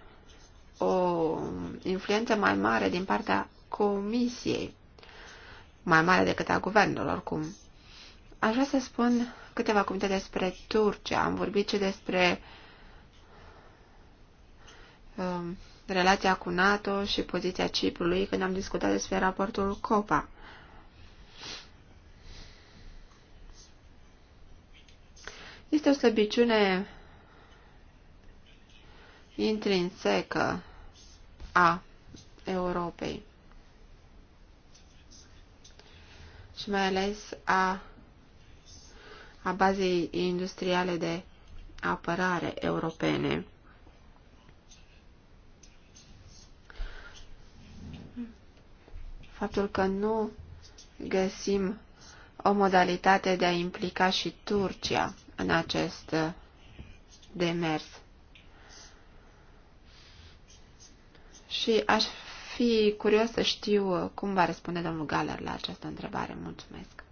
o influență mai mare din partea comisiei, mai mare decât a guvernului, oricum. Aș vrea să spun câteva cuvinte despre Turcia. Am vorbit și despre um, relația cu NATO și poziția Ciprului când am discutat despre raportul COPA. Este o slăbiciune intrinsecă a Europei și mai ales a, a bazei industriale de apărare europene. Faptul că nu găsim o modalitate de a implica și Turcia în acest uh, demers. Și aș fi curios să știu uh, cum va răspunde domnul Galer la această întrebare. Mulțumesc.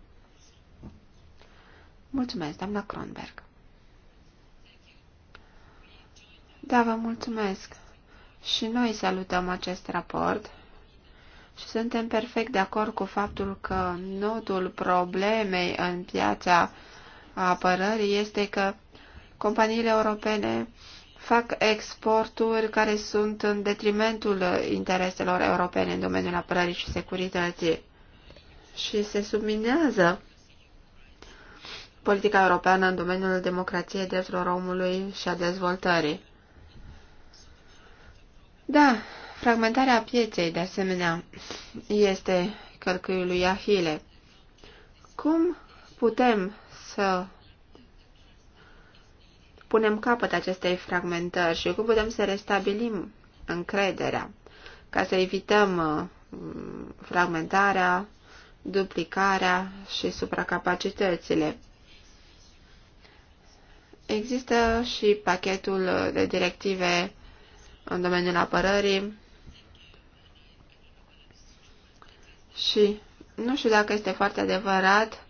Mulțumesc, doamna Kronberg. Da, vă mulțumesc. Și noi salutăm acest raport și suntem perfect de acord cu faptul că nodul problemei în piața apărării este că companiile europene fac exporturi care sunt în detrimentul intereselor europene în domeniul apărării și securității și se subminează politica europeană în domeniul democrației, drepturilor omului și a dezvoltării. Da, fragmentarea pieței, de asemenea, este călcâiul lui Ahile. Cum putem să punem capăt acestei fragmentări și cum putem să restabilim încrederea ca să evităm uh, fragmentarea, duplicarea și supracapacitățile. Există și pachetul de directive în domeniul apărării și nu știu dacă este foarte adevărat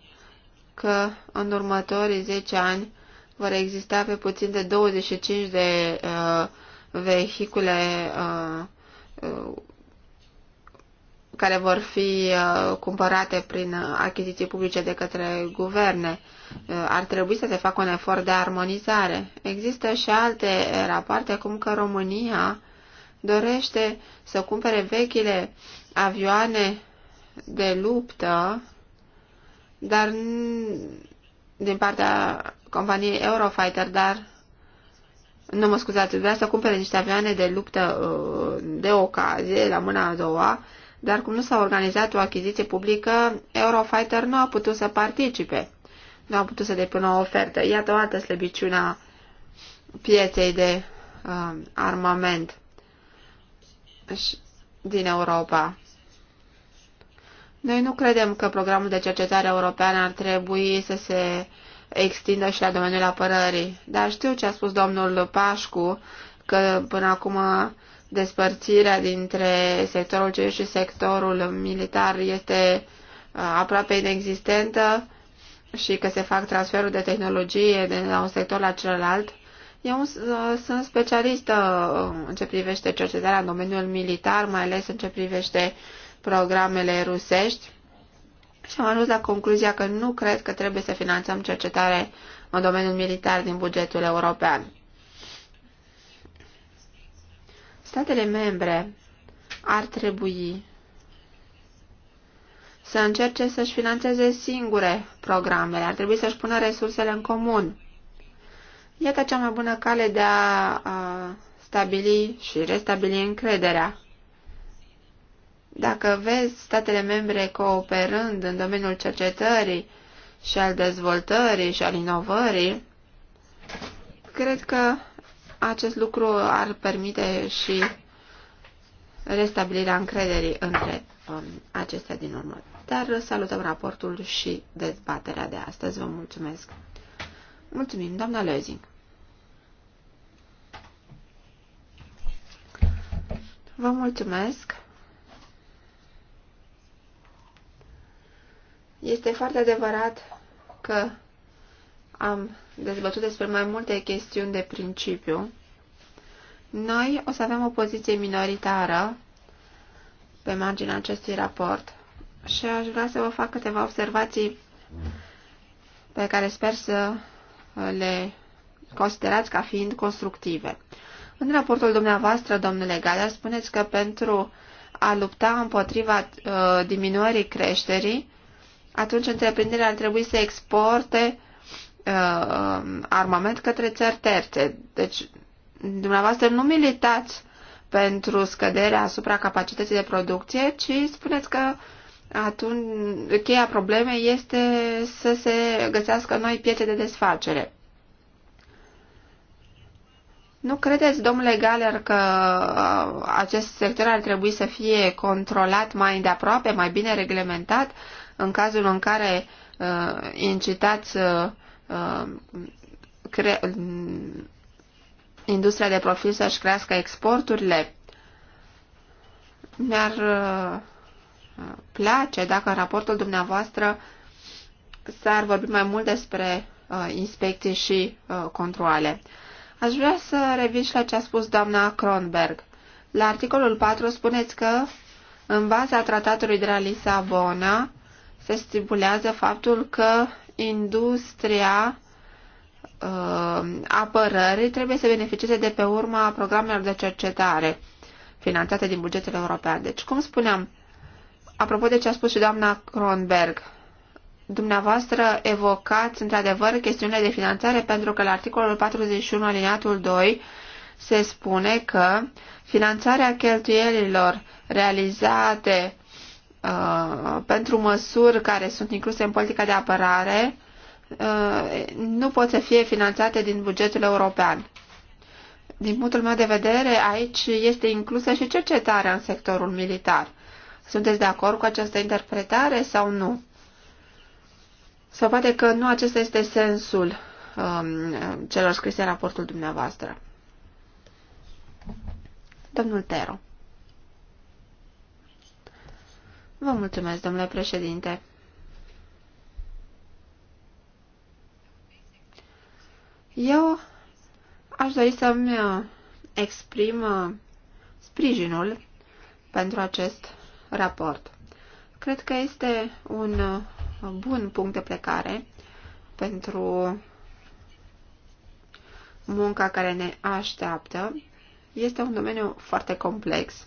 că în următorii 10 ani vor exista pe puțin de 25 de uh, vehicule uh, uh, care vor fi uh, cumpărate prin achiziții publice de către guverne. Uh, ar trebui să se facă un efort de armonizare. Există și alte rapoarte, cum că România dorește să cumpere vechile avioane de luptă dar din partea companiei Eurofighter, dar nu mă scuzați, vrea să cumpere niște avioane de luptă uh, de ocazie la mâna a doua, dar cum nu s-a organizat o achiziție publică, Eurofighter nu a putut să participe. Nu a putut să depună o ofertă. Iată o altă slăbiciune a pieței de uh, armament din Europa. Noi nu credem că programul de cercetare european ar trebui să se extindă și la domeniul apărării, dar știu ce a spus domnul Pașcu, că până acum despărțirea dintre sectorul civil și sectorul militar este uh, aproape inexistentă și că se fac transferuri de tehnologie de la un sector la celălalt. Eu uh, sunt specialistă uh, în ce privește cercetarea în domeniul militar, mai ales în ce privește uh, programele rusești și am ajuns la concluzia că nu cred că trebuie să finanțăm cercetare în domeniul militar din bugetul european. Statele membre ar trebui să încerce să-și financeze singure programele, ar trebui să-și pună resursele în comun. Iată cea mai bună cale de a, a stabili și restabili încrederea. Dacă vezi statele membre cooperând în domeniul cercetării și al dezvoltării și al inovării, cred că acest lucru ar permite și restabilirea încrederii între um, acestea din urmă. Dar salutăm raportul și dezbaterea de astăzi. Vă mulțumesc. Mulțumim, doamna Lezing. Vă mulțumesc. Este foarte adevărat că am dezbătut despre mai multe chestiuni de principiu. Noi o să avem o poziție minoritară pe marginea acestui raport și aș vrea să vă fac câteva observații pe care sper să le considerați ca fiind constructive. În raportul dumneavoastră, domnule Galer, spuneți că pentru a lupta împotriva uh, diminuării creșterii, atunci întreprinderea ar trebui să exporte uh, armament către țări terțe. Deci, dumneavoastră nu militați pentru scăderea asupra capacității de producție, ci spuneți că atunci cheia problemei este să se găsească noi piețe de desfacere. Nu credeți, domnule Galer, că uh, acest sector ar trebui să fie controlat mai îndeaproape, mai bine reglementat, în cazul în care uh, incitați uh, uh, cre- industria de profil să-și crească exporturile, mi-ar uh, place dacă în raportul dumneavoastră s-ar vorbi mai mult despre uh, inspecții și uh, controle. Aș vrea să revin și la ce a spus doamna Kronberg. La articolul 4 spuneți că, în baza tratatului de la Lisabona, se stipulează faptul că industria uh, apărării trebuie să beneficieze de pe urma programelor de cercetare finanțate din bugetele european. Deci, cum spuneam, apropo de ce a spus și doamna Kronberg, dumneavoastră evocați într-adevăr chestiunile de finanțare pentru că la articolul 41 alineatul 2 se spune că finanțarea cheltuielilor realizate uh, pentru măsuri care sunt incluse în politica de apărare uh, nu pot să fie finanțate din bugetul european. Din punctul meu de vedere, aici este inclusă și cercetarea în sectorul militar. Sunteți de acord cu această interpretare sau nu? Sau poate că nu acesta este sensul um, celor scrise în raportul dumneavoastră. Domnul Tero. Vă mulțumesc, domnule președinte. Eu aș dori să-mi uh, exprim uh, sprijinul pentru acest raport. Cred că este un uh, bun punct de plecare pentru munca care ne așteaptă. Este un domeniu foarte complex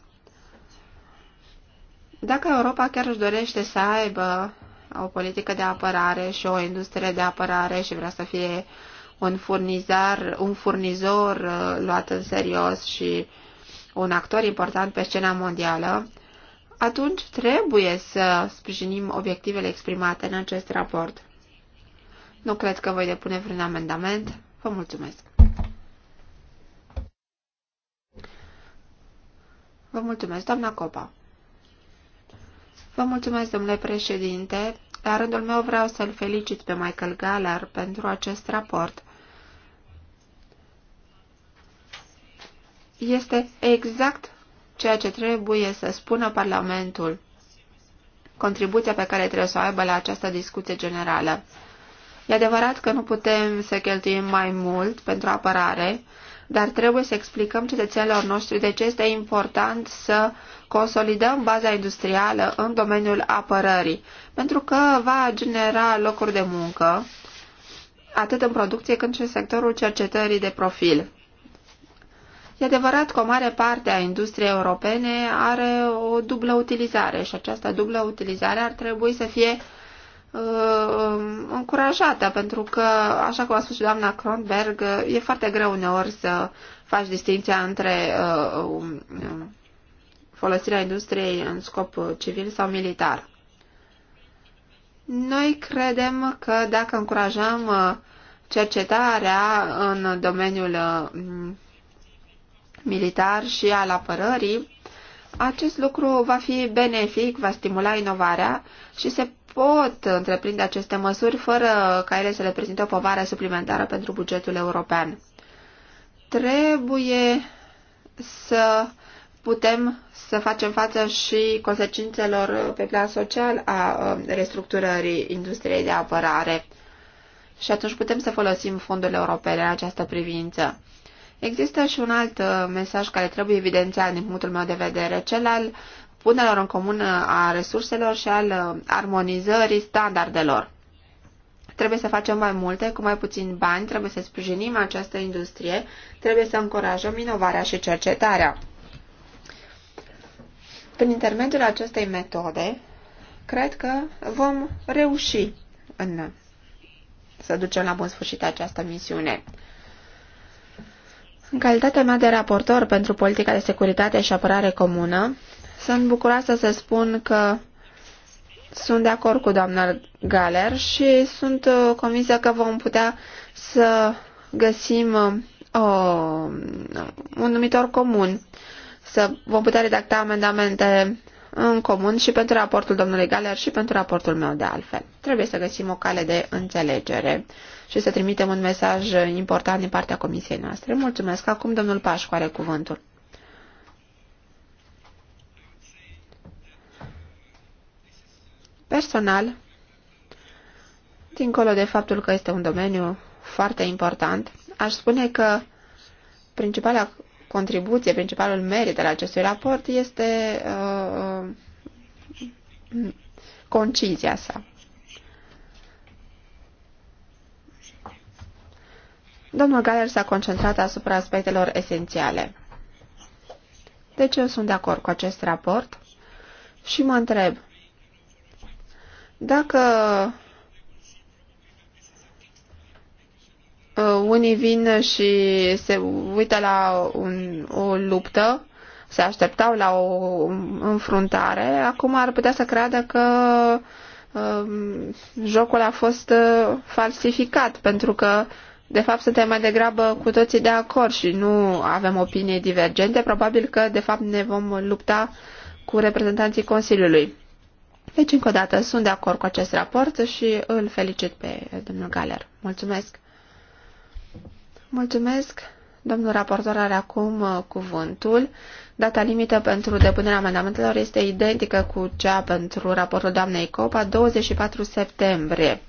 dacă Europa chiar își dorește să aibă o politică de apărare și o industrie de apărare și vrea să fie un, furnizar, un furnizor uh, luat în serios și un actor important pe scena mondială, atunci trebuie să sprijinim obiectivele exprimate în acest raport. Nu cred că voi depune vreun amendament. Vă mulțumesc. Vă mulțumesc, doamna Copa. Vă mulțumesc, domnule președinte. La rândul meu vreau să-l felicit pe Michael Gallagher pentru acest raport. Este exact ceea ce trebuie să spună Parlamentul, contribuția pe care trebuie să o aibă la această discuție generală. E adevărat că nu putem să cheltuim mai mult pentru apărare, dar trebuie să explicăm cetățenilor noștri de ce este important să consolidăm baza industrială în domeniul apărării, pentru că va genera locuri de muncă, atât în producție cât și în sectorul cercetării de profil. E adevărat că o mare parte a industriei europene are o dublă utilizare și această dublă utilizare ar trebui să fie Uh, încurajată, pentru că, așa cum a spus și doamna Kronberg, e foarte greu uneori să faci distinția între uh, um, um, folosirea industriei în scop civil sau militar. Noi credem că dacă încurajăm uh, cercetarea în domeniul militar și al apărării, acest lucru va fi benefic, va stimula inovarea și se pot întreprinde aceste măsuri fără ca ele să reprezinte o povară suplimentară pentru bugetul european. Trebuie să putem să facem față și consecințelor pe plan social a restructurării industriei de apărare. Și atunci putem să folosim fondurile europene în această privință. Există și un alt uh, mesaj care trebuie evidențiat din punctul meu de vedere, cel al punerilor în comun uh, a resurselor și al uh, armonizării standardelor. Trebuie să facem mai multe cu mai puțin bani, trebuie să sprijinim această industrie, trebuie să încurajăm inovarea și cercetarea. Prin intermediul acestei metode, cred că vom reuși în să ducem la bun sfârșit această misiune. În calitatea mea de raportor pentru politica de securitate și apărare comună, sunt bucuroasă să spun că sunt de acord cu doamna Galer și sunt uh, convinsă că vom putea să găsim uh, o, un numitor comun, să vom putea redacta amendamente în comun și pentru raportul domnului Galer și pentru raportul meu de altfel. Trebuie să găsim o cale de înțelegere și să trimitem un mesaj important din partea comisiei noastre. Mulțumesc. Acum domnul Pașcu are cuvântul. Personal, dincolo de faptul că este un domeniu foarte important, aș spune că principala contribuție, principalul merit al acestui raport este uh, uh concizia sa. Domnul Galer s-a concentrat asupra aspectelor esențiale. De eu sunt de acord cu acest raport și mă întreb dacă uh, unii vin și se uită la un, o luptă, se așteptau la o înfruntare, acum ar putea să creadă că um, jocul a fost uh, falsificat, pentru că uh, de fapt, suntem mai degrabă cu toții de acord și nu avem opinii divergente. Probabil că, de fapt, ne vom lupta cu reprezentanții Consiliului. Deci, încă o dată, sunt de acord cu acest raport și îl felicit pe domnul Galer. Mulțumesc! Mulțumesc! Domnul raportor are acum uh, cuvântul. Data limită pentru depunerea amendamentelor este identică cu cea pentru raportul doamnei Copa, 24 septembrie.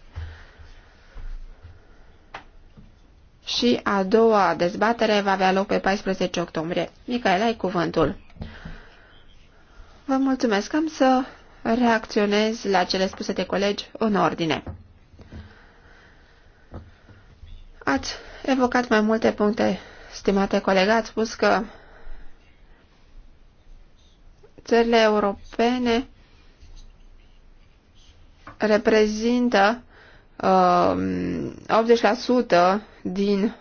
și a doua dezbatere va avea loc pe 14 octombrie. Micaela, ai cuvântul. Vă mulțumesc. Am să reacționez la cele spuse de colegi în ordine. Ați evocat mai multe puncte, stimate colegi. Ați spus că țările europene reprezintă uh, um, 80% din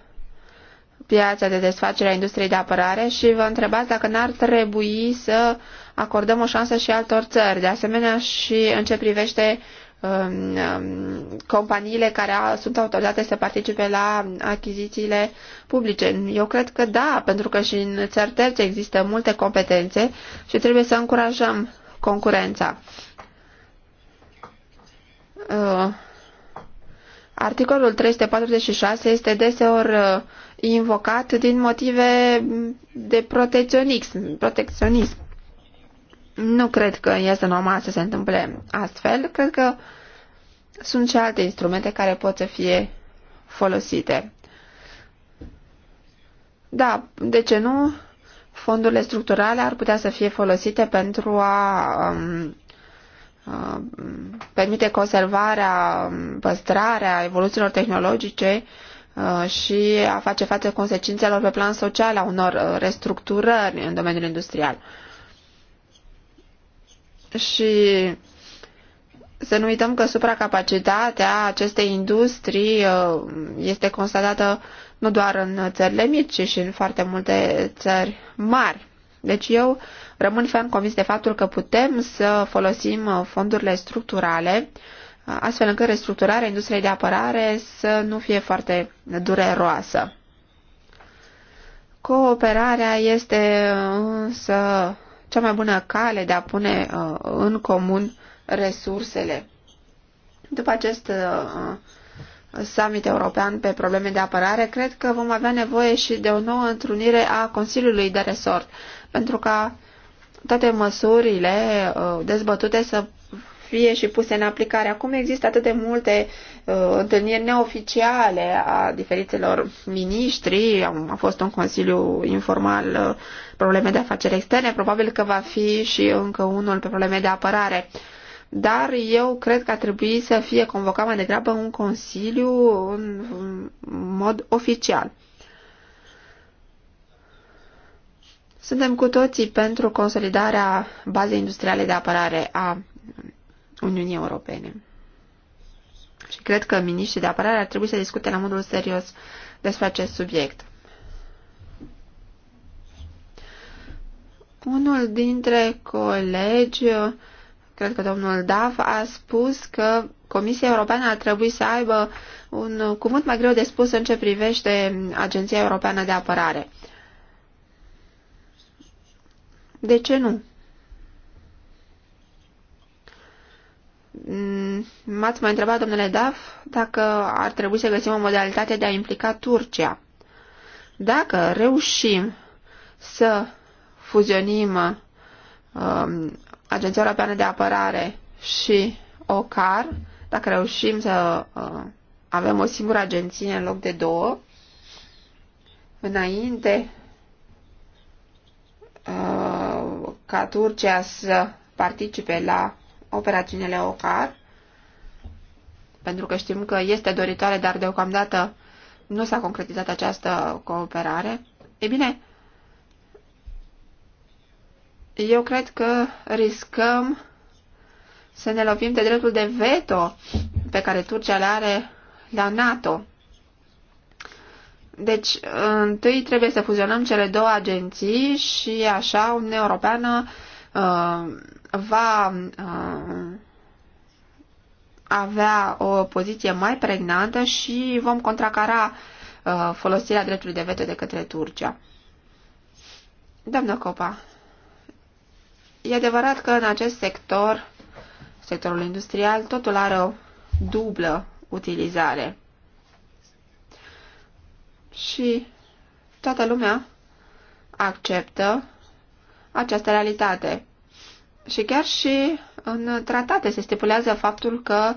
piața de desfacere a industriei de apărare și vă întrebați dacă n-ar trebui să acordăm o șansă și altor țări. De asemenea și în ce privește um, um, companiile care a, sunt autorizate să participe la achizițiile publice. Eu cred că da, pentru că și în țări terțe există multe competențe și trebuie să încurajăm concurența. Uh, Articolul 346 este deseori uh, invocat din motive mm, de protecționism. protecționism. Nu cred că este normal să se întâmple astfel. Cred că sunt și alte instrumente care pot să fie folosite. Da, de ce nu? Fondurile structurale ar putea să fie folosite pentru a um, Uh, permite conservarea, păstrarea evoluțiilor tehnologice uh, și a face față consecințelor pe plan social a unor uh, restructurări în domeniul industrial. Și să nu uităm că supracapacitatea acestei industrii este constatată nu doar în țările mici, ci și în foarte multe țări mari. Deci eu Rămân ferm convins de faptul că putem să folosim uh, fondurile structurale uh, astfel încât restructurarea industriei de apărare să nu fie foarte dureroasă. Cooperarea este uh, însă cea mai bună cale de a pune în comun resursele. După acest summit european pe probleme de apărare, cred că vom avea nevoie și de o nouă întrunire a Consiliului de Resort, pentru ca toate măsurile uh, dezbătute să fie și puse în aplicare. Acum există atât de multe uh, întâlniri neoficiale a diferiților miniștri, am, a fost un consiliu informal uh, probleme de afaceri externe, probabil că va fi și încă unul pe probleme de apărare. Dar eu cred că ar trebui să fie convocat mai degrabă un consiliu în, în mod oficial. Suntem cu toții pentru consolidarea bazei industriale de apărare a Uniunii Europene. Și cred că miniștrii de apărare ar trebui să discute la modul serios despre acest subiect. Unul dintre colegi, cred că domnul Daf, a spus că Comisia Europeană ar trebui să aibă un cuvânt mai greu de spus în ce privește Agenția Europeană de Apărare. De ce nu? Mm, m-ați mai întrebat, domnule Daf, dacă ar trebui să găsim o modalitate de a implica Turcia. Dacă reușim să fuzionim um, Agenția Europeană de Apărare și OCAR, dacă reușim să uh, avem o singură agenție în loc de două, înainte Uh, ca Turcia să participe la operațiunile OCAR, pentru că știm că este doritoare, dar deocamdată nu s-a concretizat această cooperare. E bine, eu cred că riscăm să ne lovim de dreptul de veto pe care Turcia le are la NATO. Deci, întâi trebuie să fuzionăm cele două agenții și așa Uniunea Europeană uh, va uh, avea o poziție mai pregnantă și vom contracara uh, folosirea dreptului de veto de către Turcia. Doamnă Copa, e adevărat că în acest sector, sectorul industrial, totul are o dublă utilizare și toată lumea acceptă această realitate. Și chiar și în tratate se stipulează faptul că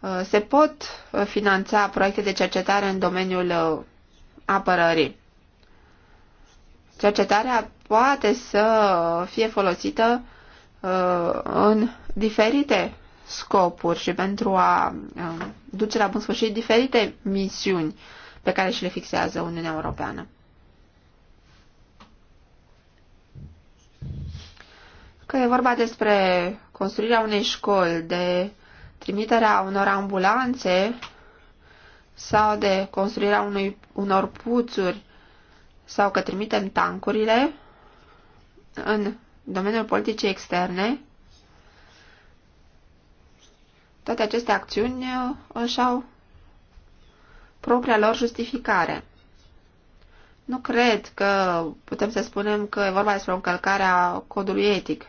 uh, se pot uh, finanța proiecte de cercetare în domeniul uh, apărării. Cercetarea poate să fie folosită în diferite scopuri și pentru a duce la bun sfârșit diferite misiuni pe care și le fixează Uniunea Europeană. Că e vorba despre construirea unei școli, de trimiterea unor ambulanțe sau de construirea unui, unor puțuri sau că trimitem tancurile în domeniul politicii externe, toate aceste acțiuni uh, își au propria lor justificare. Nu cred că putem să spunem că e vorba despre o încălcare a codului etic.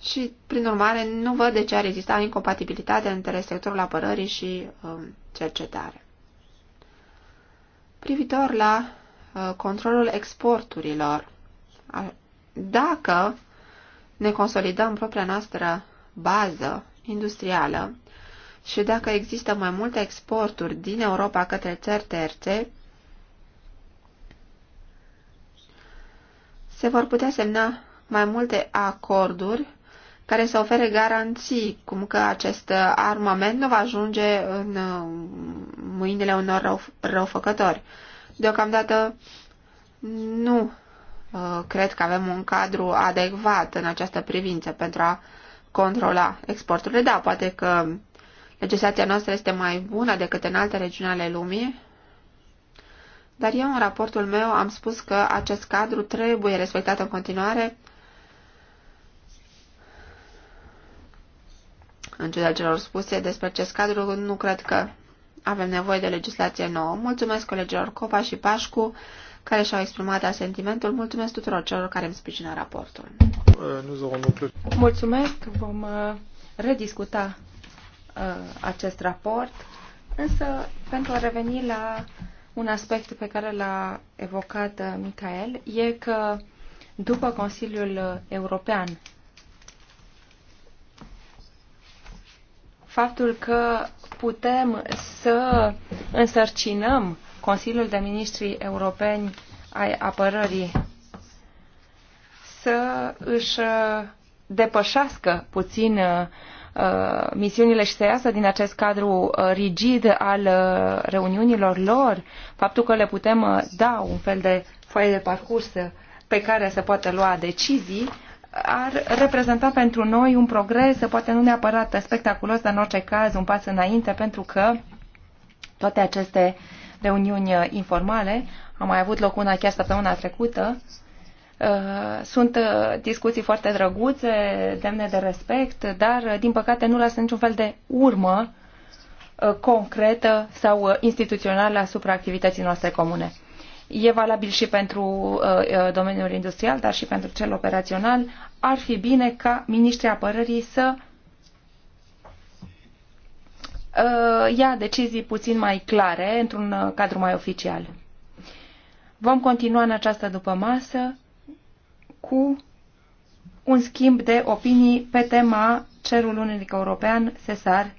Și, prin urmare, nu văd de ce ar exista incompatibilitate între sectorul apărării și um, cercetare. Privitor la uh, controlul exporturilor, dacă ne consolidăm propria noastră bază industrială, și dacă există mai multe exporturi din Europa către țări terțe, se vor putea semna mai multe acorduri care să ofere garanții cum că acest armament nu va ajunge în uh, mâinile unor răufăcători. Deocamdată nu uh, cred că avem un cadru adecvat în această privință pentru a controla exporturile. Da, poate că legislația noastră este mai bună decât în alte regiuni ale lumii, dar eu în raportul meu am spus că acest cadru trebuie respectat în continuare În ciuda celor spuse despre acest cadru, nu cred că avem nevoie de legislație nouă. Mulțumesc colegilor Copa și Pașcu care și-au exprimat asentimentul. Mulțumesc tuturor celor care îmi sprijină raportul. Mulțumesc, vom uh, rediscuta Uh, acest raport, însă pentru a reveni la un aspect pe care l-a evocat uh, Michael, e că după Consiliul European faptul că putem să însărcinăm Consiliul de Ministri Europeni ai Apărării să își uh, depășească puțin Uh, misiunile și să iasă din acest cadru uh, rigid al uh, reuniunilor lor, faptul că le putem da un fel de foaie de parcurs pe care se poate lua decizii, ar reprezenta pentru noi un progres, poate nu neapărat spectaculos, dar în orice caz un pas înainte, pentru că toate aceste reuniuni informale, am mai avut loc una chiar săptămâna trecută, Uh, sunt uh, discuții foarte drăguțe, demne de respect, dar, uh, din păcate, nu lasă niciun fel de urmă concretă sau instituțională asupra activității noastre comune. E valabil și pentru domeniul industrial, dar și pentru cel operațional. Ar fi bine ca ministrii apărării să ia decizii puțin mai clare într-un cadru mai oficial. Vom continua în această dupămasă cu un schimb de opinii pe tema cerul unic european, SESAR,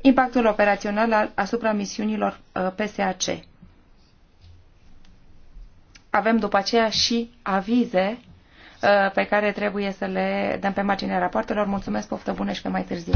impactul operațional asupra misiunilor uh, PSAC. Avem după aceea și avize uh, pe care trebuie să le dăm pe marginea rapoartelor. Mulțumesc, poftă bună și pe mai târziu.